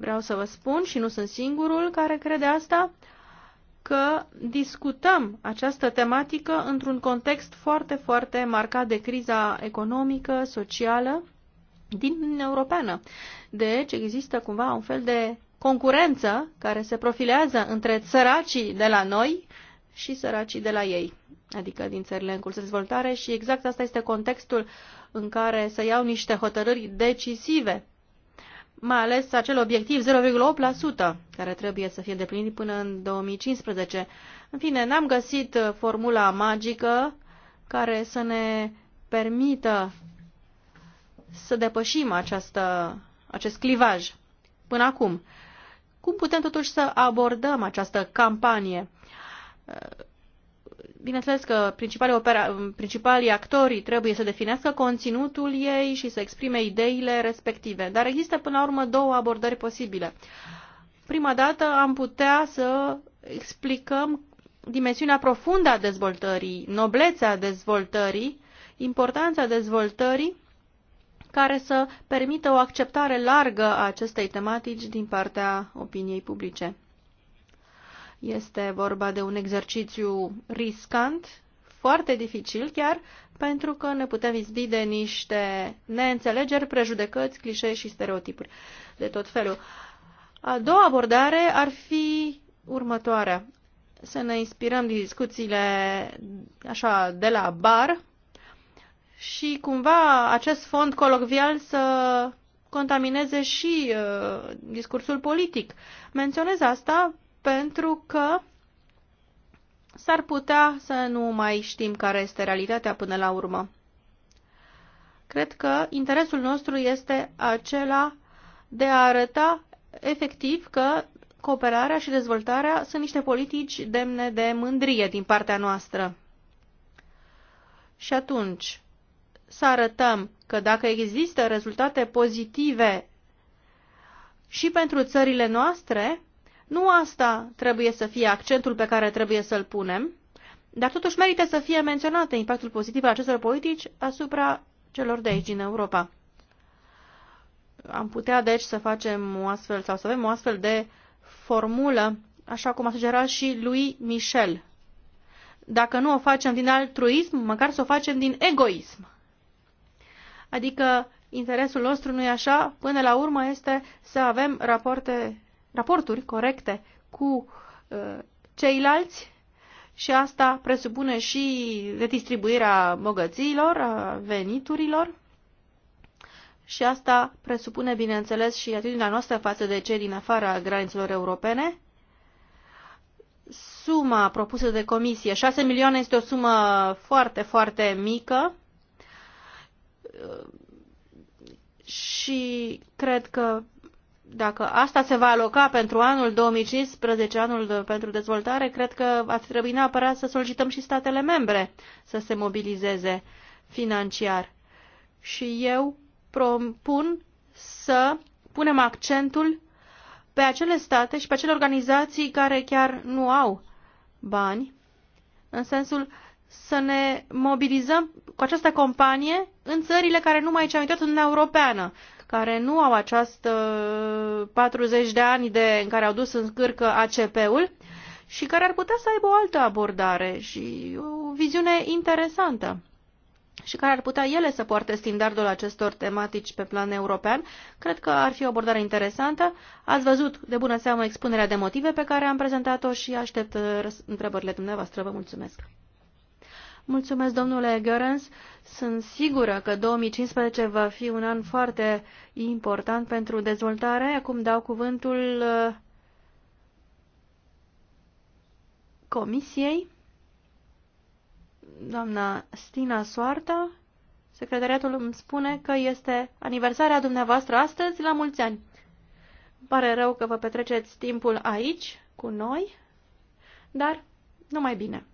Vreau să vă spun, și nu sunt singurul care crede asta, că discutăm această tematică într-un context foarte, foarte marcat de criza economică, socială din Uniunea Europeană. Deci există cumva un fel de concurență care se profilează între săracii de la noi și săracii de la ei, adică din țările în curs de dezvoltare și exact asta este contextul în care să iau niște hotărâri decisive mai ales acel obiectiv 0,8% care trebuie să fie deplinit până în 2015. În fine, n-am găsit uh, formula magică care să ne permită să depășim această, acest clivaj până acum. Cum putem totuși să abordăm această campanie? Uh, Bineînțeles că principalii, opera, principalii actorii trebuie să definească conținutul ei și să exprime ideile respective, dar există până la urmă două abordări posibile. Prima dată am putea să explicăm dimensiunea profundă a dezvoltării, noblețea dezvoltării, importanța dezvoltării care să permită o acceptare largă a acestei tematici din partea opiniei publice. Este vorba de un exercițiu riscant, foarte dificil chiar, pentru că ne putem izbi de niște neînțelegeri, prejudecăți, clișee și stereotipuri de tot felul. A doua abordare ar fi următoarea. Să ne inspirăm din discuțiile așa de la bar și cumva acest fond colocvial să contamineze și uh, discursul politic. Menționez asta pentru că s-ar putea să nu mai știm care este realitatea până la urmă. Cred că interesul nostru este acela de a arăta efectiv că cooperarea și dezvoltarea sunt niște politici demne de mândrie din partea noastră. Și atunci, să arătăm că dacă există rezultate pozitive și pentru țările noastre, nu asta trebuie să fie accentul pe care trebuie să-l punem, dar totuși merită să fie menționat impactul pozitiv al acestor politici asupra celor de aici din Europa. Am putea, deci, să facem o astfel sau să avem o astfel de formulă, așa cum a sugerat și lui Michel. Dacă nu o facem din altruism, măcar să o facem din egoism. Adică interesul nostru, nu-i așa? Până la urmă este să avem rapoarte raporturi corecte cu uh, ceilalți și asta presupune și redistribuirea bogățiilor, a veniturilor și asta presupune, bineînțeles, și atitudinea noastră față de cei din afara granițelor europene. Suma propusă de comisie, 6 milioane, este o sumă foarte, foarte mică uh, și cred că dacă asta se va aloca pentru anul 2015, anul de, pentru dezvoltare, cred că ar trebui neapărat să solicităm și statele membre să se mobilizeze financiar. Și eu propun să punem accentul pe acele state și pe acele organizații care chiar nu au bani, în sensul să ne mobilizăm cu această companie în țările care nu mai ce am uitat în Uniunea Europeană care nu au această 40 de ani de, în care au dus în scârcă ACP-ul și care ar putea să aibă o altă abordare și o viziune interesantă și care ar putea ele să poarte standardul acestor tematici pe plan european, cred că ar fi o abordare interesantă. Ați văzut de bună seamă expunerea de motive pe care am prezentat-o și aștept uh, întrebările dumneavoastră. Vă mulțumesc! Mulțumesc, domnule Gărens. Sunt sigură că 2015 va fi un an foarte important pentru dezvoltare. Acum dau cuvântul uh, Comisiei. Doamna Stina Soarta, secretariatul îmi spune că este aniversarea dumneavoastră astăzi la mulți ani. Îmi pare rău că vă petreceți timpul aici, cu noi, dar numai bine.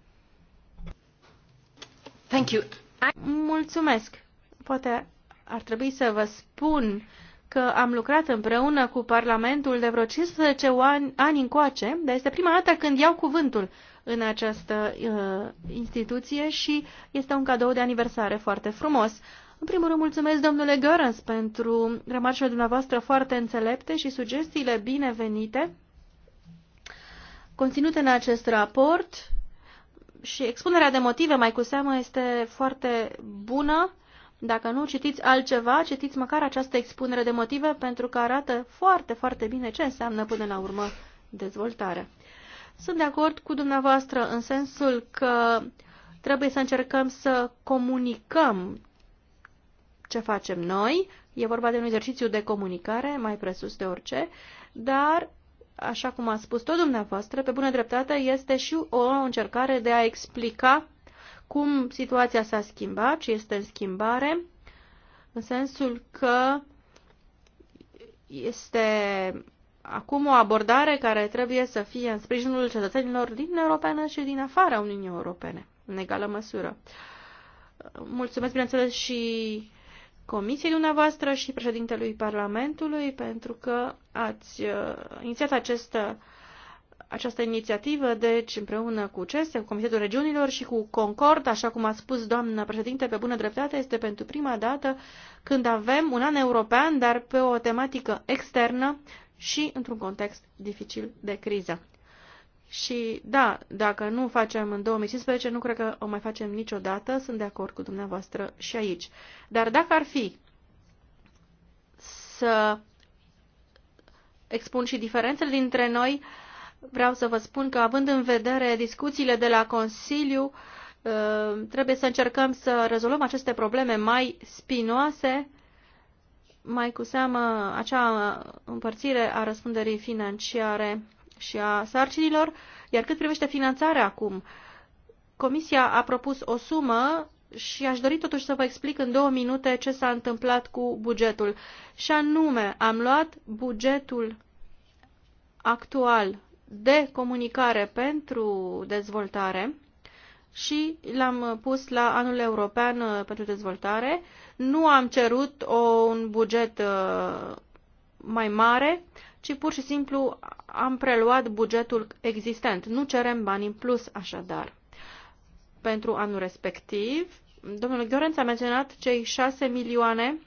Thank you. Mulțumesc. Poate ar trebui să vă spun că am lucrat împreună cu Parlamentul de vreo 15 ani, ani încoace, dar este prima dată când iau cuvântul în această uh, instituție și este un cadou de aniversare foarte frumos. În primul rând, mulțumesc, domnule Görans, pentru remarcile dumneavoastră foarte înțelepte și sugestiile binevenite conținute în acest raport și expunerea de motive, mai cu seamă, este foarte bună. Dacă nu citiți altceva, citiți măcar această expunere de motive pentru că arată foarte, foarte bine ce înseamnă până la urmă dezvoltarea. Sunt de acord cu dumneavoastră în sensul că trebuie să încercăm să comunicăm ce facem noi. E vorba de un exercițiu de comunicare, mai presus de orice, dar așa cum a spus tot dumneavoastră, pe bună dreptate, este și o încercare de a explica cum situația s-a schimbat și este în schimbare, în sensul că este acum o abordare care trebuie să fie în sprijinul cetățenilor din Europeană și din afara Uniunii Europene, în egală măsură. Mulțumesc, bineînțeles, și Comisiei dumneavoastră și președintelui Parlamentului pentru că ați uh, inițiat această, această inițiativă, deci împreună cu CESE, cu Comitetul Regiunilor și cu Concord, așa cum a spus doamna președinte, pe bună dreptate, este pentru prima dată când avem un an european, dar pe o tematică externă și într-un context dificil de criză. Și da, dacă nu facem în 2015, nu cred că o mai facem niciodată, sunt de acord cu dumneavoastră și aici. Dar dacă ar fi să expun și diferențele dintre noi, vreau să vă spun că având în vedere discuțiile de la Consiliu, ă, trebuie să încercăm să rezolvăm aceste probleme mai spinoase, mai cu seamă acea împărțire a răspunderii financiare și a sarcinilor. Iar cât privește finanțarea acum, Comisia a propus o sumă și aș dori totuși să vă explic în două minute ce s-a întâmplat cu bugetul. Și anume, am luat bugetul actual de comunicare pentru dezvoltare și l-am pus la anul european uh, pentru dezvoltare. Nu am cerut o, un buget uh, mai mare, ci pur și simplu am preluat bugetul existent. Nu cerem bani în plus, așadar. Pentru anul respectiv, domnul Gheorenț a menționat cei 6 milioane,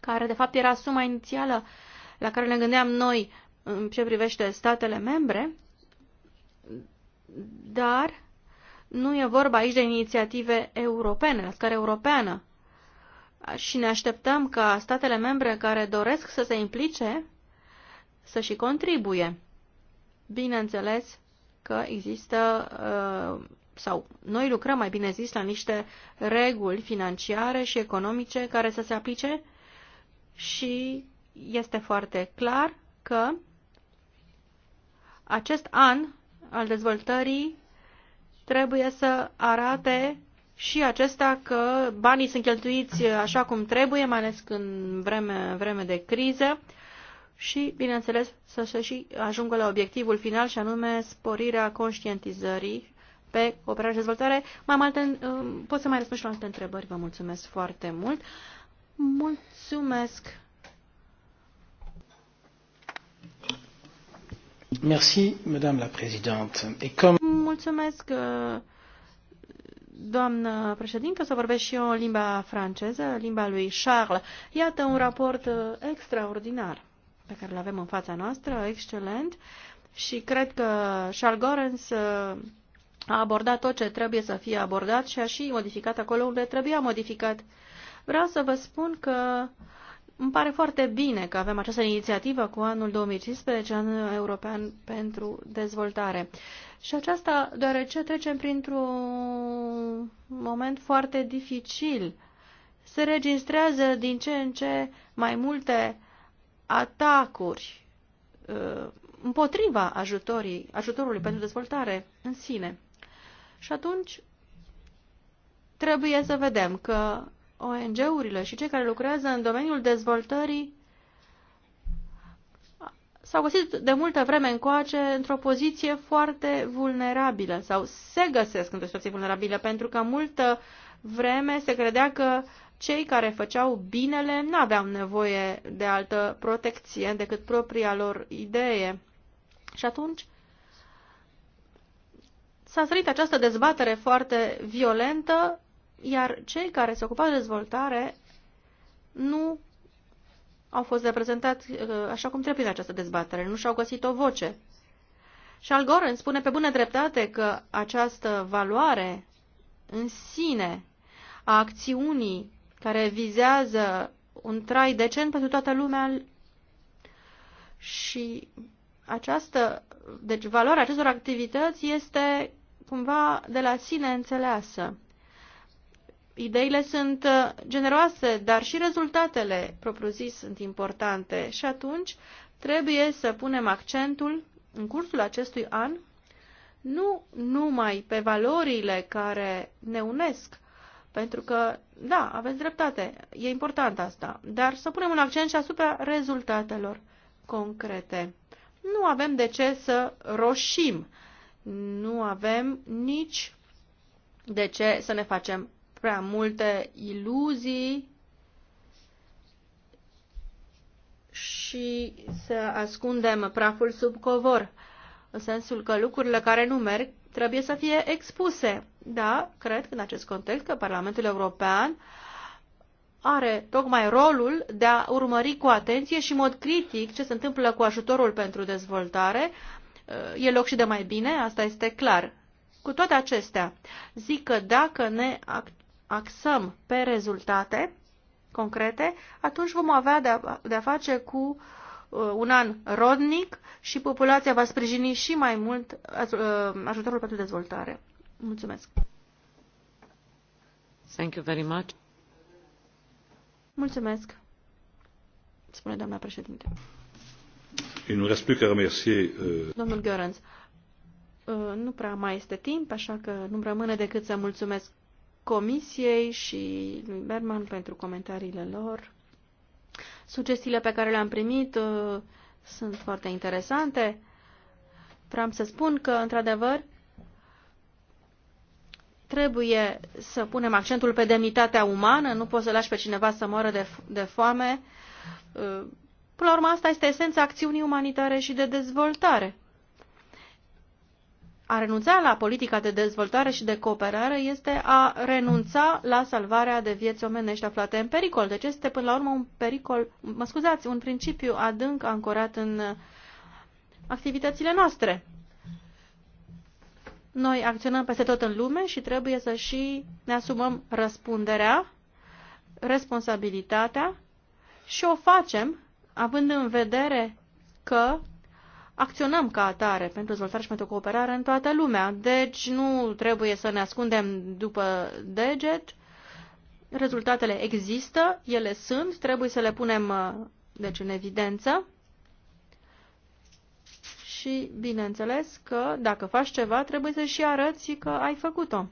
care de fapt era suma inițială la care ne gândeam noi în ce privește statele membre, dar nu e vorba aici de inițiative europene, la scară europeană. Și ne așteptăm ca statele membre care doresc să se implice să și contribuie. Bineînțeles că există uh, sau noi lucrăm, mai bine zis, la niște reguli financiare și economice care să se aplice și este foarte clar că acest an al dezvoltării trebuie să arate și acesta că banii sunt cheltuiți așa cum trebuie, mai ales în vreme, vreme de criză și, bineînțeles, să se și ajungă la obiectivul final și anume sporirea conștientizării pe cooperare și dezvoltare. Mai multe, um, pot să mai răspund și la alte întrebări. Vă mulțumesc foarte mult. Mulțumesc. Merci, Madame la Présidente. Et comme... Mulțumesc, uh, doamnă președintă, să vorbesc și eu în limba franceză, limba lui Charles. Iată un raport uh, extraordinar pe care îl avem în fața noastră, excelent, și cred că Charles Gorens uh, a abordat tot ce trebuie să fie abordat și a și modificat acolo unde trebuia modificat. Vreau să vă spun că îmi pare foarte bine că avem această inițiativă cu anul 2015, anul european pentru dezvoltare. Și aceasta deoarece trecem printr-un moment foarte dificil. Se registrează din ce în ce mai multe atacuri uh, împotriva ajutorii, ajutorului pentru dezvoltare în sine. Și atunci trebuie să vedem că ONG-urile și cei care lucrează în domeniul dezvoltării s-au găsit de multă vreme încoace într-o poziție foarte vulnerabilă sau se găsesc într-o situație vulnerabilă pentru că multă vreme se credea că cei care făceau binele n-aveau nevoie de altă protecție decât propria lor idee. Și atunci s-a sărit această dezbatere foarte violentă, iar cei care se ocupau de dezvoltare nu au fost reprezentați uh, așa cum trebuie în această dezbatere, nu și-au găsit o voce. Și Al Gore îmi spune pe bună dreptate că această valoare în sine a acțiunii care vizează un trai decent pentru toată lumea și această, deci valoarea acestor activități este cumva de la sine înțeleasă. Ideile sunt uh, generoase, dar și rezultatele propriu-zis sunt importante și atunci trebuie să punem accentul în cursul acestui an nu numai pe valorile care ne unesc, pentru că, da, aveți dreptate, e important asta, dar să punem un accent și asupra rezultatelor concrete. Nu avem de ce să roșim, nu avem nici de ce să ne facem prea multe iluzii și să ascundem praful sub covor, în sensul că lucrurile care nu merg trebuie să fie expuse da, cred că în acest context că Parlamentul European are tocmai rolul de a urmări cu atenție și în mod critic ce se întâmplă cu ajutorul pentru dezvoltare. E loc și de mai bine, asta este clar. Cu toate acestea, zic că dacă ne axăm pe rezultate concrete, atunci vom avea de-a de face cu uh, un an rodnic și populația va sprijini și mai mult uh, ajutorul pentru dezvoltare. Mulțumesc. Thank you very much. Mulțumesc, spune doamna președinte. Il ne reste plus qu'à remercier. Euh, Domnul Görans, uh, nu prea mai este timp, așa că nu rămâne decât să mulțumesc Comisiei și lui Berman pentru comentariile lor. Sugestiile pe care le-am primit uh, sunt foarte interesante. Vreau să spun că, într-adevăr, Trebuie să punem accentul pe demnitatea umană, nu poți să lași pe cineva să moară de, de foame. Uh, până la urmă, asta este esența acțiunii umanitare și de dezvoltare. A renunța la politica de dezvoltare și de cooperare este a renunța la salvarea de vieți omenești aflate în pericol. Deci este până la urmă un pericol, mă scuzați, un principiu adânc ancorat în activitățile noastre. Noi acționăm peste tot în lume și trebuie să și ne asumăm răspunderea, responsabilitatea și o facem având în vedere că acționăm ca atare pentru dezvoltare și pentru cooperare în toată lumea. Deci nu trebuie să ne ascundem după deget. Rezultatele există, ele sunt, trebuie să le punem uh, deci în evidență și bineînțeles că dacă faci ceva trebuie să și arăți că ai făcut-o.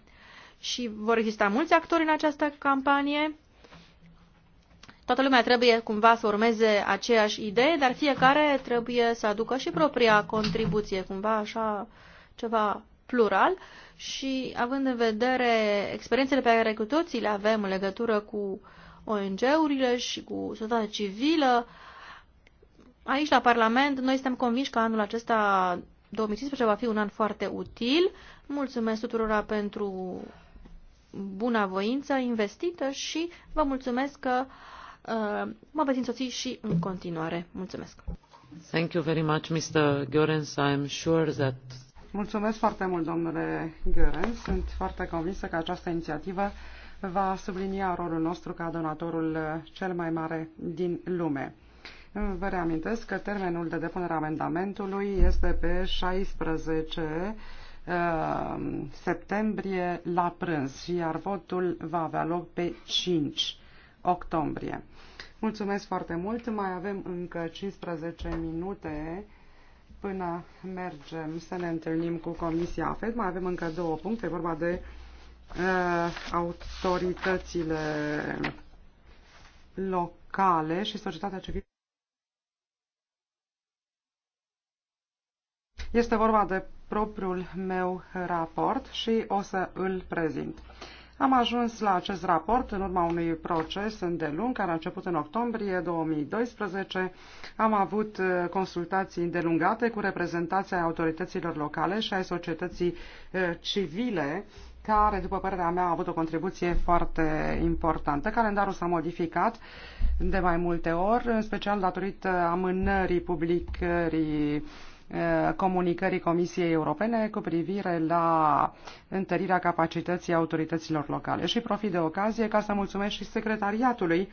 Și vor exista mulți actori în această campanie. Toată lumea trebuie cumva să urmeze aceeași idee, dar fiecare trebuie să aducă și propria contribuție, cumva așa ceva plural și având în vedere experiențele pe care cu toții le avem în legătură cu ONG-urile și cu societatea civilă, Aici, la Parlament, noi suntem convinși că anul acesta 2015 va fi un an foarte util. Mulțumesc tuturora pentru buna voință investită și vă mulțumesc că uh, mă veți însoți și în continuare. Mulțumesc! Thank you very much, Mr. Görens. I'm sure that... Mulțumesc foarte mult, domnule Görens. Sunt foarte convinsă că această inițiativă va sublinia rolul nostru ca donatorul cel mai mare din lume. Vă reamintesc că termenul de depunere a amendamentului este pe 16 uh, septembrie la prânz, iar votul va avea loc pe 5 octombrie. Mulțumesc foarte mult. Mai avem încă 15 minute până mergem să ne întâlnim cu Comisia AFED. Mai avem încă două puncte. E vorba de uh, autoritățile locale și societatea civilă. Este vorba de propriul meu raport și o să îl prezint. Am ajuns la acest raport în urma unui proces îndelung care a început în octombrie 2012. Am avut uh, consultații îndelungate cu reprezentația autorităților locale și ai societății uh, civile care, după părerea mea, a avut o contribuție foarte importantă. Calendarul s-a modificat de mai multe ori, în special datorită amânării publicării Uh, comunicării Comisiei Europene cu privire la întărirea capacității autorităților locale. Și profit de ocazie ca să mulțumesc și secretariatului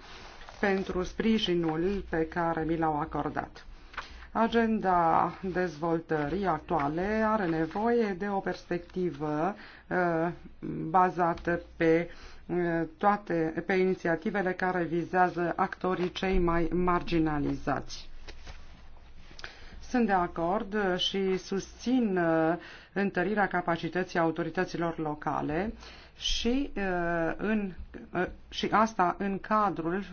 pentru sprijinul pe care mi l-au acordat. Agenda dezvoltării actuale are nevoie de o perspectivă uh, bazată pe uh, toate pe inițiativele care vizează actorii cei mai marginalizați. Sunt de acord și susțin uh, întărirea capacității autorităților locale și, uh, în, uh, și asta în cadrul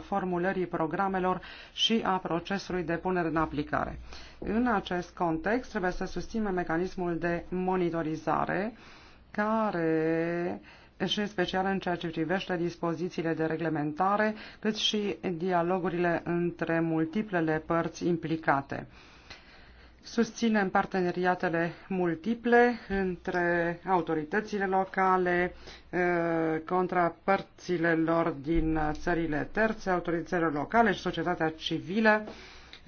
formulării programelor și a procesului de punere în aplicare. În acest context trebuie să susținem mecanismul de monitorizare care uh, și în special în ceea ce privește dispozițiile de reglementare, cât și dialogurile între multiplele părți implicate. Susținem parteneriatele multiple între autoritățile locale, ă, contrapărțile lor din țările terțe, autoritățile locale și societatea civilă,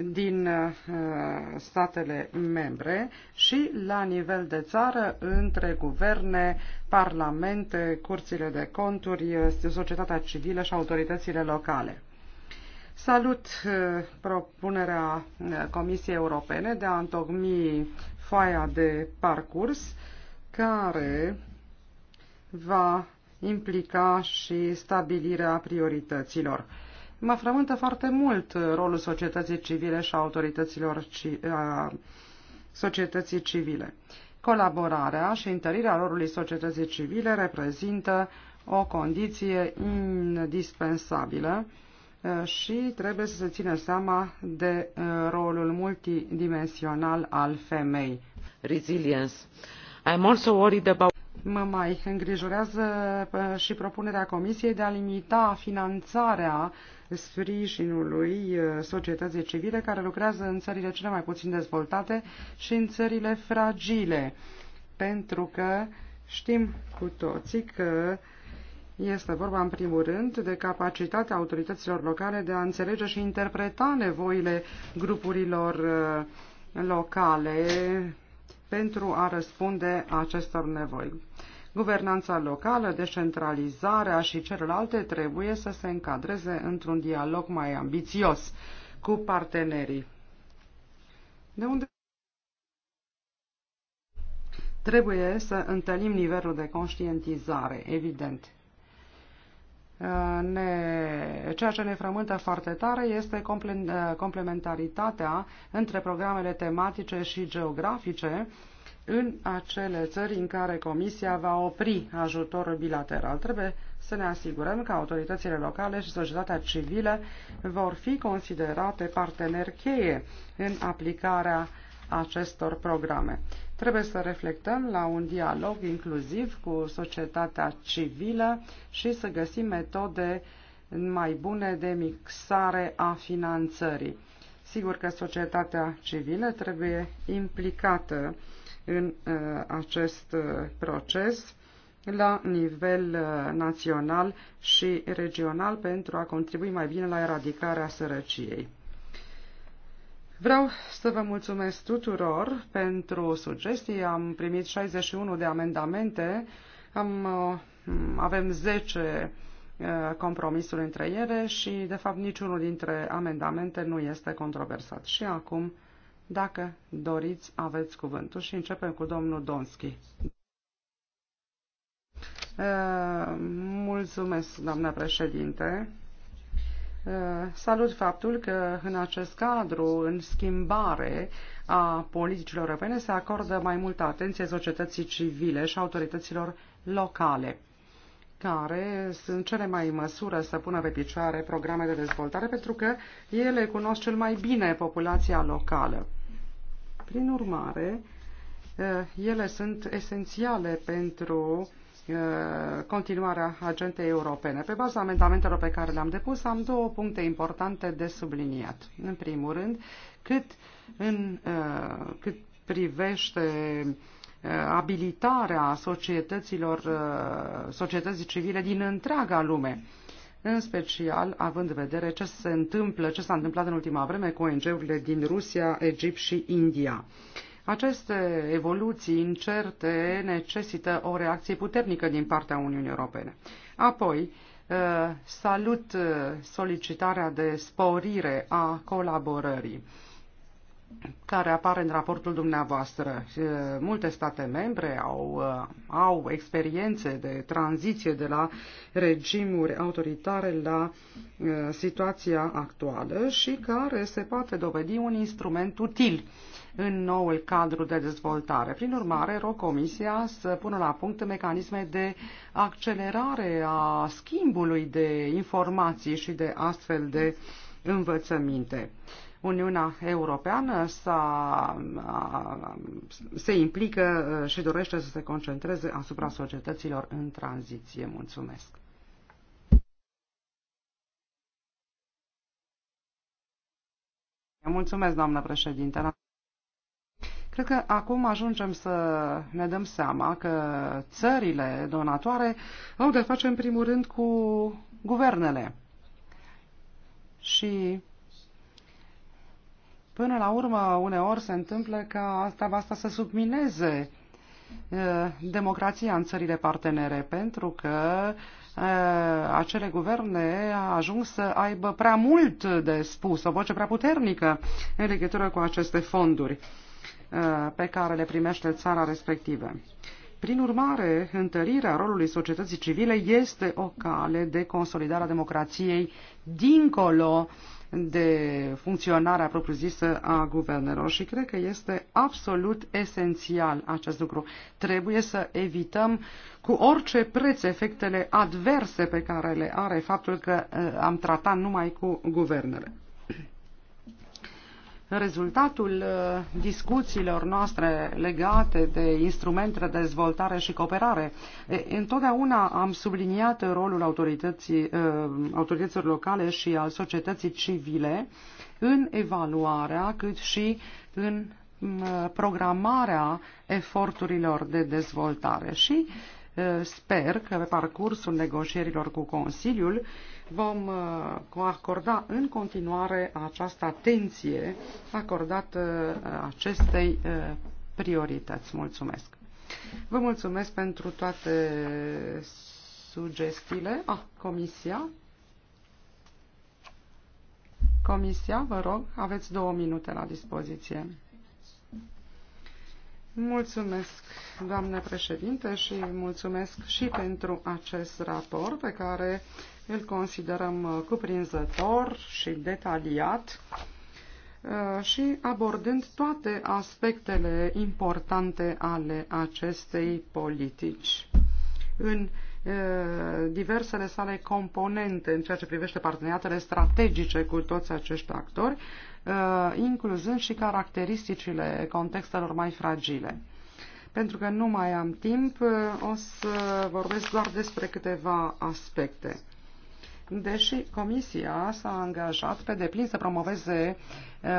din uh, statele membre și la nivel de țară între guverne, parlamente, curțile de conturi, uh, societatea civilă și autoritățile locale. Salut uh, propunerea Comisiei Europene de a întocmi foaia de parcurs care va implica și stabilirea priorităților Mă frământă foarte mult uh, rolul societății civile și a autorităților ci, uh, a societății civile. Colaborarea și întărirea rolului societății civile reprezintă o condiție indispensabilă uh, și trebuie să se țină seama de rolul multidimensional al femei. Resilience. I'm also worried about mă mai îngrijorează și propunerea Comisiei de a limita finanțarea sprijinului ă, societății civile care lucrează în țările cele mai puțin dezvoltate și în țările fragile. Pentru că știm cu toții că este vorba, în primul rând, de capacitatea autorităților locale de a înțelege și interpreta nevoile grupurilor ă, locale pentru a răspunde acestor nevoi. Guvernanța locală, descentralizarea și celelalte trebuie să se încadreze într-un dialog mai ambițios cu partenerii. De unde trebuie să întâlnim nivelul de conștientizare, evident ne, ceea ce ne frământă foarte tare este eh, complementaritatea între programele tematice și geografice în acele țări în care Comisia va opri ajutorul bilateral. Trebuie să ne asigurăm că autoritățile locale și societatea civilă vor fi considerate parteneri cheie în aplicarea acestor programe. Trebuie să reflectăm la un dialog inclusiv cu societatea civilă și să găsim metode mai bune de mixare a finanțării. Sigur că societatea civilă trebuie implicată în uh, acest uh, proces la nivel uh, național și regional pentru a contribui mai bine la eradicarea sărăciei. Vreau să vă mulțumesc tuturor pentru sugestii. Am primit 61 de amendamente, am, uh, avem 10 uh, compromisuri între ele și, de fapt, niciunul dintre amendamente nu este controversat. Și acum, dacă doriți, aveți cuvântul și începem cu domnul Donski. Uh, mulțumesc, doamna președinte. Uh, salut faptul că în acest cadru, în schimbare a politicilor europene, se acordă mai multă atenție societății civile și autorităților locale, care sunt cele mai în măsură să pună pe picioare programe de dezvoltare, pentru că ele cunosc cel mai bine populația locală. Prin urmare, uh, ele sunt esențiale pentru uh, Uh, continuarea agentei europene. Pe baza amendamentelor pe care le-am depus, am două puncte importante de subliniat. În primul rând, cât, în, uh, cât privește uh, abilitarea societăților, societății civile din întreaga lume, în special având în vedere ce se întâmplă, ce s-a întâmplat în ultima vreme cu ONG-urile din Rusia, Egipt și India. Uh, aceste evoluții incerte necesită o reacție puternică din partea Uniunii Europene. Apoi, uh, salut uh, solicitarea de sporire a colaborării care apare în raportul dumneavoastră. Uh, multe state membre au, au experiențe de tranziție de la regimuri autoritare la situația actuală și care se poate dovedi un instrument util în noul cadru de dezvoltare. Prin urmare, rog Comisia să pună la punct mecanisme de accelerare a schimbului de informații și de astfel de învățăminte. Uniunea Europeană s-a, se implică uh, și dorește să se concentreze asupra societăților în tranziție. Mulțumesc! Mulțumesc, doamnă președinte! Cred că acum ajungem să ne dăm seama că țările donatoare au de face în primul rând cu guvernele. Și până la urmă uneori se întâmplă ca asta, asta să submineze democrația în țările partenere, pentru că acele guverne ajung să aibă prea mult de spus, o voce prea puternică în legătură cu aceste fonduri. Uh, pe care le primește țara respectivă. Prin urmare, întărirea rolului societății civile este o cale de consolidare a democrației dincolo de funcționarea propriu-zisă a guvernelor și cred că este absolut esențial acest lucru. Trebuie să evităm cu orice preț efectele adverse pe care le are faptul că uh, am tratat numai cu guvernele. Rezultatul uh, discuțiilor noastre legate de instrumente de dezvoltare și cooperare, întotdeauna am subliniat rolul uh, autorităților locale și al societății civile în evaluarea cât și în mm, programarea eforturilor de dezvoltare și uh, sper că pe parcursul negocierilor cu Consiliul vom uh, acorda în continuare această atenție acordată uh, acestei uh, priorități. Mulțumesc! Vă mulțumesc pentru toate sugestiile. Ah, comisia. Comisia, vă rog, aveți două minute la dispoziție. Mulțumesc, doamne președinte, și mulțumesc și pentru acest raport pe care îl considerăm uh, cuprinzător și detaliat uh, și abordând toate aspectele importante ale acestei politici în uh, diversele sale componente în ceea ce privește parteneriatele strategice cu toți acești actori, incluzând și caracteristicile contextelor mai fragile. Pentru că nu mai am timp, o să vorbesc doar despre câteva aspecte deși Comisia s-a angajat pe deplin să promoveze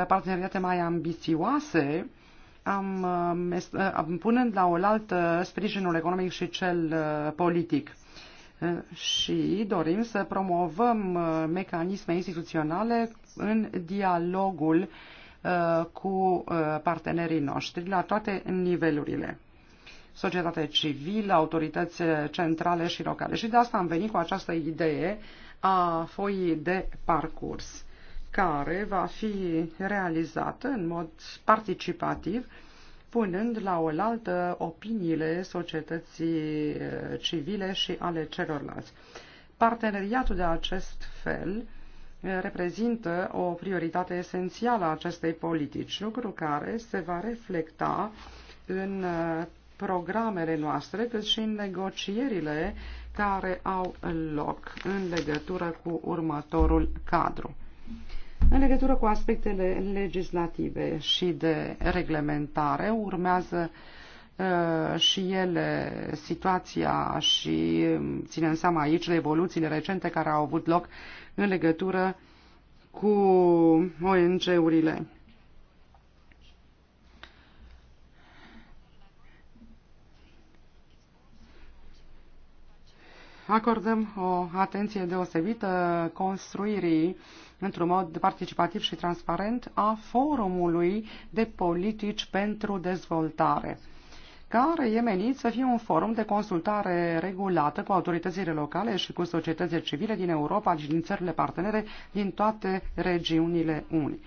parteneriate mai ambițioase, am, am punând la oaltă sprijinul economic și cel politic și dorim să promovăm mecanisme instituționale în dialogul cu partenerii noștri la toate nivelurile societate civilă, autorități centrale și locale. Și de asta am venit cu această idee uh, a foii de parcurs, care va fi realizată în mod participativ, punând la oaltă opiniile societății eh, civile și ale celorlalți. Parteneriatul de acest fel eh, reprezintă o prioritate esențială a acestei politici, lucru care se va reflecta în eh, programele noastre, cât și în negocierile care au loc în legătură cu următorul cadru. În legătură cu aspectele legislative și de reglementare, urmează uh, și ele situația și um, ținem seama aici de evoluțiile recente care au avut loc în legătură cu ONG-urile. acordăm o atenție deosebită construirii într-un mod participativ și transparent a forumului de politici pentru dezvoltare care e menit să fie un forum de consultare regulată cu autoritățile locale și cu societățile civile din Europa și din țările partenere din toate regiunile Unii.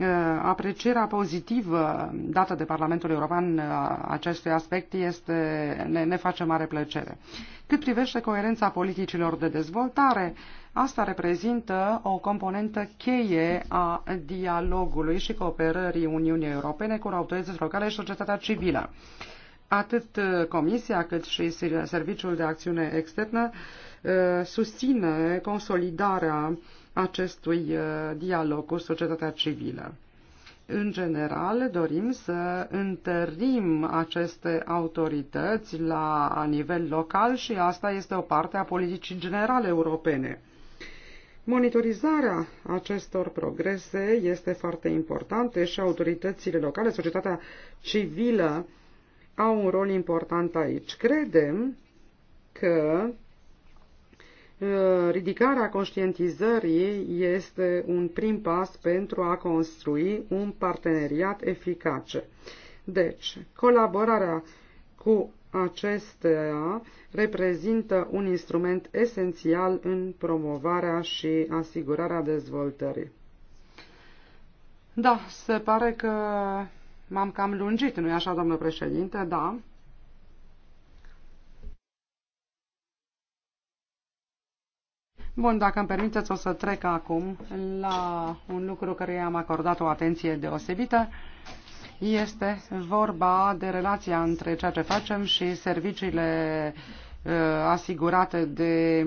Uh, aprecierea pozitivă dată de Parlamentul European uh, acestui aspect este, ne, ne face mare plăcere. Cât privește coerența politicilor de dezvoltare, asta reprezintă o componentă cheie a dialogului și cooperării Uniunii Europene cu autoritățile locale și societatea civilă. Atât uh, Comisia cât și Serviciul de Acțiune Externă susține consolidarea uh, acestui uh, dialog cu societatea civilă. În general, dorim să întărim aceste autorități la nivel local și asta este o parte a politicii generale europene. Monitorizarea acestor progrese este foarte importantă și autoritățile locale, societatea civilă, au un rol important aici. Credem că Eh, ridicarea conștientizării este un prim pas pentru a construi un parteneriat eficace. Deci, colaborarea cu acestea reprezintă un instrument esențial în promovarea și asigurarea dezvoltării. Da, se pare că m-am cam lungit, nu-i așa, domnule președinte? Da. Bun, dacă îmi permiteți, o să trec acum la un lucru care i-am acordat o atenție deosebită. Este vorba de relația între ceea ce facem și serviciile uh, asigurate de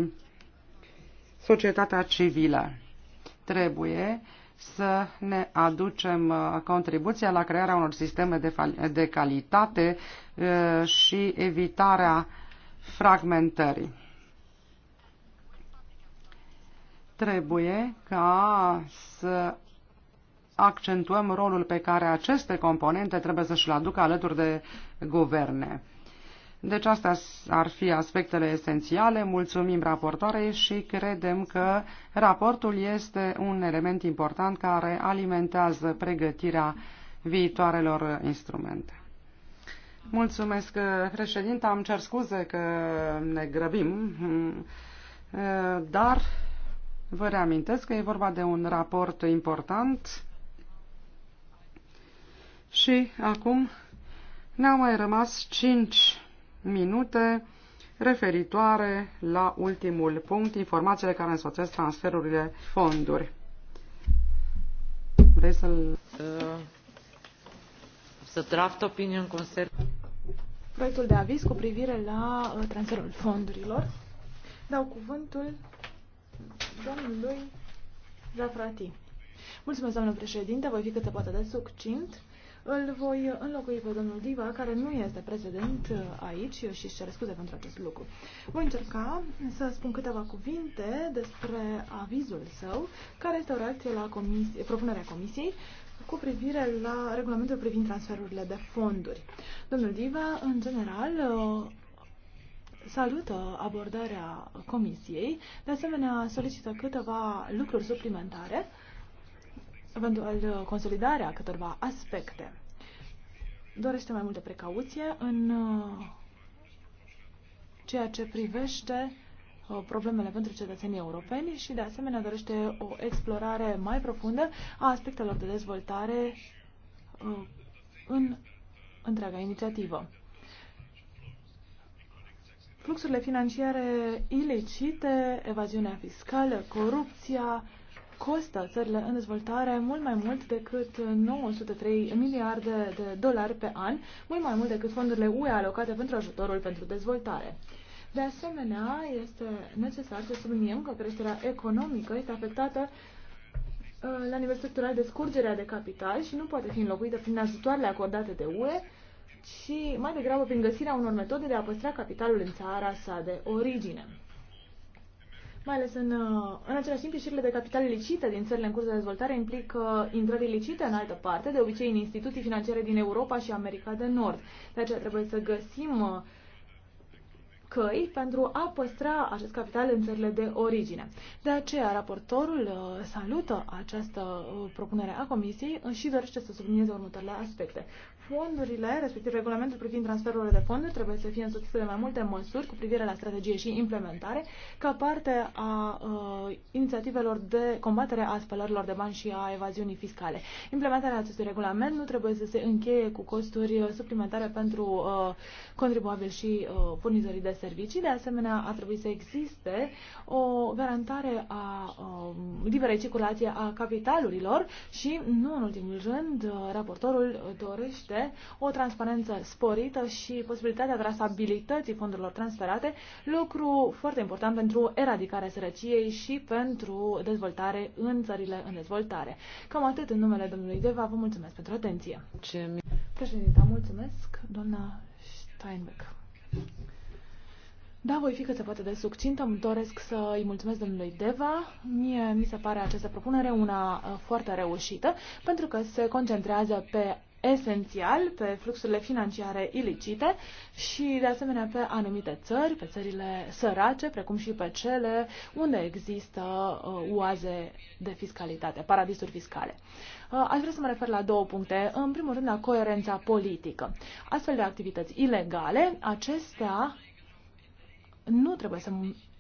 societatea civilă. Trebuie să ne aducem uh, contribuția la crearea unor sisteme de, de calitate uh, și evitarea fragmentării. trebuie ca să accentuăm rolul pe care aceste componente trebuie să-și-l aducă alături de guverne. Deci astea ar fi aspectele esențiale. Mulțumim raportoarei și credem că raportul este un element important care alimentează pregătirea viitoarelor instrumente. Mulțumesc, președinte. Am cer scuze că ne grăbim, dar Vă reamintesc că e vorba de un raport important și acum ne-au mai rămas 5 minute referitoare la ultimul punct, informațiile care însoțesc transferurile fonduri. Vrei să-l... Uh, să draft opinion concern. Proiectul de aviz cu privire la uh, transferul fondurilor. Dau cuvântul domnului Zafrati. Mulțumesc, doamnă președinte, voi fi câte poate de succint. Îl voi înlocui pe domnul Diva, care nu este prezident uh, aici și își cer scuze pentru acest lucru. Voi încerca să spun câteva cuvinte despre avizul său, care este o reacție la comisie, propunerea comisiei cu privire la regulamentul privind transferurile de fonduri. Domnul Diva, în general, uh, salută abordarea Comisiei, de asemenea solicită câteva lucruri suplimentare, eventual uh, consolidarea câteva aspecte. Dorește mai multă precauție în uh, ceea ce privește uh, problemele pentru cetățenii europeni și, de asemenea, dorește o explorare mai profundă a aspectelor de dezvoltare în întreaga inițiativă fluxurile financiare ilicite, evaziunea fiscală, corupția costă țările în dezvoltare mult mai mult decât 903 miliarde de dolari pe an, mult mai mult decât fondurile UE alocate pentru ajutorul pentru dezvoltare. De asemenea, este necesar să subliniem că creșterea economică este afectată uh, la nivel structural de scurgerea de capital și nu poate fi înlocuită prin ajutoarele acordate de UE, ci mai degrabă prin găsirea unor metode de a păstra capitalul în țara sa de origine. Mai ales în, uh, în același timp, ieșirile de capital ilicite din țările în curs de dezvoltare implică intrări ilicite în altă parte, de obicei în instituții financiare din Europa și America de Nord. De aceea trebuie să găsim uh, căi pentru a păstra acest capital în țările de origine. De aceea, raportorul uh, salută această uh, propunere a Comisiei și dorește să sublinieze următoarele aspecte. Fondurile, respectiv regulamentul privind transferurile de fonduri, trebuie să fie însoțite de mai multe măsuri cu privire la strategie și implementare, ca parte a uh, inițiativelor de combatere a spălărilor de bani și a evaziunii fiscale. Implementarea acestui regulament nu trebuie să se încheie cu costuri uh, suplimentare pentru uh, contribuabili și uh, furnizorii de servicii. De asemenea, ar trebui să existe o garantare a um, liberei circulație a capitalurilor și, nu în ultimul rând, uh, raportorul dorește o transparență sporită și posibilitatea trasabilității fondurilor transferate, lucru foarte important pentru eradicarea sărăciei și pentru dezvoltare în țările în dezvoltare. Cam atât în numele domnului Deva, vă mulțumesc pentru atenție. Ce... Președinta, mulțumesc, doamna Steinbeck. Da, voi fi cât se poate de succintă. Îmi doresc să îi mulțumesc domnului Deva. Mie mi se pare această propunere una uh, foarte reușită, pentru că se concentrează pe esențial pe fluxurile financiare ilicite și, de asemenea, pe anumite țări, pe țările sărace, precum și pe cele unde există uh, oaze de fiscalitate, paradisuri fiscale. Uh, aș vrea să mă refer la două puncte. În primul rând, la coerența politică. Astfel de activități ilegale, acestea nu trebuie să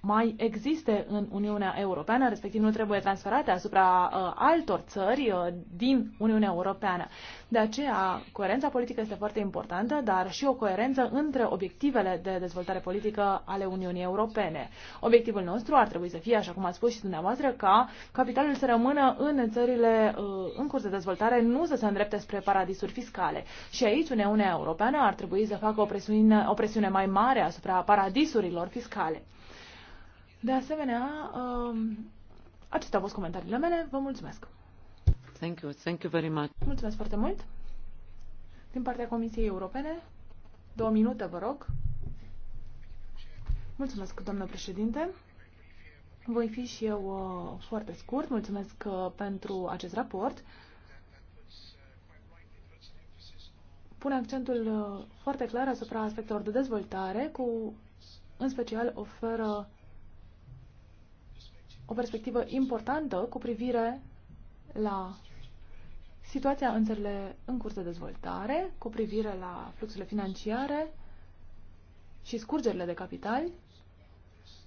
mai existe în Uniunea Europeană, respectiv nu trebuie transferate asupra uh, altor țări uh, din Uniunea Europeană. De aceea, coerența politică este foarte importantă, dar și o coerență între obiectivele de dezvoltare politică ale Uniunii Europene. Obiectivul nostru ar trebui să fie, așa cum ați spus și dumneavoastră, ca capitalul să rămână în țările uh, în curs de dezvoltare, nu să se îndrepte spre paradisuri fiscale. Și aici Uniunea Europeană ar trebui să facă o presiune, o presiune mai mare asupra paradisurilor fiscale. De asemenea, um, acestea au fost comentariile mele. Vă mulțumesc! Thank you. Thank you very much. Mulțumesc foarte mult! Din partea Comisiei Europene, două minute, vă rog. Mulțumesc, doamnă președinte. Voi fi și eu uh, foarte scurt. Mulțumesc uh, pentru acest raport. Pune accentul uh, foarte clar asupra aspectelor de dezvoltare, cu în special oferă o perspectivă importantă cu privire la situația în țările în curs de dezvoltare, cu privire la fluxurile financiare și scurgerile de capital.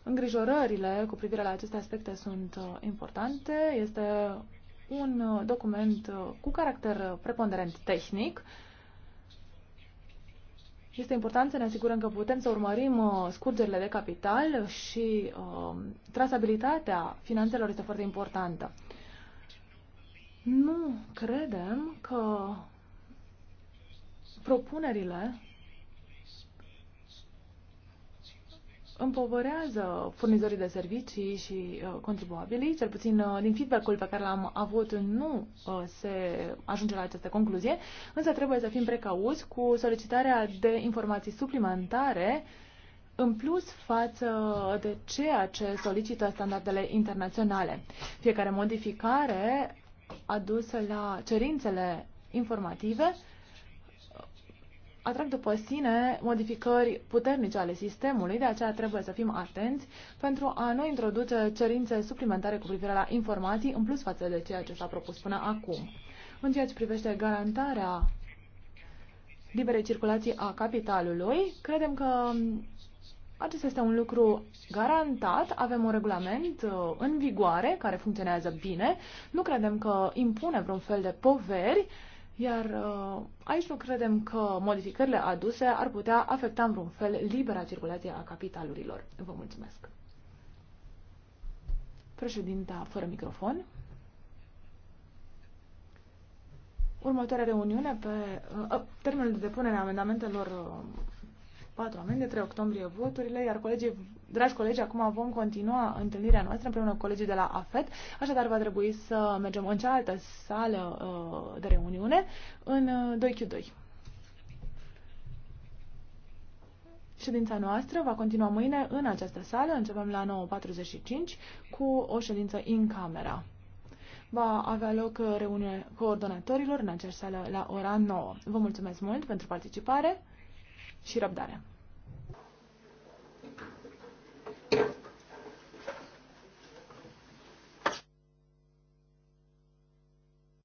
Îngrijorările cu privire la aceste aspecte sunt uh, importante. Este un uh, document uh, cu caracter preponderent tehnic și este important să ne asigurăm că putem să urmărim uh, scurgerile de capital și uh, trasabilitatea finanțelor este foarte importantă. Nu credem că propunerile împovărează furnizorii de servicii și uh, contribuabilii, cel puțin uh, din feedback-ul pe care l-am avut nu uh, se ajunge la această concluzie, însă trebuie să fim precauți cu solicitarea de informații suplimentare în plus față de ceea ce solicită standardele internaționale. Fiecare modificare adusă la cerințele informative atrag după sine modificări puternice ale sistemului, de aceea trebuie să fim atenți pentru a nu introduce cerințe suplimentare cu privire la informații în plus față de ceea ce s-a propus până acum. În ceea ce privește garantarea liberei circulații a capitalului, credem că acesta este un lucru garantat, avem un regulament uh, în vigoare care funcționează bine, nu credem că impune vreun fel de poveri, iar uh, aici nu credem că modificările aduse ar putea afecta în vreun fel libera circulație a capitalurilor. Vă mulțumesc. Președinta fără microfon. Următoarea reuniune pe uh, uh termenul de depunere a amendamentelor uh, patru oameni, de 3 octombrie voturile, iar colegii, dragi colegi, acum vom continua întâlnirea noastră împreună cu colegii de la AFET, așadar va trebui să mergem în cealaltă sală uh, de reuniune, în 2Q2. Uh, Ședința noastră va continua mâine în această sală, începem la 9.45 cu o ședință în camera. Va avea loc uh, reuniune coordonatorilor în această sală la ora 9. Vă mulțumesc mult pentru participare! și răbdarea.